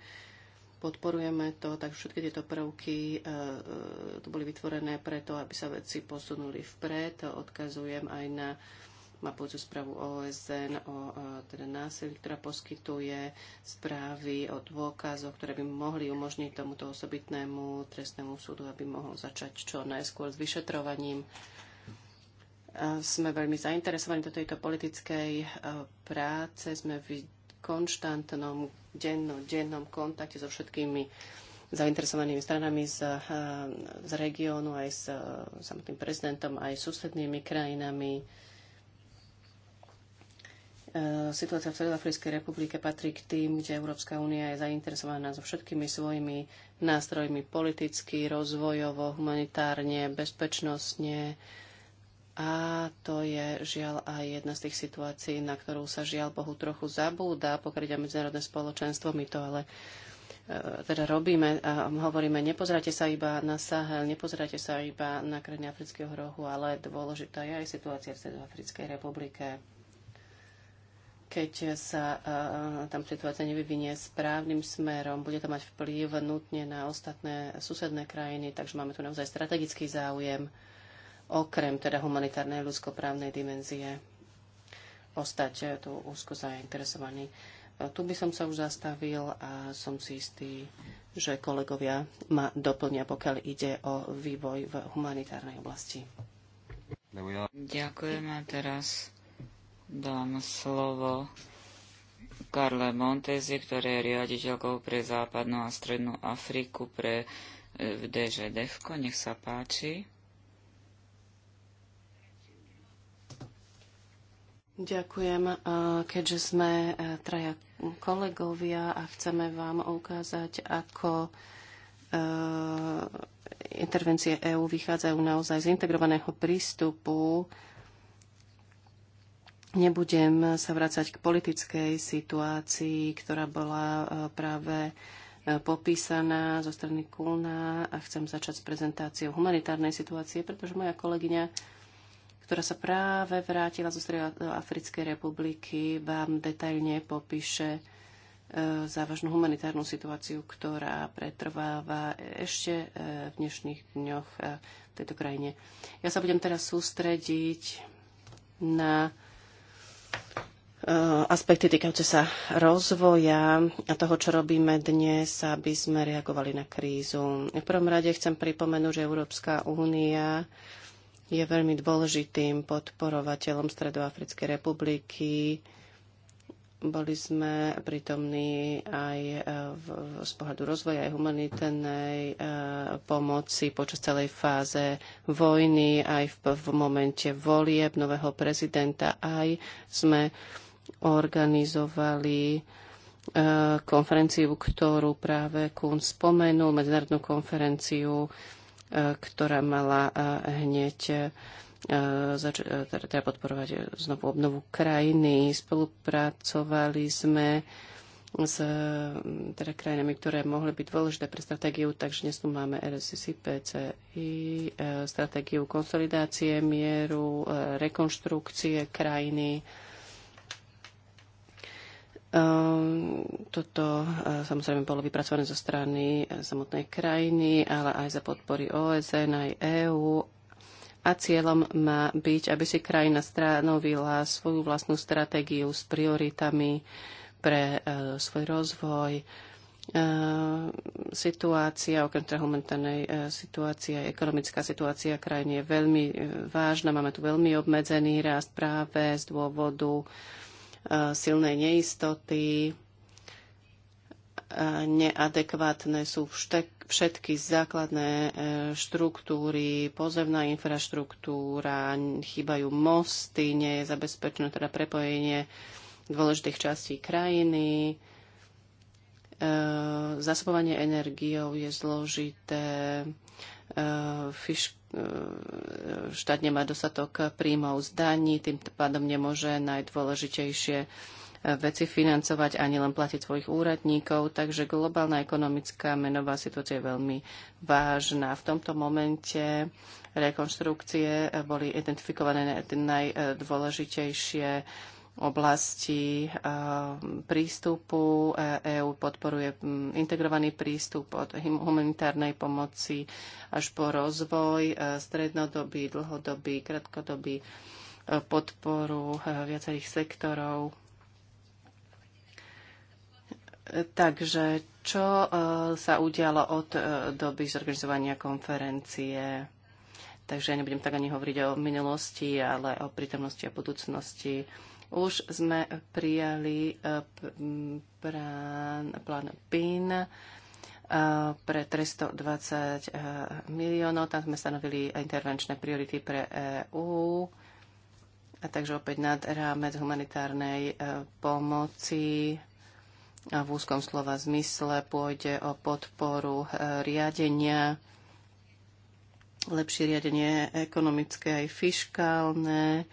Speaker 3: Podporujeme to, tak všetky tieto prvky eh, tu boli vytvorené preto, aby sa veci posunuli vpred. Odkazujem aj na mapujúcu správu OSN o e, teda násilí, ktorá poskytuje správy o dôkazoch, ktoré by mohli umožniť tomuto osobitnému trestnému súdu, aby mohol začať čo najskôr s vyšetrovaním. E, sme veľmi zainteresovaní do tejto politickej e, práce, sme v konštantnom, denno, dennom kontakte so všetkými zainteresovanými stranami z, z regiónu, aj s samotným prezidentom, aj susednými krajinami E, situácia v Stredoafrickej republike patrí k tým, kde Európska únia je zainteresovaná so všetkými svojimi nástrojmi politicky, rozvojovo, humanitárne, bezpečnostne. A to je žiaľ aj jedna z tých situácií, na ktorú sa žiaľ Bohu trochu zabúda, pokryť medzinárodné spoločenstvo, my to ale e, teda robíme a hovoríme, nepozerajte sa iba na Sahel, nepozerajte sa iba na krajiny Afrického rohu, ale dôležitá je aj situácia v Stredoafrickej republike keď sa uh, tam situácia nevyvinie správnym smerom, bude to mať vplyv nutne na ostatné susedné krajiny, takže máme tu naozaj strategický záujem, okrem teda humanitárnej ľudskoprávnej dimenzie, ostať tu úzko zainteresovaný. E, tu by som sa už zastavil a som si istý, že kolegovia ma doplnia, pokiaľ ide o vývoj v
Speaker 2: humanitárnej oblasti. Ďakujem a teraz dám slovo Karle Montezi, ktoré je riaditeľkou pre západnú a strednú Afriku pre e, v DŽDFko. Nech sa páči.
Speaker 3: Ďakujem, e, keďže sme e, traja kolegovia a chceme vám ukázať, ako intervencie EÚ vychádzajú naozaj z integrovaného prístupu Nebudem sa vrácať k politickej situácii, ktorá bola e, práve e, popísaná zo strany Kulna a chcem začať s prezentáciou humanitárnej situácie, pretože moja kolegyňa, ktorá sa práve vrátila zo Africkej republiky, vám detailne popíše e, závažnú humanitárnu situáciu, ktorá pretrváva ešte v dnešných dňoch v tejto krajine. Ja sa budem teraz sústrediť na Eh, aspekty týkajúce sa rozvoja a toho, čo robíme dnes, aby sme reagovali na krízu. V prvom rade chcem pripomenúť, že Európska únia je veľmi dôležitým podporovateľom Stredoafrickej republiky boli sme prítomní aj e, v, z pohľadu rozvoja aj humanitárnej e, pomoci počas celej fáze vojny, aj v, v momente volieb nového prezidenta, aj sme organizovali e, konferenciu, ktorú práve Kun spomenul, medzinárodnú konferenciu, ktorá mala hneď E, e, teda, teda podporovať znovu obnovu krajiny. Spolupracovali sme s teda krajinami, ktoré mohli byť dôležité pre stratégiu, takže dnes tu máme RSCC, PCI, e, stratégiu konsolidácie mieru, rekonštrukcie krajiny. Toto samozrejme bolo vypracované zo strany samotnej krajiny, ale aj za podpory OSN, aj EÚ a cieľom má byť, aby si krajina stanovila svoju vlastnú stratégiu s prioritami pre e, svoj rozvoj. E, situácia, okrem teda humanitárnej e, situácie, ekonomická situácia krajiny je veľmi e, vážna. Máme tu veľmi obmedzený rast práve z dôvodu e, silnej neistoty, e, neadekvátne sú všetky všetky základné e, štruktúry, pozemná infraštruktúra, chýbajú mosty, nie je zabezpečené teda prepojenie dôležitých častí krajiny. E, zasobovanie energiou je zložité. E, fiš, štát nemá dostatok príjmov z daní, tým pádom nemôže najdôležitejšie veci financovať ani len platiť svojich úradníkov, takže globálna ekonomická menová situácia je veľmi vážna. V tomto momente rekonštrukcie boli identifikované najdôležitejšie oblasti prístupu. EÚ e podporuje integrovaný prístup od humanitárnej pomoci až po rozvoj, e, strednodobý, dlhodobý, krátkodobý e, podporu viacerých sektorov Takže čo e, sa udialo od e, doby zorganizovania konferencie? Takže ja nebudem tak ani hovoriť o minulosti, ale o prítomnosti a budúcnosti. Už sme prijali e, plán, plán PIN pre 320 miliónov. Tam sme stanovili intervenčné priority pre EÚ. A takže opäť nad rámec humanitárnej pomoci a v úzkom slova zmysle pôjde o podporu e, riadenia, lepšie riadenie ekonomické aj fiškálne,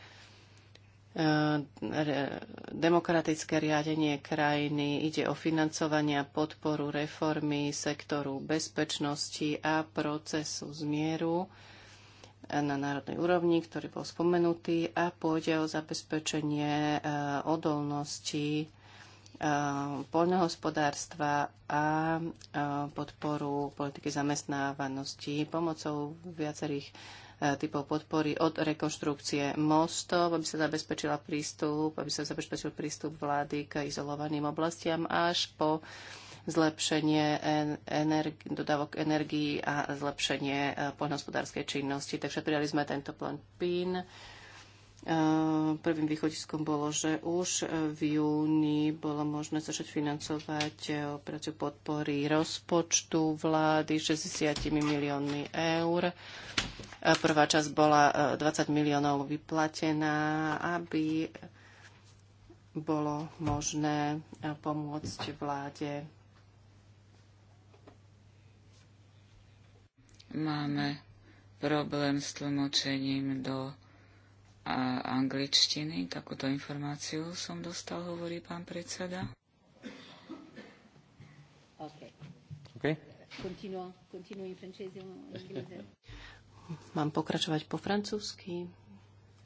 Speaker 3: e, demokratické riadenie krajiny, ide o financovanie a podporu reformy sektoru bezpečnosti a procesu zmieru e, na národnej úrovni, ktorý bol spomenutý, a pôjde o zabezpečenie odolnosti poľnohospodárstva a podporu politiky zamestnávanosti pomocou viacerých e, typov podpory od rekonštrukcie mostov, aby sa zabezpečila prístup, aby sa zabezpečil prístup vlády k izolovaným oblastiam až po zlepšenie energi- dodávok energií a zlepšenie e, poľnohospodárskej činnosti. Takže prijali sme tento plán PIN Eh, prvým východiskom bolo, že už eh, v júni bolo možné začať financovať operáciu eh, podpory rozpočtu vlády 60 miliónmi eur. Prvá časť bola 20 miliónov vyplatená, aby bolo možné pomôcť vláde.
Speaker 2: Máme problém s tlmočením do angličtiny. Takúto informáciu som dostal, hovorí pán predseda.
Speaker 3: Mám pokračovať po francúzsky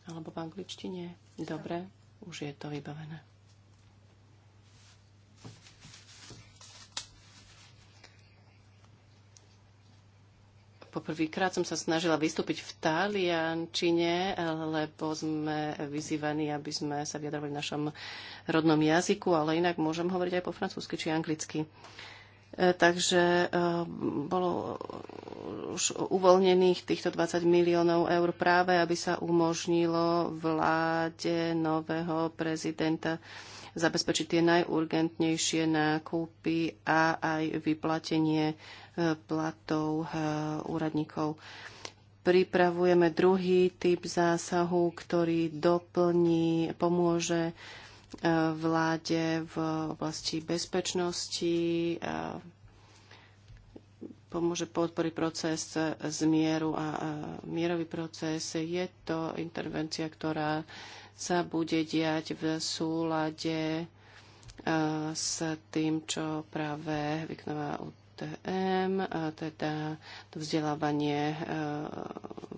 Speaker 3: alebo v angličtine? Dobre, už je to vybavené. Poprvýkrát som sa snažila vystúpiť v Taliančine, lebo sme vyzývaní, aby sme sa vyjadrovali v našom rodnom jazyku, ale inak môžem hovoriť aj po francúzsky či anglicky. E, takže e, bolo už uvoľnených týchto 20 miliónov eur práve, aby sa umožnilo vláde nového prezidenta zabezpečiť tie najurgentnejšie nákupy a aj vyplatenie e, platov e, úradníkov. Pripravujeme druhý typ zásahu, ktorý doplní, pomôže e, vláde v oblasti bezpečnosti, pomôže podporiť proces zmieru a mierový proces. Je to intervencia, ktorá sa bude diať v súlade eh, s tým, čo práve vyknová UTM, eh, teda to vzdelávanie eh,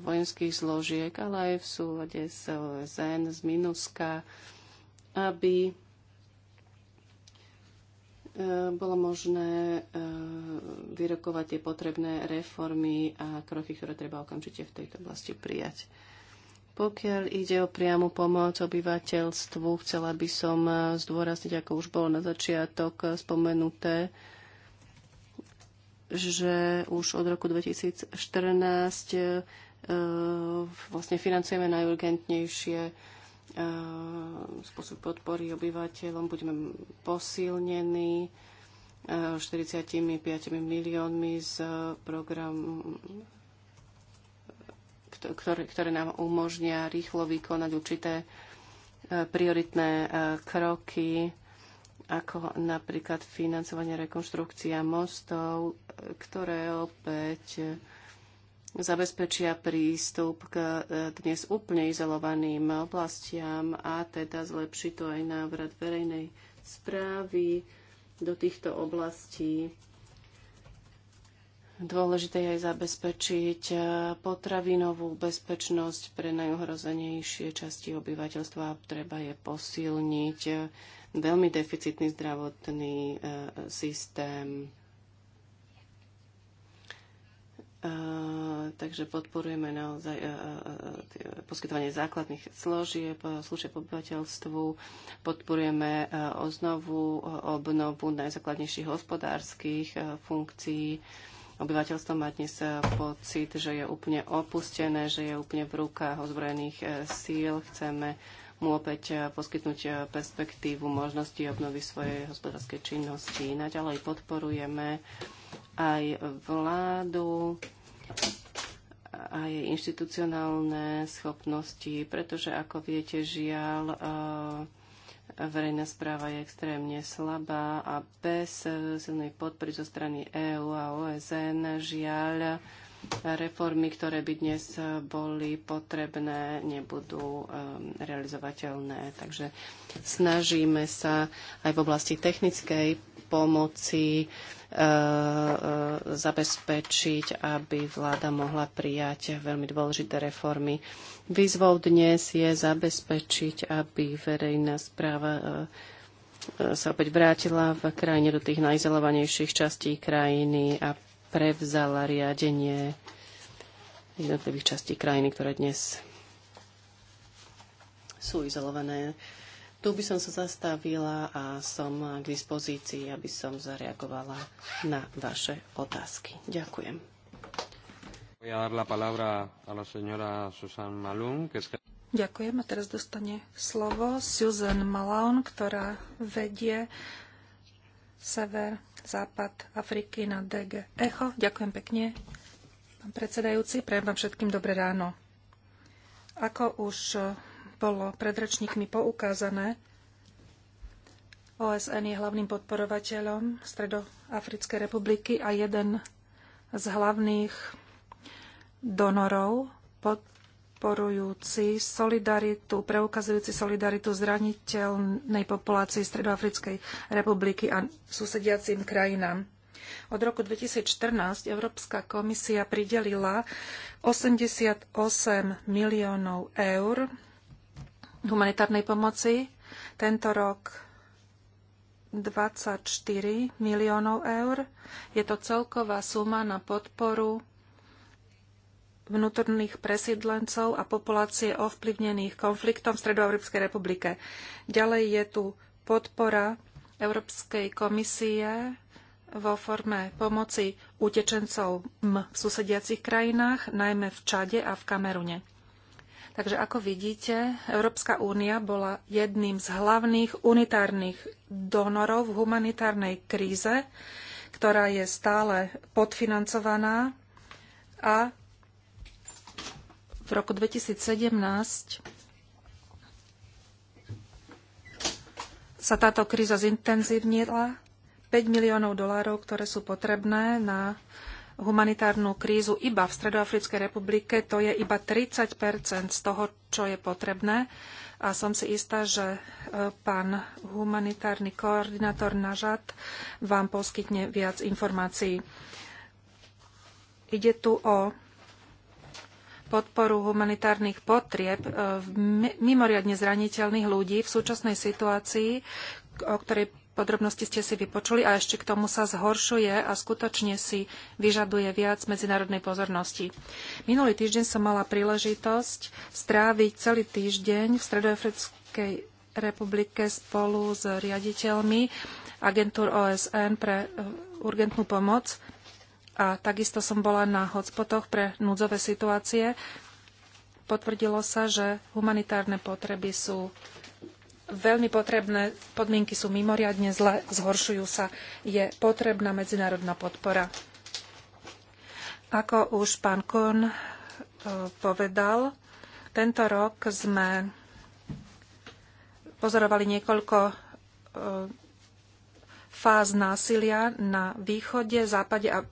Speaker 3: vojenských zložiek, ale aj v súlade s OSN, z Minuska, aby bolo možné vyrokovať tie potrebné reformy a kroky, ktoré treba okamžite v tejto oblasti prijať. Pokiaľ ide o priamu pomoc obyvateľstvu, chcela by som eh, zdôrazniť, ako už bolo na začiatok eh, spomenuté, že už od roku 2014 eh, vlastne financujeme najurgentnejšie spôsob podpory obyvateľom. Budeme posilnení 45 miliónmi z programu ktoré, ktoré nám umožnia rýchlo vykonať určité e, prioritné e, kroky, ako napríklad financovanie rekonštrukcia mostov, ktoré opäť zabezpečia prístup k e, dnes úplne izolovaným oblastiam a teda zlepší to aj návrat verejnej správy do týchto oblastí Dôležité je aj zabezpečiť e, potravinovú bezpečnosť pre najohrozenejšie časti obyvateľstva a treba je posilniť e, veľmi deficitný zdravotný e, systém. Takže podporujeme naozaj poskytovanie základných služieb, služieb obyvateľstvu, podporujeme oznovu, obnovu najzákladnejších hospodárskych funkcií, obyvateľstvo má dnes e, pocit, že je úplne opustené, že je úplne v rukách ozbrojených e, síl. Chceme mu opäť e, poskytnúť perspektívu možnosti obnovy svojej hospodárskej činnosti. Naďalej podporujeme aj vládu, aj inštitucionálne schopnosti, pretože ako viete, žiaľ, verejná správa je extrémne slabá a bez eh, silnej podpory zo strany EÚ a OSN žiaľ eh, reformy, ktoré by dnes eh, boli potrebné, nebudú realizovateľné. Takže snažíme sa aj v oblasti technickej pomoci E, e, zabezpečiť, aby vláda mohla prijať veľmi dôležité reformy. Výzvou dnes je zabezpečiť, aby verejná správa e, sa opäť vrátila v krajine do tých najizolovanejších častí krajiny a prevzala riadenie jednotlivých častí krajiny, ktoré dnes sú izolované tu by som sa zastavila a som k dispozícii, aby som zareagovala na vaše otázky. Ďakujem.
Speaker 4: Ďakujem a teraz dostane slovo Susan Malone, ktorá vedie sever, západ Afriky na DG Echo. Ďakujem pekne, pán predsedajúci. Prejem vám všetkým dobré ráno. Ako už bolo predrečníkmi poukázané, OSN je hlavným podporovateľom Stredoafrickej republiky a jeden z hlavných donorov podporujúci solidaritu, preukazujúci solidaritu zraniteľnej populácii Stredoafrickej republiky a susediacim krajinám. Od roku 2014 Európska komisia pridelila 88 miliónov eur humanitárnej pomoci. Tento rok 24 miliónov eur. Je to celková suma na podporu vnútorných presídlencov a populácie ovplyvnených konfliktom v Stredoeurópskej republike. Ďalej je tu podpora Európskej komisie vo forme pomoci utečencov v susediacich krajinách, najmä v Čade a v Kamerune. Takže ako vidíte, Európska únia bola jedným z hlavných unitárnych donorov v humanitárnej kríze, ktorá je stále podfinancovaná a v roku 2017 sa táto kríza zintenzívnila. 5 miliónov dolárov, ktoré sú potrebné na humanitárnu krízu iba v Stredoafrickej republike, to je iba 30 z toho, čo je potrebné. A som si istá, že e, pán humanitárny koordinátor Nažad vám poskytne viac informácií. Ide tu o podporu humanitárnych potrieb e, mimoriadne zraniteľných ľudí v súčasnej situácii, o ktorej podrobnosti ste si vypočuli a ešte k tomu sa zhoršuje a skutočne si vyžaduje viac medzinárodnej pozornosti. Minulý týždeň som mala príležitosť stráviť celý týždeň v Stredoafrickej republike spolu s riaditeľmi agentúr OSN pre eh, urgentnú pomoc a takisto som bola na hotspotoch pre núdzové situácie. Potvrdilo sa, že humanitárne potreby sú veľmi potrebné, podmienky sú mimoriadne zle, zhoršujú sa, je potrebná medzinárodná podpora. Ako už pán Kuhn e, povedal, tento rok sme pozorovali niekoľko e, fáz násilia na východe, západe a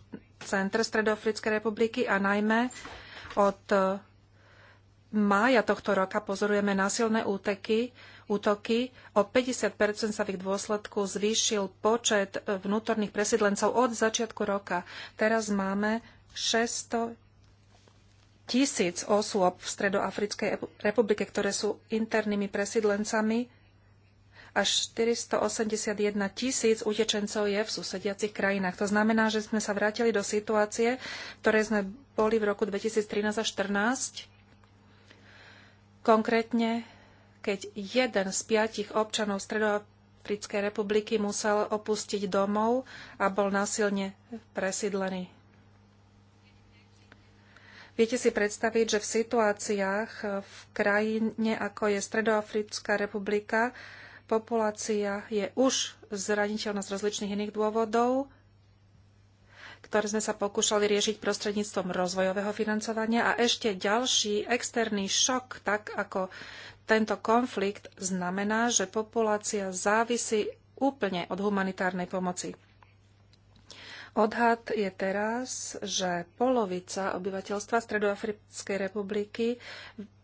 Speaker 4: centre Stredoafrickej republiky a najmä od mája tohto roka pozorujeme násilné úteky útoky. O 50% sa v ich dôsledku zvýšil počet e, vnútorných presiedlencov od začiatku roka. Teraz máme 600 tisíc osôb v Stredoafrickej republike, ktoré sú internými presiedlencami Až 481 tisíc utečencov je v susediacich krajinách. To znamená, že sme sa vrátili do situácie, ktoré sme boli v roku 2013 až 2014. Konkrétne keď jeden z piatich občanov Stredoafrickej republiky musel opustiť domov a bol násilne presídlený. Viete si predstaviť, že v situáciách v krajine, ako je Stredoafrická republika, populácia je už zraniteľná z rozličných iných dôvodov, ktoré sme sa pokúšali riešiť prostredníctvom rozvojového financovania a ešte ďalší externý šok, tak ako tento konflikt znamená, že populácia závisí úplne od humanitárnej pomoci. Odhad je teraz, že polovica obyvateľstva Stredoafrickej republiky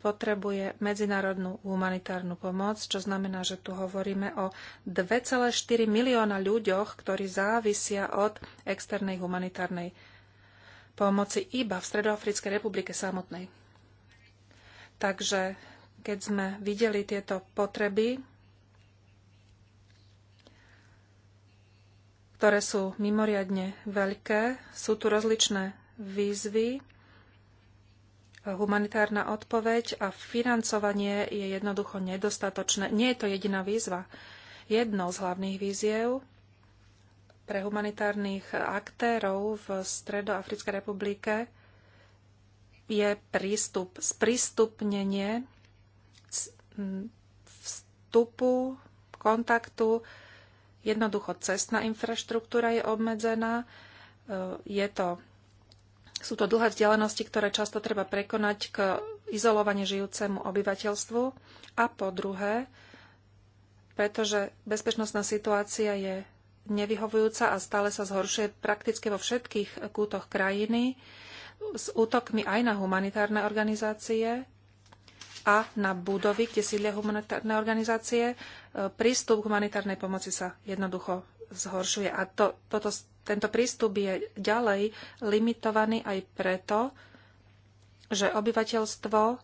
Speaker 4: potrebuje medzinárodnú humanitárnu pomoc, čo znamená, že tu hovoríme o 2,4 milióna ľuďoch, ktorí závisia od externej humanitárnej pomoci iba v Stredoafrickej republike samotnej. Takže keď sme videli tieto potreby, ktoré sú mimoriadne veľké, sú tu rozličné výzvy, humanitárna odpoveď a financovanie je jednoducho nedostatočné. Nie je to jediná výzva. Jednou z hlavných víziev pre humanitárnych aktérov v Stredoafrickej republike je prístup, sprístupnenie vstupu, kontaktu. Jednoducho cestná infraštruktúra je obmedzená. E, je to, sú to dlhé vzdialenosti, ktoré často treba prekonať k izolovane žijúcemu obyvateľstvu. A po druhé, pretože bezpečnostná situácia je nevyhovujúca a stále sa zhoršuje prakticky vo všetkých kútoch krajiny s útokmi aj na humanitárne organizácie, a na budovy, kde sídlia humanitárne organizácie, e, prístup k humanitárnej pomoci sa jednoducho zhoršuje. A to, toto, tento prístup je ďalej limitovaný aj preto, že obyvateľstvo e,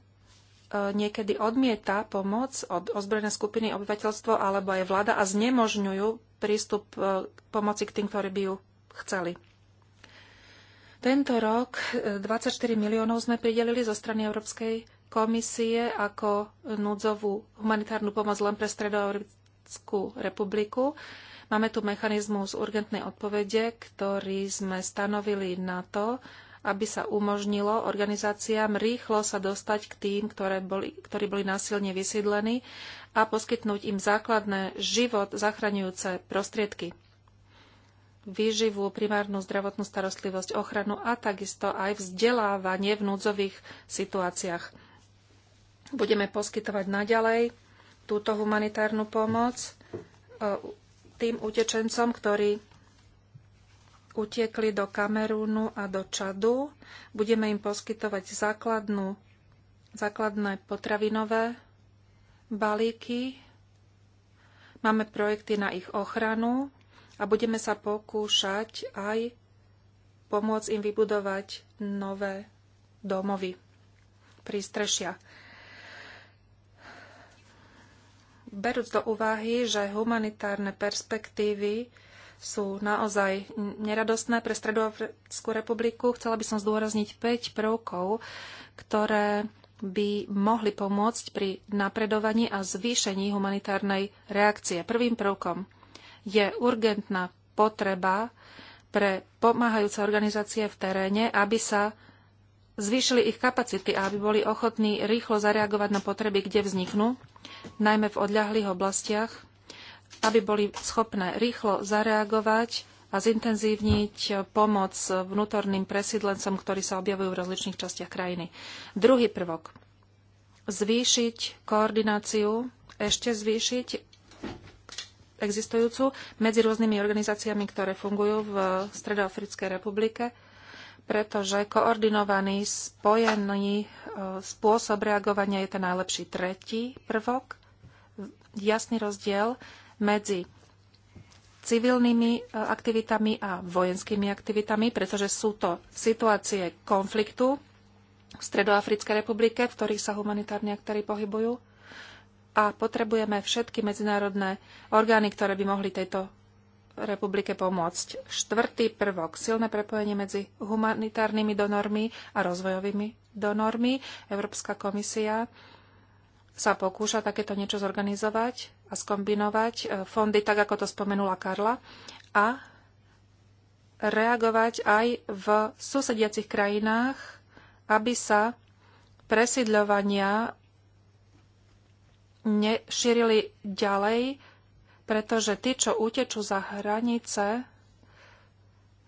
Speaker 4: niekedy odmieta pomoc, od ozbrojené skupiny obyvateľstvo alebo aj vláda a znemožňujú prístup e, pomoci k tým, ktorí by ju chceli. Tento rok 24 miliónov sme pridelili zo strany Európskej komisie ako núdzovú humanitárnu pomoc len pre Stredoeurópsku republiku. Máme tu mechanizmus urgentnej odpovede, ktorý sme stanovili na to, aby sa umožnilo organizáciám rýchlo sa dostať k tým, ktoré boli, ktorí boli násilne vysídlení a poskytnúť im základné život zachraňujúce prostriedky výživu, primárnu zdravotnú starostlivosť, ochranu a takisto aj vzdelávanie v núdzových situáciách. Budeme poskytovať naďalej túto humanitárnu pomoc e, tým utečencom, ktorí utiekli do Kamerúnu a do Čadu. Budeme im poskytovať základnú, základné potravinové balíky. Máme projekty na ich ochranu a budeme sa pokúšať aj pomôcť im vybudovať nové domovy, prístrešia. berúc do úvahy, že humanitárne perspektívy sú naozaj neradostné pre Stredoafrickú republiku, chcela by som zdôrazniť 5 prvkov, ktoré by mohli pomôcť pri napredovaní a zvýšení humanitárnej reakcie. Prvým prvkom je urgentná potreba pre pomáhajúce organizácie v teréne, aby sa zvýšili ich kapacity a aby boli ochotní rýchlo zareagovať na potreby, kde vzniknú, najmä v odľahlých oblastiach, aby boli schopné rýchlo zareagovať a zintenzívniť pomoc vnútorným presídlencom, ktorí sa objavujú v rozličných častiach krajiny. Druhý prvok. Zvýšiť koordináciu, ešte zvýšiť existujúcu medzi rôznymi organizáciami, ktoré fungujú v Stredoafrickej republike, pretože koordinovaný, spojený e, spôsob reagovania je ten najlepší tretí prvok. Jasný rozdiel medzi civilnými e, aktivitami a vojenskými aktivitami, pretože sú to situácie konfliktu v Stredoafrickej republike, v ktorých sa humanitárni aktéry pohybujú a potrebujeme všetky medzinárodné orgány, ktoré by mohli tejto republike pomôcť. Štvrtý prvok. Silné prepojenie medzi humanitárnymi donormi a rozvojovými donormi. Európska komisia sa pokúša takéto niečo zorganizovať a skombinovať e, fondy, tak ako to spomenula Karla, a reagovať aj v susediacich krajinách, aby sa presídľovania nešírili ďalej pretože tí, čo utečú za hranice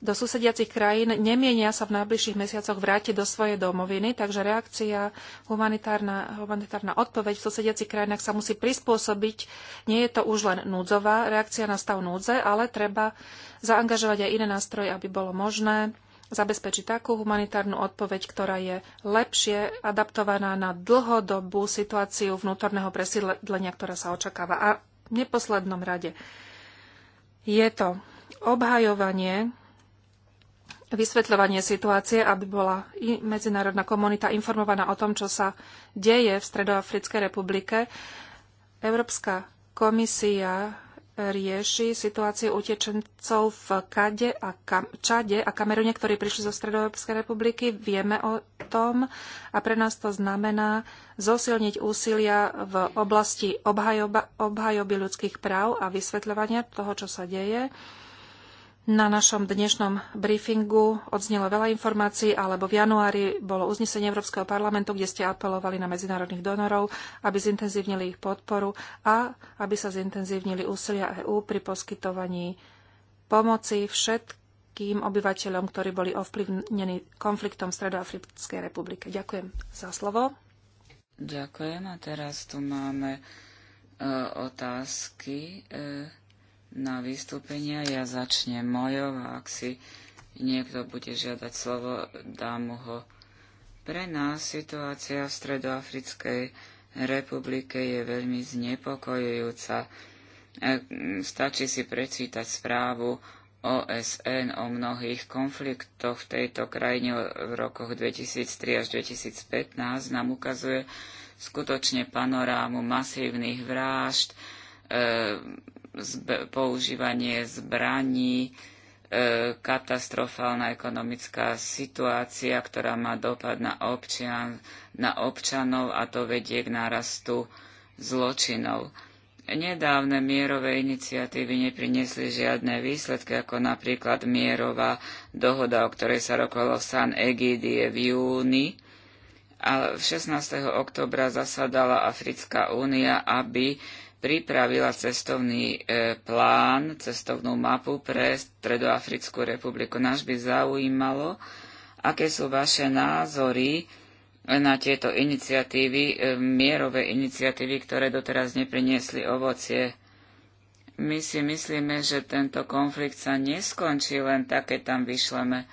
Speaker 4: do susediacich krajín, nemienia sa v najbližších mesiacoch vrátiť do svojej domoviny, takže reakcia, humanitárna, humanitárna odpoveď v susediacich krajinách sa musí prispôsobiť. Nie je to už len núdzová reakcia na stav núdze, ale treba zaangažovať aj iné nástroje, aby bolo možné zabezpečiť takú humanitárnu odpoveď, ktorá je lepšie adaptovaná na dlhodobú situáciu vnútorného presídlenia, ktorá sa očakáva. A v neposlednom rade. Je to obhajovanie, vysvetľovanie situácie, aby bola i medzinárodná komunita informovaná o tom, čo sa deje v Stredoafrickej republike. Európska komisia rieši situáciu utečencov v Kade a Kam- Čade a Kamerune, ktorí prišli zo Stredoeurópskej republiky. Vieme o tom a pre nás to znamená zosilniť úsilia v oblasti obhajoba, obhajoby ľudských práv a vysvetľovania toho, čo sa deje. Na našom dnešnom briefingu odznelo veľa informácií, alebo v januári bolo uznesenie Európskeho parlamentu, kde ste apelovali na medzinárodných donorov, aby zintenzívnili ich podporu a aby sa zintenzívnili úsilia EÚ pri poskytovaní pomoci všetkým obyvateľom, ktorí boli ovplyvnení konfliktom v Stredoafrickej republike. Ďakujem za slovo.
Speaker 2: Ďakujem a teraz tu máme uh, otázky. Uh na vystúpenia. Ja začnem mojou a ak si niekto bude žiadať slovo, dám mu ho. Pre nás situácia v Stredoafrickej republike je veľmi znepokojujúca. E, stačí si prečítať správu OSN o mnohých konfliktoch v tejto krajine v rokoch 2003 až 2015 nám ukazuje skutočne panorámu masívnych vrážd, e, používanie zbraní, e, katastrofálna ekonomická situácia, ktorá má dopad na, občian, na občanov a to vedie k nárastu zločinov. Nedávne mierové iniciatívy nepriniesli žiadne výsledky, ako napríklad mierová dohoda, o ktorej sa rokovalo v San Egidie v júni. A 16. oktobra zasadala Africká únia, aby pripravila cestovný e, plán, cestovnú mapu pre Stredoafrickú republiku. Nás by zaujímalo, aké sú vaše názory na tieto iniciatívy, e, mierové iniciatívy, ktoré doteraz nepriniesli ovocie. My si myslíme, že tento konflikt sa neskončí len tak, keď tam vyšleme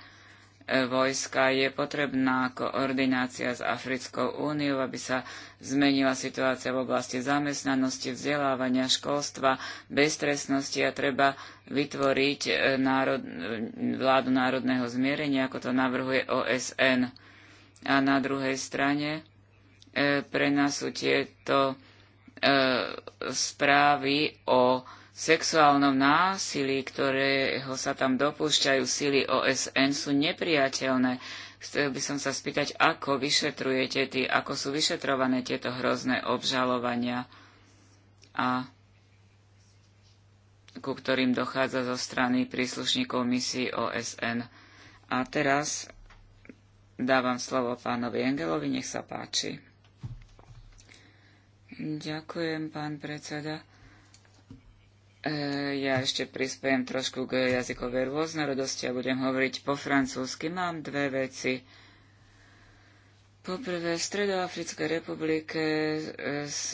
Speaker 2: vojska je potrebná koordinácia s Africkou úniou, aby sa zmenila situácia v oblasti zamestnanosti, vzdelávania, školstva, beztrestnosti a treba vytvoriť e, národ, e, vládu národného zmierenia, ako to navrhuje OSN. A na druhej strane e, pre nás sú tieto správy o sexuálnom násilí, ktorého sa tam dopúšťajú síly OSN, sú nepriateľné. Chcel by som sa spýtať, ako vyšetrujete ty, ako sú vyšetrované tieto hrozné obžalovania a ku ktorým dochádza zo strany príslušníkov misií OSN. A teraz dávam slovo pánovi Engelovi, nech sa páči. Ďakujem, pán predseda. E, ja ešte prispiem trošku k jazykovej rôznorodosti a budem hovoriť po francúzsky. Mám dve veci. Poprvé, v Stredoafrickej republike e,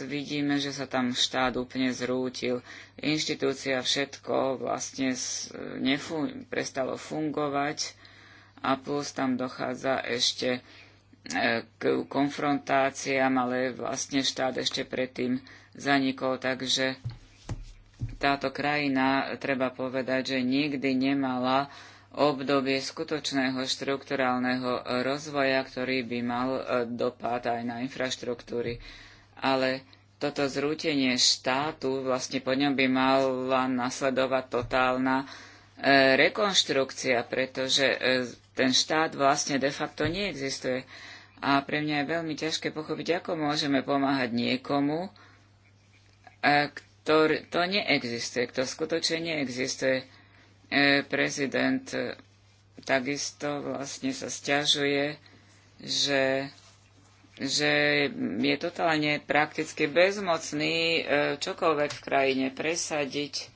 Speaker 2: vidíme, že sa tam štát úplne zrútil. Inštitúcia všetko vlastne nefú, prestalo fungovať a plus tam dochádza ešte e, k konfrontáciám, ale vlastne štát ešte predtým zanikol, takže táto krajina, treba povedať, že nikdy nemala obdobie skutočného štrukturálneho rozvoja, ktorý by mal e, dopad aj na infraštruktúry. Ale toto zrútenie štátu, vlastne po ňom by mala nasledovať totálna e, rekonštrukcia, pretože e, ten štát vlastne de facto neexistuje. A pre mňa je veľmi ťažké pochopiť, ako môžeme pomáhať niekomu, to, to neexistuje, to skutočne neexistuje. E, prezident e, takisto vlastne sa stiažuje, že, že je totálne prakticky bezmocný e, čokoľvek v krajine presadiť.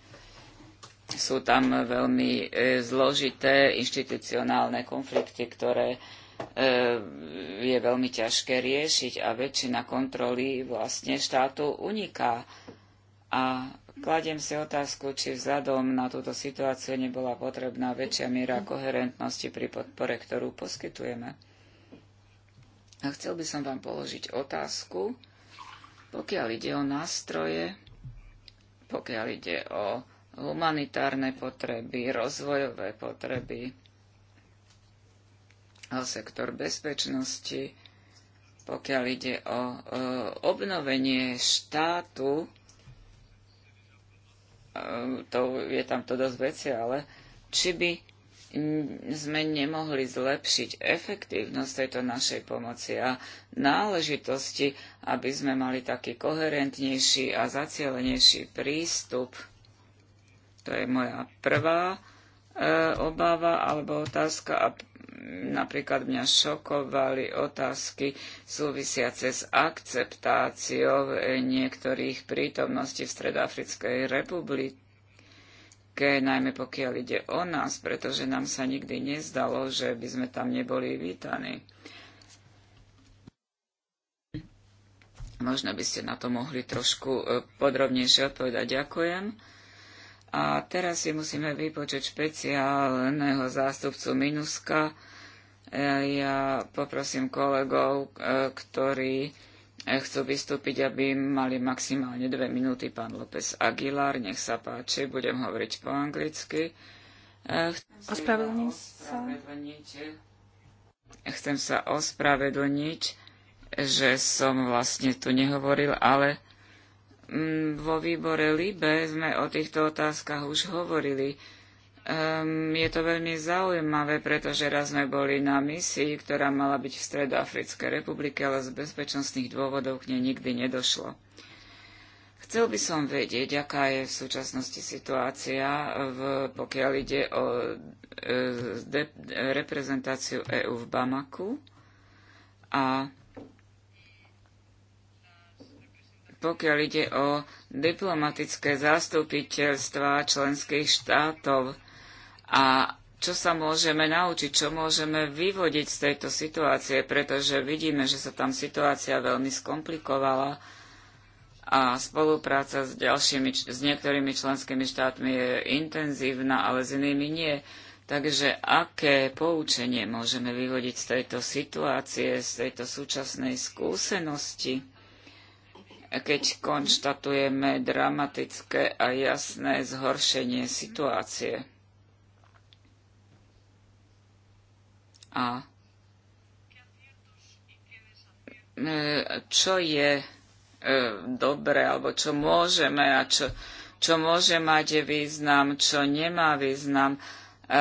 Speaker 2: Sú tam veľmi e, zložité inštitucionálne konflikty, ktoré e, je veľmi ťažké riešiť a väčšina kontroly vlastne štátu uniká. A kladiem si otázku, či vzhľadom na túto situáciu nebola potrebná väčšia miera koherentnosti pri podpore, ktorú poskytujeme. A chcel by som vám položiť otázku, pokiaľ ide o nástroje, pokiaľ ide o humanitárne potreby, rozvojové potreby, a sektor bezpečnosti, pokiaľ ide o, o e, obnovenie štátu, Ehm, to, je tam to dosť veci, ale či by sme nemohli zlepšiť efektívnosť tejto našej pomoci a náležitosti, aby sme mali taký koherentnejší a zacielenejší prístup. To je moja prvá e, obava alebo otázka. A Napríklad mňa šokovali otázky súvisiace s akceptáciou eh, niektorých prítomností v Stredoafrickej republike, najmä pokiaľ ide o nás, pretože nám sa nikdy nezdalo, že by sme tam neboli vítaní. Možno by ste na to mohli trošku eh, podrobnejšie odpovedať. Ďakujem. A teraz si musíme vypočuť špeciálneho zástupcu Minuska. E, ja poprosím kolegov, e, ktorí e, chcú vystúpiť, aby mali maximálne dve minúty. Pán López Aguilar, nech sa páči, budem hovoriť po anglicky. sa. Chcem sa ospravedlniť, že som vlastne tu nehovoril, ale Mm, vo výbore LIBE sme o týchto otázkach už hovorili. Um, je to veľmi zaujímavé, pretože raz sme boli na misii, ktorá mala byť v Stredoafrickej republike, ale z bezpečnostných dôvodov k nej nikdy nedošlo. Chcel by som vedieť, aká je v súčasnosti situácia, eh, v, pokiaľ ide o e, de, reprezentáciu EÚ v Bamaku a pokiaľ ide o diplomatické zastupiteľstva členských štátov a čo sa môžeme naučiť, čo môžeme vyvodiť z tejto situácie, pretože vidíme, že sa tam situácia veľmi skomplikovala a spolupráca s, ďalšími, s niektorými členskými štátmi je intenzívna, ale s inými nie. Takže aké poučenie môžeme vyvodiť z tejto situácie, z tejto súčasnej skúsenosti? keď konštatujeme dramatické a jasné zhoršenie situácie. A čo je e, dobre, alebo čo môžeme a čo, čo môže mať význam, čo nemá význam, e,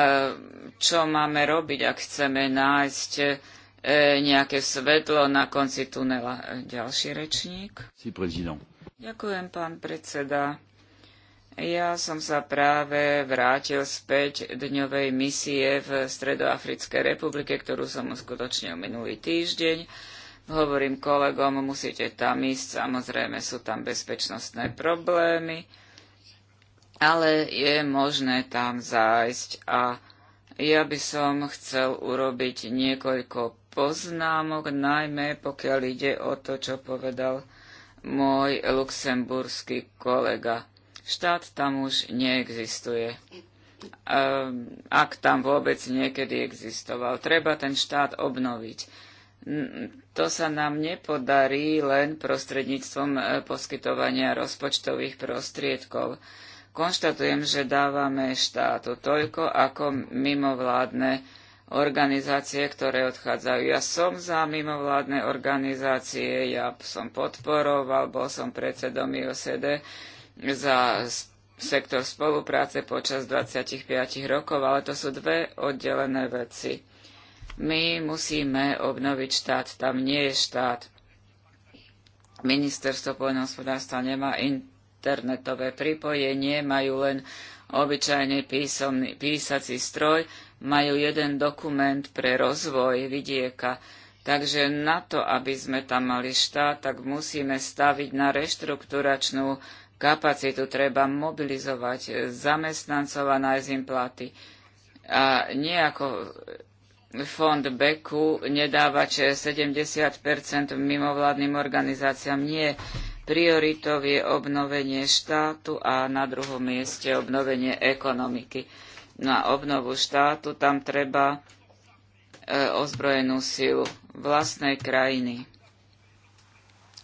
Speaker 2: čo máme robiť, ak chceme nájsť E, nejaké svetlo na konci tunela. E, ďalší rečník. Si prezident. Ďakujem, pán predseda. Ja som sa práve vrátil späť dňovej misie v Stredoafrickej republike, ktorú som uskutočnil minulý týždeň. Hovorím kolegom, musíte tam ísť, samozrejme sú tam bezpečnostné problémy, ale je možné tam zájsť a ja by som chcel urobiť niekoľko poznámok, najmä pokiaľ ide o to, čo povedal môj luxemburský kolega. Štát tam už neexistuje. Ehm, ak tam vôbec niekedy existoval, treba ten štát obnoviť. To sa nám nepodarí len prostredníctvom e, poskytovania rozpočtových prostriedkov. Konštatujem, že dávame štátu toľko, ako mimovládne organizácie, ktoré odchádzajú. Ja som za mimovládne organizácie, ja som podporoval, bol som predsedom IOSD za sektor spolupráce počas 25 rokov, ale to sú dve oddelené veci. My musíme obnoviť štát, tam nie je štát. Ministerstvo poľnohospodárstva nemá internetové pripojenie, majú len obyčajný písomný, písací stroj, majú jeden dokument pre rozvoj vidieka. Takže na to, aby sme tam mali štát, tak musíme staviť na reštrukturačnú kapacitu. Treba mobilizovať zamestnancov a nájsť im platy. A nejako fond Beku nedávať 70 mimovládnym organizáciám. Nie. Prioritou je obnovenie štátu a na druhom mieste obnovenie ekonomiky na obnovu štátu, tam treba e, ozbrojenú silu vlastnej krajiny.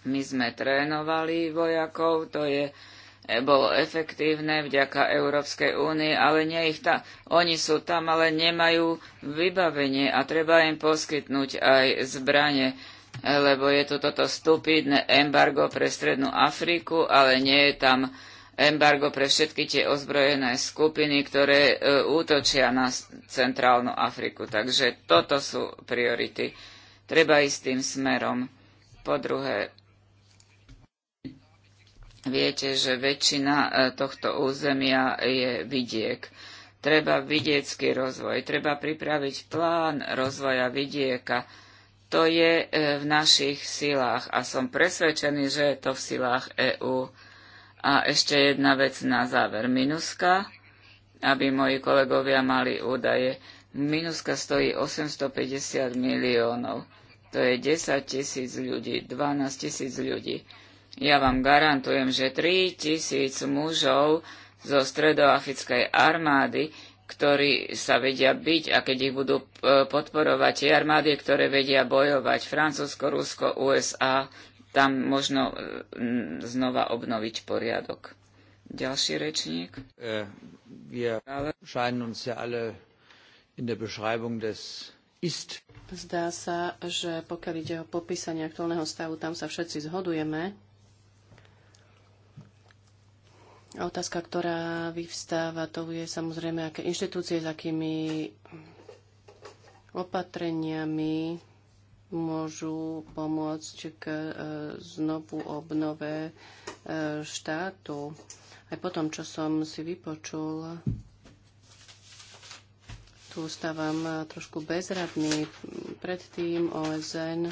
Speaker 2: My sme trénovali vojakov, to je e, bolo efektívne vďaka Európskej únii, ale nie ich tam, oni sú tam, ale nemajú vybavenie a treba im poskytnúť aj zbranie, e, lebo je tu toto stupidné embargo pre Strednú Afriku, ale nie je tam embargo pre všetky tie ozbrojené skupiny, ktoré e, útočia na centrálnu Afriku. Takže toto sú priority. Treba ísť tým smerom. Po druhé, viete, že väčšina e, tohto územia je vidiek. Treba vidiecký rozvoj, treba pripraviť plán rozvoja vidieka. To je e, v našich silách a som presvedčený, že je to v silách EÚ. A ešte jedna vec na záver. Minuska, aby moji kolegovia mali údaje. Minuska stojí 850 miliónov. To je 10 tisíc ľudí, 12 tisíc ľudí. Ja vám garantujem, že 3 tisíc mužov zo stredoafickej armády, ktorí sa vedia byť a keď ich budú e, podporovať tie armády, ktoré vedia bojovať Francúzsko, Rusko, USA tam možno e, znova obnoviť poriadok. Ďalší rečník.
Speaker 1: E,
Speaker 3: Zdá sa, že pokiaľ ide o popísanie aktuálneho stavu, tam sa všetci zhodujeme. Otázka, ktorá vyvstáva, to je samozrejme, aké inštitúcie, s akými opatreniami môžu pomôcť k e, znovu obnove e, štátu. Aj po tom, čo som si vypočul, tu stávam e, trošku bezradný. Predtým OSN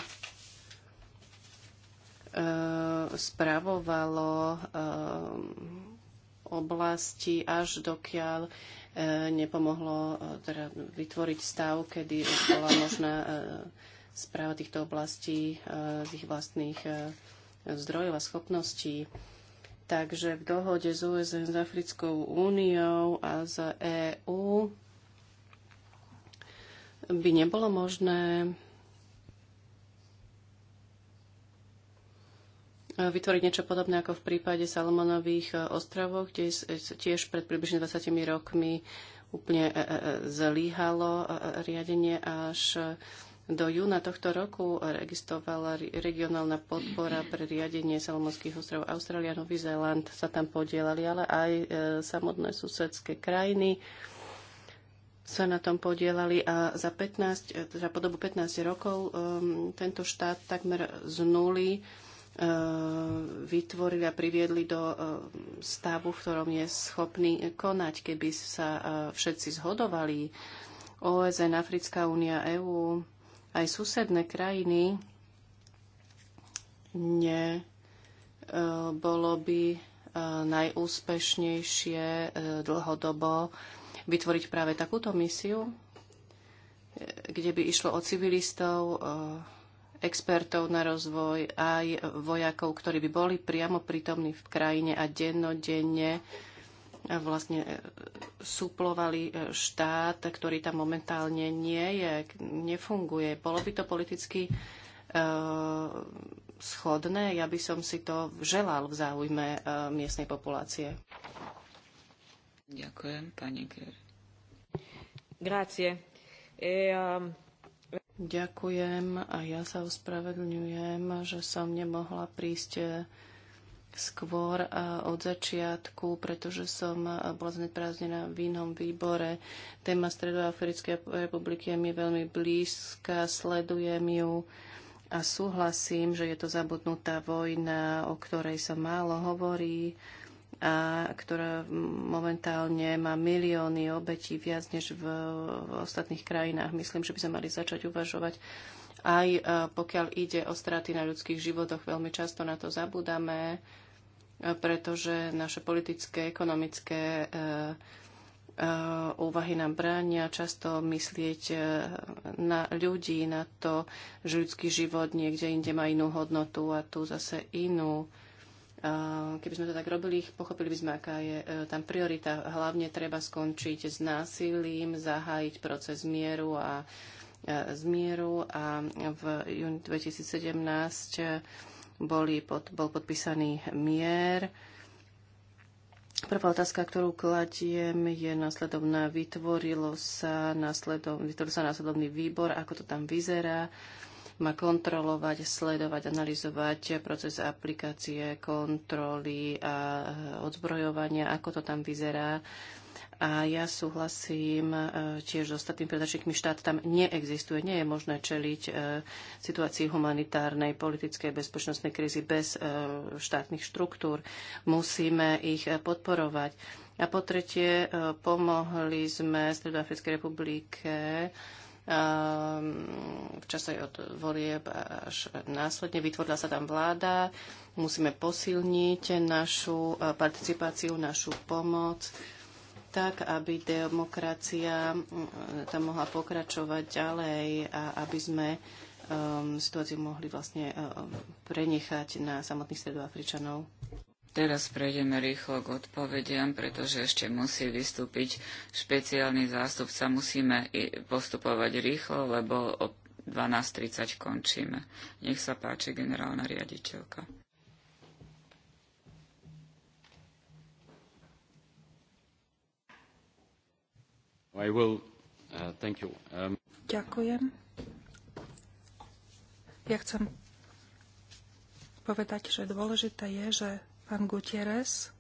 Speaker 3: spravovalo oblasti, až dokiaľ nepomohlo teda vytvoriť stav, kedy bola možná správa týchto oblastí e, z ich vlastných e, zdrojov a schopností. Takže v dohode z OSN s Africkou úniou a z EÚ by nebolo možné e, vytvoriť niečo podobné ako v prípade Salomonových ostrovov, kde tiež pred približne 20 rokmi úplne zlíhalo riadenie až do júna tohto roku registrovala regionálna podpora pre riadenie Salomonských ostrovov Austrália, Nový Zéland sa tam podielali, ale aj e, samotné susedské krajiny sa na tom podielali a za, 15, e, za podobu 15 rokov um, tento štát takmer z nuly e, vytvorili a priviedli do stavu, v ktorom je schopný konať, keby sa všetci zhodovali. OSN, Africká únia, EÚ, aj susedné krajiny, ne e, bolo by e, najúspešnejšie e, dlhodobo vytvoriť práve takúto misiu, kde by išlo o civilistov, expertov na rozvoj, aj vojakov, ktorí by boli priamo prítomní v krajine a dennodenne vlastne e, suplovali e, štát, ktorý tam momentálne nie je, nefunguje. Bolo by to politicky e, schodné. Ja by som si to želal v záujme miestnej populácie.
Speaker 2: Ďakujem, pani Ger.
Speaker 3: Grácie. E, um... Ďakujem a ja sa ospravedlňujem, že som nemohla prísť skôr eh, od začiatku, pretože som eh, bola zneprázdnená v inom výbore. Téma Stredoafrickej republiky je mi veľmi blízka, sledujem ju a súhlasím, že je to zabudnutá vojna, o ktorej sa málo hovorí a ktorá momentálne má milióny obetí viac než v, v ostatných krajinách. Myslím, že by sme mali začať uvažovať aj eh, pokiaľ ide o straty na ľudských životoch. Veľmi často na to zabudáme pretože naše politické, ekonomické e, e, úvahy nám bránia často myslieť e, na ľudí, na to, že ľudský život niekde inde má inú hodnotu a tu zase inú. Keby sme to tak robili, pochopili by sme, aká je tam priorita. Hlavne treba skončiť s násilím, zahájiť proces mieru a zmieru a v júni 2017 boli pod, bol podpísaný mier. Prvá otázka, ktorú kladiem, je následovná. Vytvorilo sa, následov, vytvoril sa následovný výbor, ako to tam vyzerá. Má kontrolovať, sledovať, analyzovať proces aplikácie, kontroly a odzbrojovania, ako to tam vyzerá a ja súhlasím e, tiež s ostatnými predačníkmi štát. Tam neexistuje, nie je možné čeliť e, situácii humanitárnej, politickej, bezpečnostnej krízy bez e, štátnych štruktúr. Musíme ich podporovať. A po tretie, pomohli sme Stredoafrickej republike v čase od volieb až následne vytvorila sa tam vláda. Musíme posilniť našu participáciu, našu pomoc tak, aby demokracia mm, tam mohla pokračovať ďalej a aby sme um, situáciu mohli vlastne uh, um, prenechať na samotných stredoafričanov.
Speaker 2: Teraz prejdeme rýchlo k odpovediam, pretože ešte musí vystúpiť špeciálny zástupca. Musíme postupovať rýchlo, lebo o 12.30 končíme. Nech sa páči, generálna riaditeľka.
Speaker 1: Uh, um,
Speaker 4: Ďakujem. Ja chcem povedať, že dôležité je, že pán Gutierrez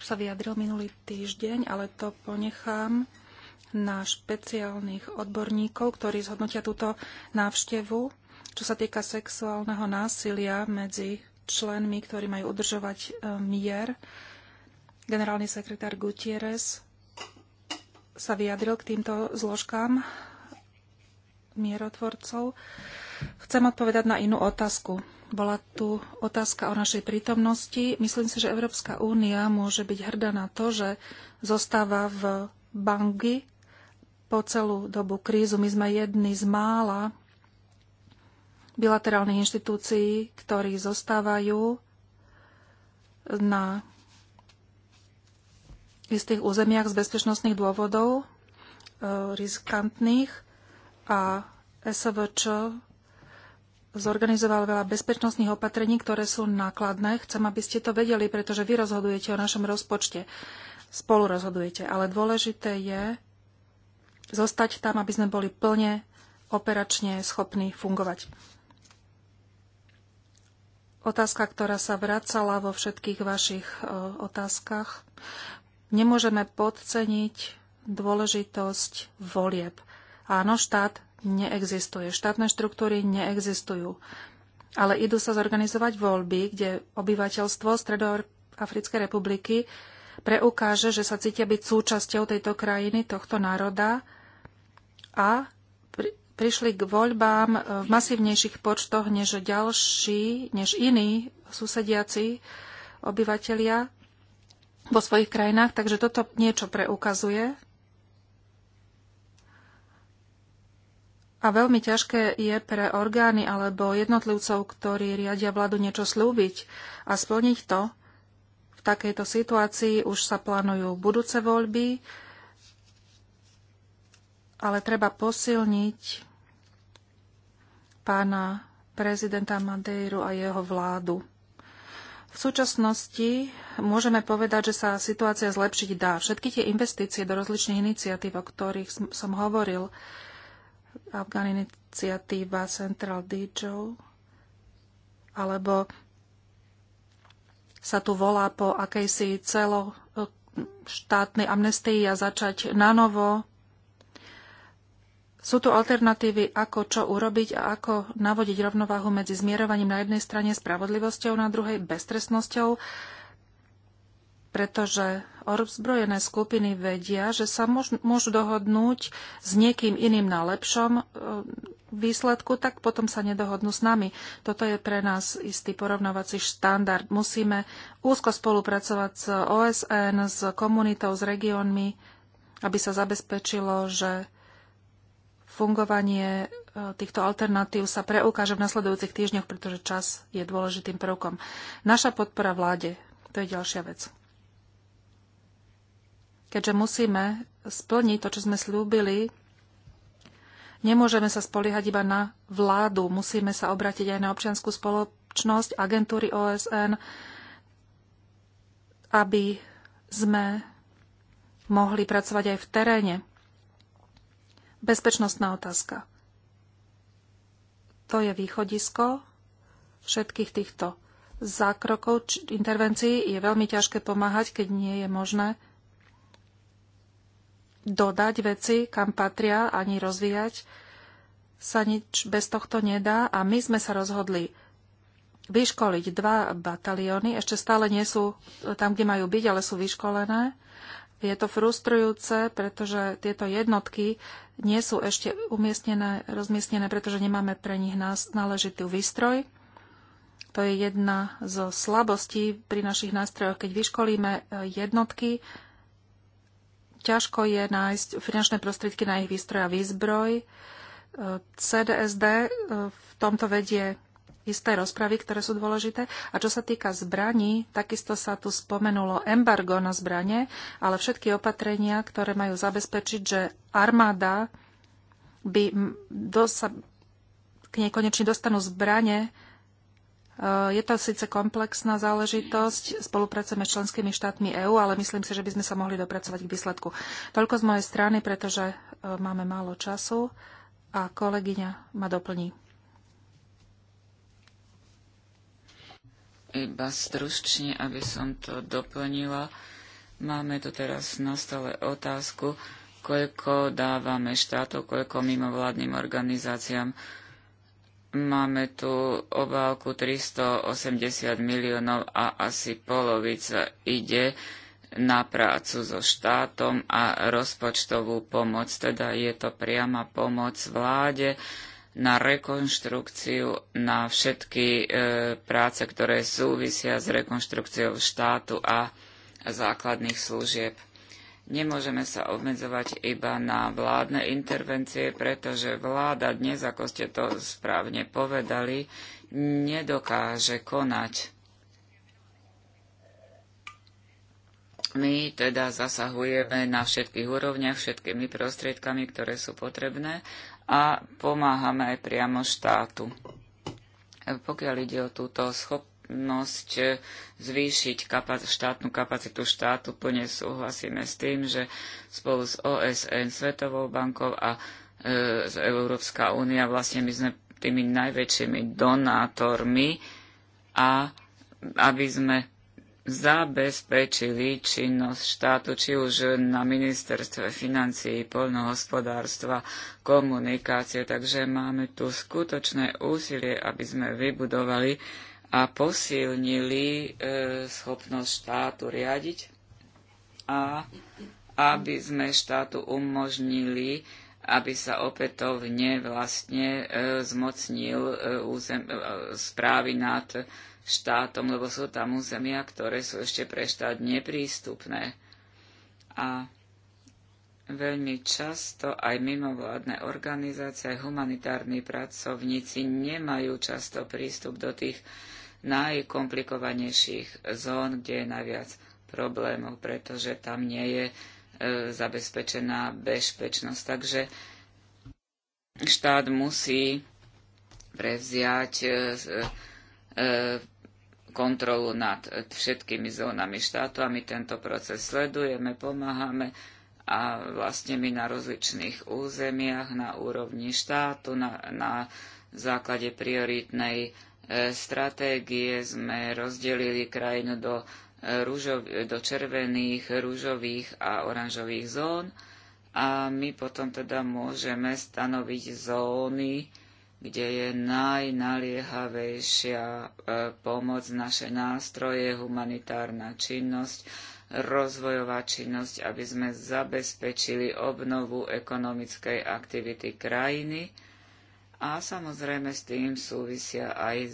Speaker 4: sa vyjadril minulý týždeň, ale to ponechám na špeciálnych odborníkov, ktorí zhodnotia túto návštevu, čo sa týka sexuálneho násilia medzi členmi, ktorí majú udržovať e, mier. Generálny sekretár Gutierrez sa vyjadril k týmto zložkám mierotvorcov. Chcem odpovedať na inú otázku. Bola tu otázka o našej prítomnosti. Myslím si, že Európska únia môže byť hrdá na to, že zostáva v Bangi po celú dobu krízu. My sme jedni z mála bilaterálnych inštitúcií, ktorí zostávajú na v istých územiach z bezpečnostných dôvodov, e, riskantných a SVČ zorganizoval veľa bezpečnostných opatrení, ktoré sú nákladné. Chcem, aby ste to vedeli, pretože vy rozhodujete o našom rozpočte. Spolu rozhodujete. Ale dôležité je zostať tam, aby sme boli plne operačne schopní fungovať. Otázka, ktorá sa vracala vo všetkých vašich e, otázkach. Nemôžeme podceniť dôležitosť volieb. Áno, štát neexistuje. Štátne štruktúry neexistujú. Ale idú sa zorganizovať voľby, kde obyvateľstvo Stredoafrickej republiky preukáže, že sa cítia byť súčasťou tejto krajiny, tohto národa a pri, prišli k voľbám e, v masívnejších počtoch než ďalší, než iní susediaci obyvatelia vo svojich krajinách, takže toto niečo preukazuje. A veľmi ťažké je pre orgány alebo jednotlivcov, ktorí riadia vládu niečo slúbiť a splniť to. V takejto situácii už sa plánujú budúce voľby, ale treba posilniť pána prezidenta Madeiru a jeho vládu. V súčasnosti môžeme povedať, že sa situácia zlepšiť dá. Všetky tie investície do rozličných iniciatív, o ktorých som hovoril, Afgán iniciatíva Central Dijo, alebo sa tu volá po akejsi celoštátnej amnestii a začať nanovo sú tu alternatívy, ako čo urobiť a ako navodiť rovnováhu medzi zmierovaním na jednej strane spravodlivosťou, na druhej beztrestnosťou, pretože ozbrojené skupiny vedia, že sa môž, môžu dohodnúť s niekým iným na lepšom e, výsledku, tak potom sa nedohodnú s nami. Toto je pre nás istý porovnávací štandard. Musíme úzko spolupracovať s OSN, s komunitou, s regiónmi, aby sa zabezpečilo, že fungovanie e, týchto alternatív sa preukáže v nasledujúcich týždňoch, pretože čas je dôležitým prvkom. Naša podpora vláde, to je ďalšia vec. Keďže musíme splniť to, čo sme slúbili, nemôžeme sa spoliehať iba na vládu, musíme sa obrátiť aj na občianskú spoločnosť, agentúry OSN, aby sme mohli pracovať aj v teréne. Bezpečnostná otázka. To je východisko všetkých týchto zákrokov či intervencií. Je veľmi ťažké pomáhať, keď nie je možné dodať veci, kam patria, ani rozvíjať sa nič bez tohto nedá a my sme sa rozhodli vyškoliť dva batalióny, ešte stále nie sú tam, kde majú byť, ale sú vyškolené je to frustrujúce, pretože tieto jednotky nie sú ešte umiestnené, rozmiestnené, pretože nemáme pre nich náležitý výstroj. To je jedna zo slabostí pri našich nástrojoch. Keď vyškolíme e, jednotky, ťažko je nájsť finančné prostriedky na ich výstroj a výzbroj. E, CDSD e, v tomto vedie isté rozpravy, ktoré sú dôležité. A čo sa týka zbraní, takisto sa tu spomenulo embargo na zbranie, ale všetky opatrenia, ktoré majú zabezpečiť, že armáda by dosa, k nej konečne dostanú zbranie, e, je to síce komplexná záležitosť, spolupracujeme s členskými štátmi EÚ, ale myslím si, že by sme sa mohli dopracovať k výsledku. Toľko z mojej strany, pretože e, máme málo času a kolegyňa ma doplní.
Speaker 2: Iba stručne, aby som to doplnila. Máme tu teraz na stole otázku, koľko dávame štátov, koľko mimovládnym organizáciám. Máme tu obálku 380 miliónov a asi polovica ide na prácu so štátom a rozpočtovú pomoc. Teda je to priama pomoc vláde na rekonštrukciu, na všetky e, práce, ktoré súvisia s rekonštrukciou štátu a základných služieb. Nemôžeme sa obmedzovať iba na vládne intervencie, pretože vláda dnes, ako ste to správne povedali, nedokáže konať. My teda zasahujeme na všetkých úrovniach, všetkými prostriedkami, ktoré sú potrebné, a pomáhame aj priamo štátu. Pokiaľ ide o túto schopnosť eh, zvýšiť kapac- štátnu kapacitu štátu, plne súhlasíme s tým, že spolu s OSN, Svetovou bankou a e, Európska únia vlastne my sme tými najväčšími donátormi a aby sme zabezpečili činnosť štátu, či už na ministerstve financií, poľnohospodárstva, komunikácie. Takže máme tu skutočné úsilie, aby sme vybudovali a posilnili e, schopnosť štátu riadiť a aby sme štátu umožnili, aby sa opätovne vlastne e, zmocnil e, e správy nad štátom, lebo sú tam územia, ktoré sú ešte pre štát neprístupné. A veľmi často aj mimovládne organizácie, aj humanitárni pracovníci nemajú často prístup do tých najkomplikovanejších zón, kde je najviac problémov, pretože tam nie je e, zabezpečená bezpečnosť. Takže štát musí prevziať e, e, kontrolu nad všetkými zónami štátu a my tento proces sledujeme, pomáhame a vlastne my na rozličných územiach, na úrovni štátu, na, na základe prioritnej e, stratégie sme rozdelili krajinu do, e, rúžov, do červených, rúžových a oranžových zón a my potom teda môžeme stanoviť zóny, kde je najnaliehavejšia e, pomoc, naše nástroje, humanitárna činnosť, rozvojová činnosť, aby sme zabezpečili obnovu ekonomickej aktivity krajiny. A samozrejme s tým súvisia aj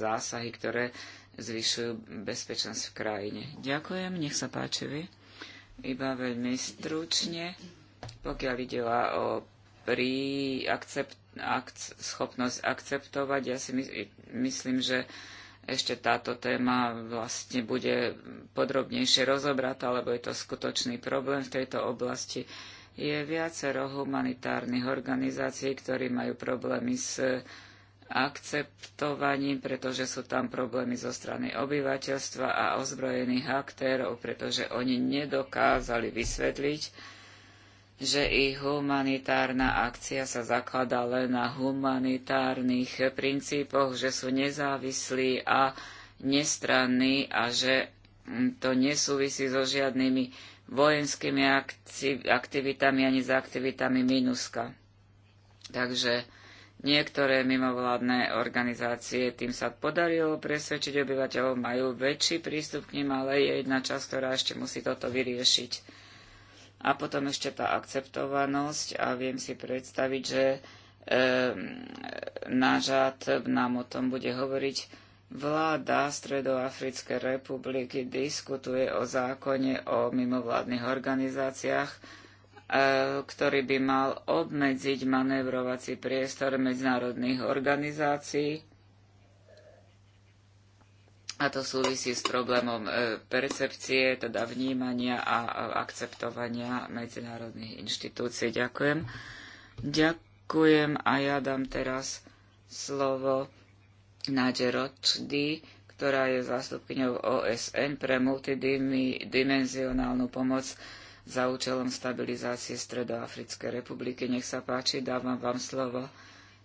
Speaker 2: zásahy, ktoré zvyšujú bezpečnosť v krajine. Ďakujem, nech sa páči vy. Iba veľmi stručne, pokiaľ ide o pri akcept akc- schopnosť akceptovať. Ja si my- myslím, že ešte táto téma vlastne bude podrobnejšie rozobratá, lebo je to skutočný problém v tejto oblasti. Je viacero humanitárnych organizácií, ktorí majú problémy s akceptovaním, pretože sú tam problémy zo strany obyvateľstva a ozbrojených aktérov, pretože oni nedokázali vysvetliť, že ich humanitárna akcia sa zakladá len na humanitárnych princípoch, že sú nezávislí a nestranní a že to nesúvisí so žiadnymi vojenskými aktivitami ani s aktivitami MINUSKA. Takže niektoré mimovládne organizácie tým sa podarilo presvedčiť obyvateľov, majú väčší prístup k nim, ale je jedna časť, ktorá ešte musí toto vyriešiť. A potom ešte tá akceptovanosť a viem si predstaviť, že e, žád nám o tom bude hovoriť. Vláda Stredoafrickej republiky diskutuje o zákone o mimovládnych organizáciách, e, ktorý by mal obmedziť manévrovací priestor medzinárodných organizácií a to súvisí s problémom e, percepcie, teda vnímania a akceptovania medzinárodných inštitúcií. Ďakujem. Ďakujem a ja dám teraz slovo Nadia Ročdy, ktorá je zástupkyňou OSN pre multidimenzionálnu pomoc za účelom stabilizácie Stredoafrickej republiky. Nech sa páči, dávam vám slovo.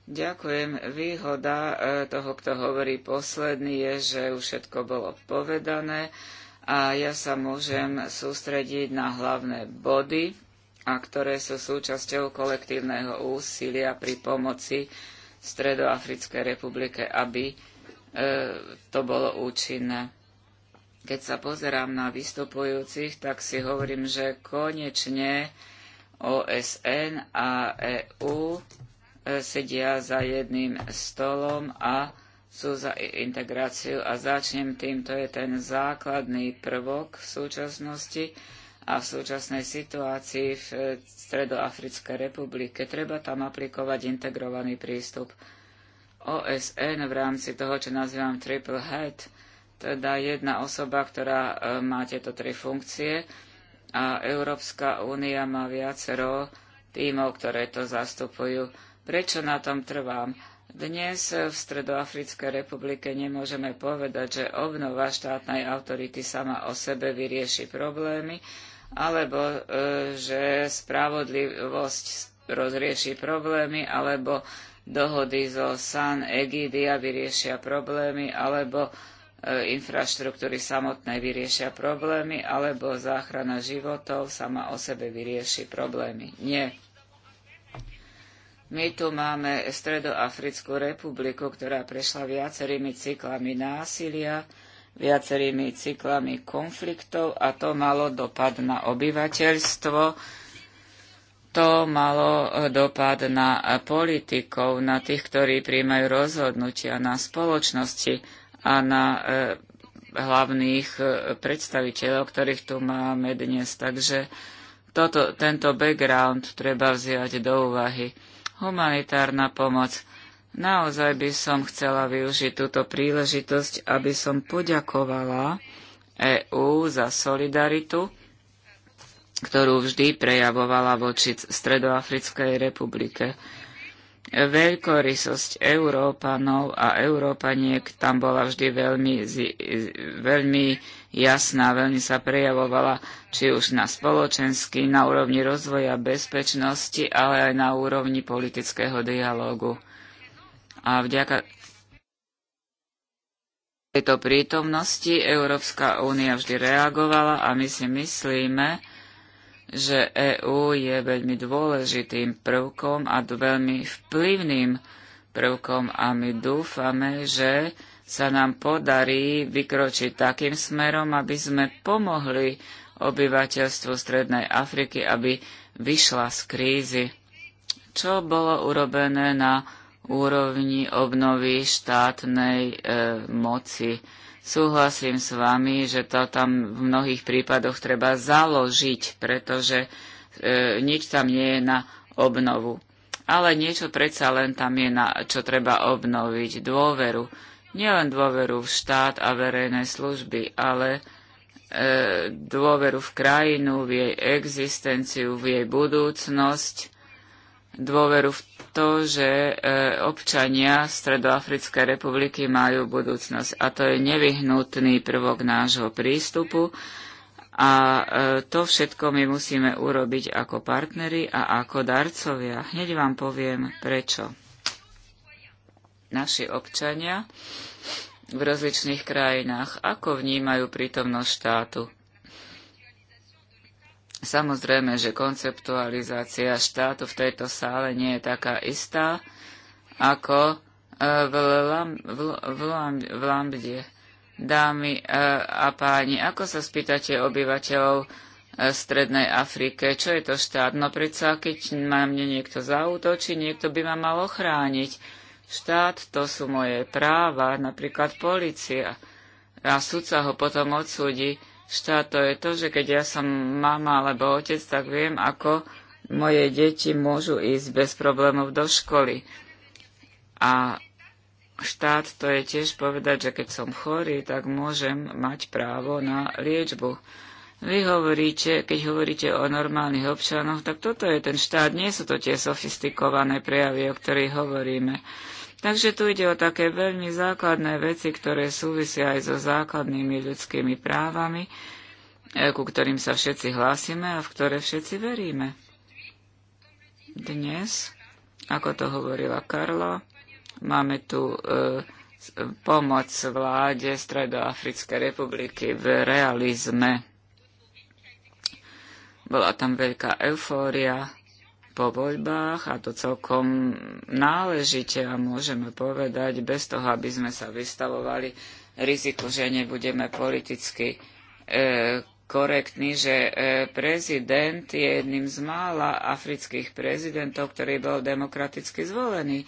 Speaker 2: Ďakujem. Výhoda e, toho, kto hovorí posledný, je, že už všetko bolo povedané a ja sa môžem sústrediť na hlavné body, a ktoré sú súčasťou kolektívneho úsilia pri pomoci Stredoafrickej republike, aby e, to bolo účinné. Keď sa pozerám na vystupujúcich, tak si hovorím, že konečne OSN a EU sedia za jedným stolom a sú za integráciu. A začnem tým, to je ten základný prvok v súčasnosti a v súčasnej situácii v Stredoafrickej republike. Treba tam aplikovať integrovaný prístup. OSN v rámci toho, čo nazývam triple head, teda jedna osoba, ktorá e, má tieto tri funkcie a Európska únia má viacero tímov, ktoré to zastupujú. Prečo na tom trvám? Dnes v Stredoafrickej republike nemôžeme povedať, že obnova štátnej autority sama o sebe vyrieši problémy, alebo e, že spravodlivosť rozrieši problémy, alebo dohody zo San Egidia vyriešia problémy, alebo e, infraštruktúry samotné vyriešia problémy, alebo záchrana životov sama o sebe vyrieši problémy. Nie. My tu máme Stredoafrickú republiku, ktorá prešla viacerými cyklami násilia, viacerými cyklami konfliktov a to malo dopad na obyvateľstvo, to malo e, dopad na politikov, na tých, ktorí príjmajú rozhodnutia, na spoločnosti a na e, hlavných e, predstaviteľov, ktorých tu máme dnes. Takže toto, tento background treba vziať do úvahy humanitárna pomoc. Naozaj by som chcela využiť túto príležitosť, aby som poďakovala EÚ za solidaritu, ktorú vždy prejavovala voči Stredoafrickej republike. Veľkorysosť Európanov a Európaniek tam bola vždy veľmi, veľmi jasná, veľmi sa prejavovala či už na spoločenský, na úrovni rozvoja bezpečnosti, ale aj na úrovni politického dialógu. A vďaka tejto prítomnosti Európska únia vždy reagovala a my si myslíme, že EÚ je veľmi dôležitým prvkom a veľmi vplyvným prvkom a my dúfame, že sa nám podarí vykročiť takým smerom, aby sme pomohli obyvateľstvu Strednej Afriky, aby vyšla z krízy. Čo bolo urobené na úrovni obnovy štátnej e, moci? Súhlasím s vami, že to tam v mnohých prípadoch treba založiť, pretože e, nič tam nie je na obnovu. Ale niečo predsa len tam je, na, čo treba obnoviť, dôveru nielen dôveru v štát a verejné služby, ale e, dôveru v krajinu, v jej existenciu, v jej budúcnosť, dôveru v to, že e, občania Stredoafrickej republiky majú budúcnosť. A to je nevyhnutný prvok nášho prístupu. A e, to všetko my musíme urobiť ako partneri a ako darcovia. Hneď vám poviem prečo naši občania v rozličných krajinách, ako vnímajú prítomnosť štátu. Samozrejme, že konceptualizácia štátu v tejto sále nie je taká istá ako e, v, Lam, v, v, Lam, v Lambde. Dámy e, a páni, ako sa spýtate obyvateľov e, Strednej Afrike, čo je to štát? No predsa, keď na mne niekto zautočí, niekto by ma mal ochrániť štát, to sú moje práva, napríklad policia. A sudca ho potom odsúdi. Štát to je to, že keď ja som mama alebo otec, tak viem, ako moje deti môžu ísť bez problémov do školy. A štát to je tiež povedať, že keď som chorý, tak môžem mať právo na liečbu. Vy hovoríte, keď hovoríte o normálnych občanoch, tak toto je ten štát, nie sú to tie sofistikované prejavy, o ktorých hovoríme. Takže tu ide o také veľmi základné veci, ktoré súvisia aj so základnými ľudskými právami, e, ku ktorým sa všetci hlásime a v ktoré všetci veríme. Dnes, ako to hovorila Karla, máme tu uh, pomoc vláde Stredoafrickej republiky v realizme. Bola tam veľká eufória po voľbách a to celkom náležite a môžeme povedať bez toho, aby sme sa vystavovali riziku, že nebudeme politicky e, korektní, že e, prezident je jedným z mála afrických prezidentov, ktorý bol demokraticky zvolený.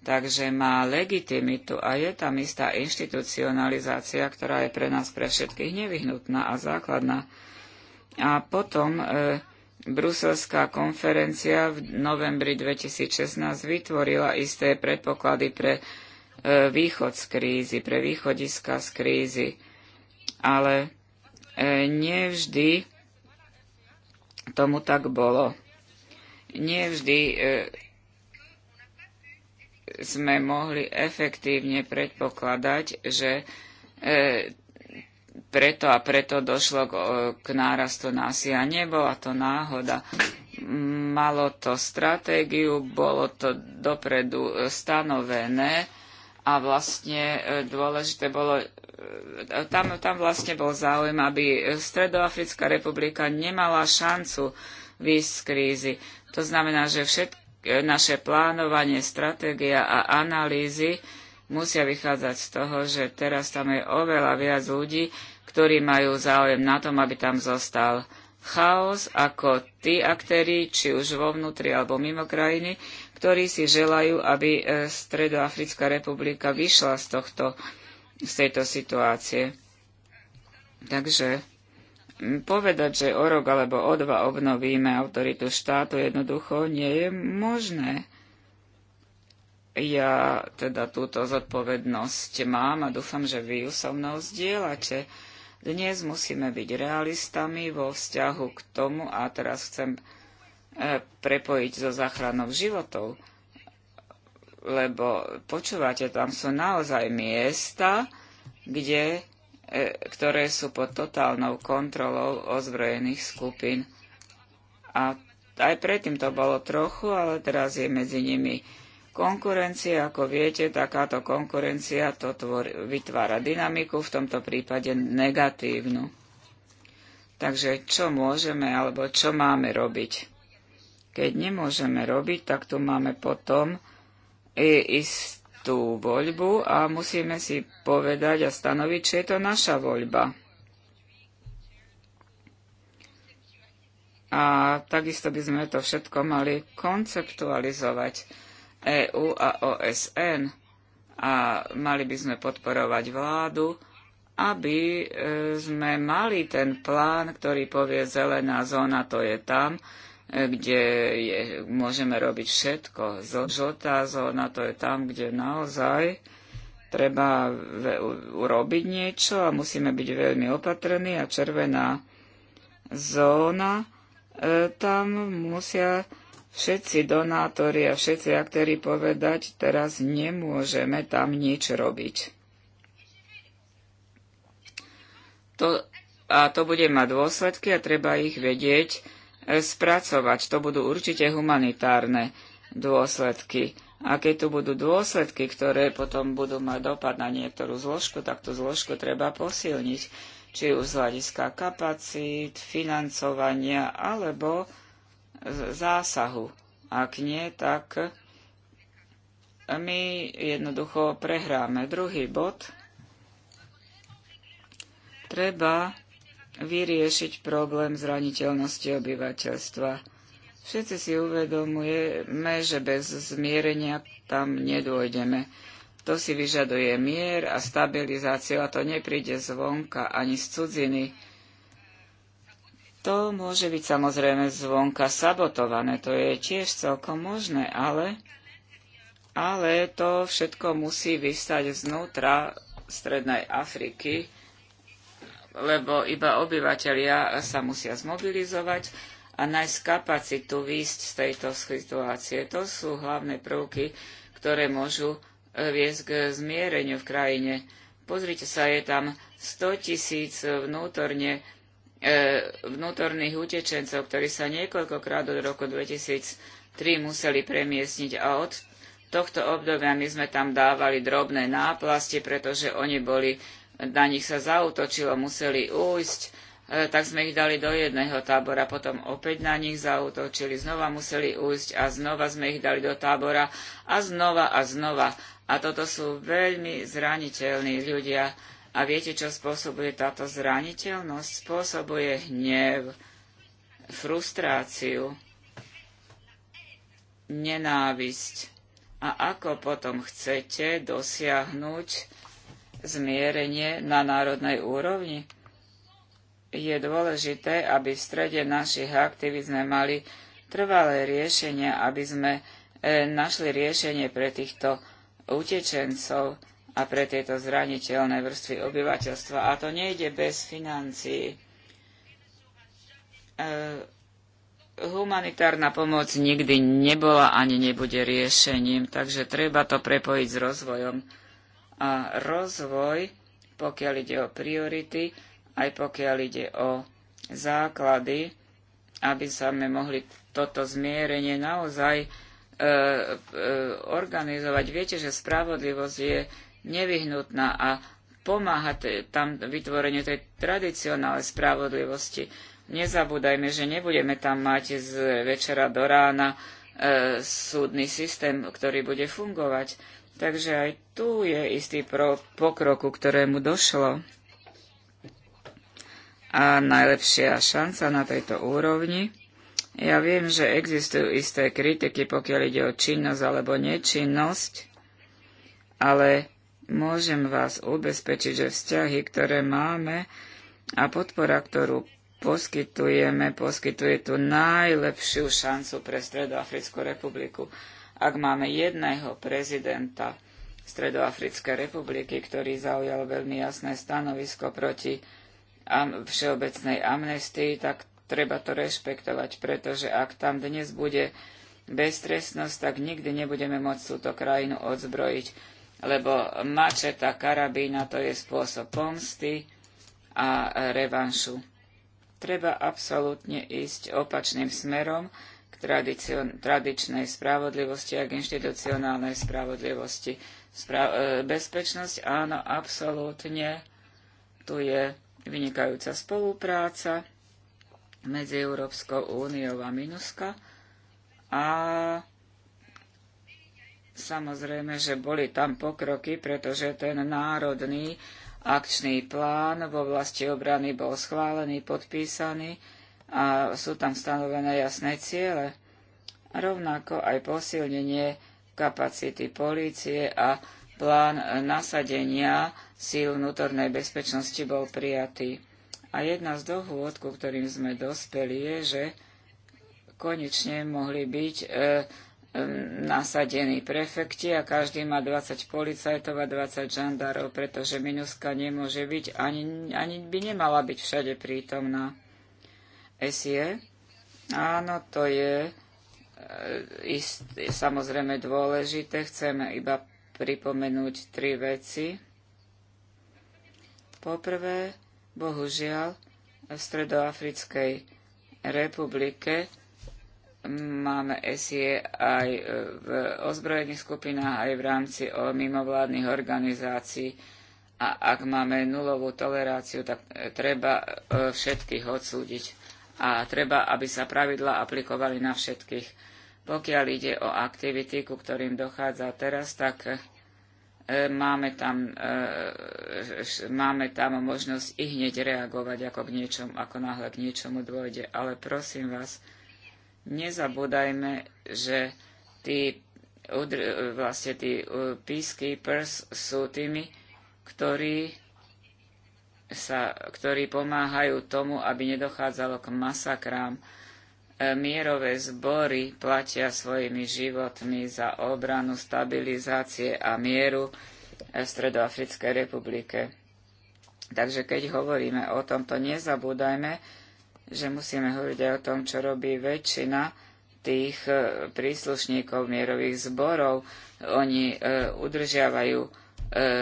Speaker 2: Takže má legitimitu a je tam istá inštitucionalizácia, ktorá je pre nás pre všetkých nevyhnutná a základná. A potom e, Bruselská konferencia v novembri 2016 vytvorila isté predpoklady pre e, východ z krízy, pre východiska z krízy. Ale e, nevždy tomu tak bolo. Nevždy e, sme mohli efektívne predpokladať, že preto a preto došlo k, k nárastu násia. Nebola to náhoda. Malo to stratégiu, bolo to dopredu e, stanovené a vlastne e, dôležité bolo, e, tam, tam vlastne bol záujem, aby Stredoafrická republika nemala šancu výjsť z krízy. To znamená, že všetky naše plánovanie, stratégia a analýzy musia vychádzať z toho, že teraz tam je oveľa viac ľudí, ktorí majú záujem na tom, aby tam zostal chaos, ako tí aktéry, či už vo vnútri alebo mimo krajiny, ktorí si želajú, aby e, Stredoafrická republika vyšla z, tohto, z tejto situácie. Takže povedať, že o rok alebo o dva obnovíme autoritu štátu, jednoducho nie je možné. Ja teda túto zodpovednosť mám a dúfam, že vy ju so mnou zdieľate. Dnes musíme byť realistami vo vzťahu k tomu, a teraz chcem e, prepojiť so záchranou životov, lebo počúvate, tam sú naozaj miesta, kde, e, ktoré sú pod totálnou kontrolou ozbrojených skupín. A aj predtým to bolo trochu, ale teraz je medzi nimi konkurencie. Ako viete, takáto konkurencia to tvor, vytvára dynamiku, v tomto prípade negatívnu. Takže čo môžeme alebo čo máme robiť? Keď nemôžeme robiť, tak tu máme potom istú voľbu a musíme si povedať a stanoviť, či je to naša voľba. A takisto by sme to všetko mali konceptualizovať EÚ a OSN a mali by sme podporovať vládu, aby e, sme mali ten plán, ktorý povie zelená zóna, to je tam, e, kde je, môžeme robiť všetko. Žltá zóna, to je tam, kde naozaj treba urobiť niečo a musíme byť veľmi opatrní a červená zóna, e, tam musia všetci donátori a všetci aktéri povedať, teraz nemôžeme tam nič robiť. To, a to bude mať dôsledky a treba ich vedieť e, spracovať. To budú určite humanitárne dôsledky. A keď tu budú dôsledky, ktoré potom budú mať dopad na niektorú zložku, tak tú zložku treba posilniť, či už z hľadiska kapacít, financovania alebo zásahu. Ak nie, tak my jednoducho prehráme. Druhý bod. Treba vyriešiť problém zraniteľnosti obyvateľstva. Všetci si uvedomujeme, že bez zmierenia tam nedôjdeme. To si vyžaduje mier a stabilizáciu a to nepríde zvonka ani z cudziny. To môže byť samozrejme zvonka sabotované, to je tiež celkom možné, ale, ale to všetko musí vystať znútra Strednej Afriky, lebo iba obyvateľia sa musia zmobilizovať a nájsť kapacitu výjsť z tejto situácie. To sú hlavné prvky, ktoré môžu viesť k zmiereniu v krajine. Pozrite sa, je tam 100 tisíc vnútorne E, vnútorných utečencov, ktorí sa niekoľkokrát od roku 2003 museli premiesniť a od tohto obdobia my sme tam dávali drobné náplasti, pretože oni boli, na nich sa zautočilo, museli újsť, e, tak sme ich dali do jedného tábora, potom opäť na nich zautočili, znova museli újsť a znova sme ich dali do tábora a znova a znova. A toto sú veľmi zraniteľní ľudia, a viete, čo spôsobuje táto zraniteľnosť? Spôsobuje hnev, frustráciu, nenávisť. A ako potom chcete dosiahnuť zmierenie na národnej úrovni? Je dôležité, aby v strede našich aktivít sme mali trvalé riešenia, aby sme eh, našli riešenie pre týchto utečencov a pre tieto zraniteľné vrstvy obyvateľstva. A to nejde bez financií. E, humanitárna pomoc nikdy nebola ani nebude riešením, takže treba to prepojiť s rozvojom. A rozvoj, pokiaľ ide o priority, aj pokiaľ ide o základy, aby sme mohli toto zmierenie naozaj e, e, organizovať. Viete, že spravodlivosť je nevyhnutná a pomáha tam vytvoreniu tej tradicionálnej spravodlivosti. Nezabúdajme, že nebudeme tam mať z večera do rána e, súdny systém, ktorý bude fungovať. Takže aj tu je istý pro, pokrok, ku ktorému došlo. A najlepšia šanca na tejto úrovni. Ja viem, že existujú isté kritiky, pokiaľ ide o činnosť alebo nečinnosť, ale Môžem vás ubezpečiť, že vzťahy, ktoré máme a podpora, ktorú poskytujeme, poskytuje tú najlepšiu šancu pre Stredoafrickú republiku. Ak máme jedného prezidenta Stredoafrickej republiky, ktorý zaujal veľmi jasné stanovisko proti všeobecnej amnestii, tak treba to rešpektovať, pretože ak tam dnes bude beztrestnosť, tak nikdy nebudeme môcť túto krajinu odzbrojiť lebo mačeta, karabína to je spôsob pomsty a revanšu. Treba absolútne ísť opačným smerom k tradičnej spravodlivosti a k inštitucionálnej spravodlivosti. Spra e, bezpečnosť, áno, absolútne. Tu je vynikajúca spolupráca medzi Európskou úniou a Minuska a Samozrejme, že boli tam pokroky, pretože ten národný akčný plán v oblasti obrany bol schválený, podpísaný a sú tam stanovené jasné ciele. Rovnako aj posilnenie kapacity polície a plán nasadenia síl vnútornej bezpečnosti bol prijatý. A jedna z dohôd, ku ktorým sme dospeli, je, že konečne mohli byť e, nasadení prefekti a každý má 20 policajtov a 20 žandárov, pretože Minuska nemôže byť, ani, ani by nemala byť všade prítomná. SIE? Áno, to je eh, isté, samozrejme dôležité. Chceme iba pripomenúť tri veci. Poprvé, bohužiaľ, v Stredoafrickej republike Máme SIE aj e, v ozbrojených skupinách, aj v rámci e, mimovládnych organizácií. A ak máme nulovú toleráciu, tak e, treba všetkých odsúdiť. A treba, aby sa pravidla aplikovali na všetkých. Pokiaľ ide o aktivity, ku ktorým dochádza teraz, tak máme tam, máme tam možnosť i hneď reagovať, ako, k niečom, ako náhle k niečomu dôjde. Ale prosím vás, Nezabúdajme, že tí, vlastne tí uh, peacekeepers sú tými, ktorí, sa, ktorí pomáhajú tomu, aby nedochádzalo k masakrám. E, mierové zbory platia svojimi životmi za obranu stabilizácie a mieru v Stredoafrickej republike. Takže keď hovoríme o tomto, nezabúdajme, že musíme hovoriť aj o tom, čo robí väčšina tých e, príslušníkov mierových zborov. Oni e, udržiavajú e,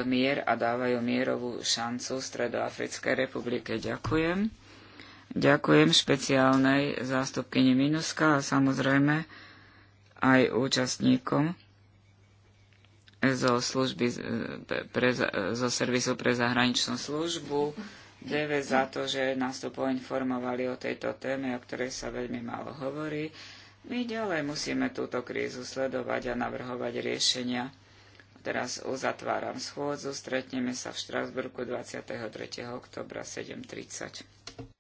Speaker 2: mier a dávajú mierovú šancu Stredoafrickej republike. Ďakujem. Ďakujem špeciálnej zástupkyni Minuska a samozrejme aj účastníkom zo služby pre, zo servisu pre zahraničnú službu Deve za to, že nás tu poinformovali o tejto téme, o ktorej sa veľmi málo hovorí. My ďalej musíme túto krízu sledovať a navrhovať riešenia. Teraz uzatváram schôdzu, stretneme sa v Štrasburku 23. oktobra 7.30.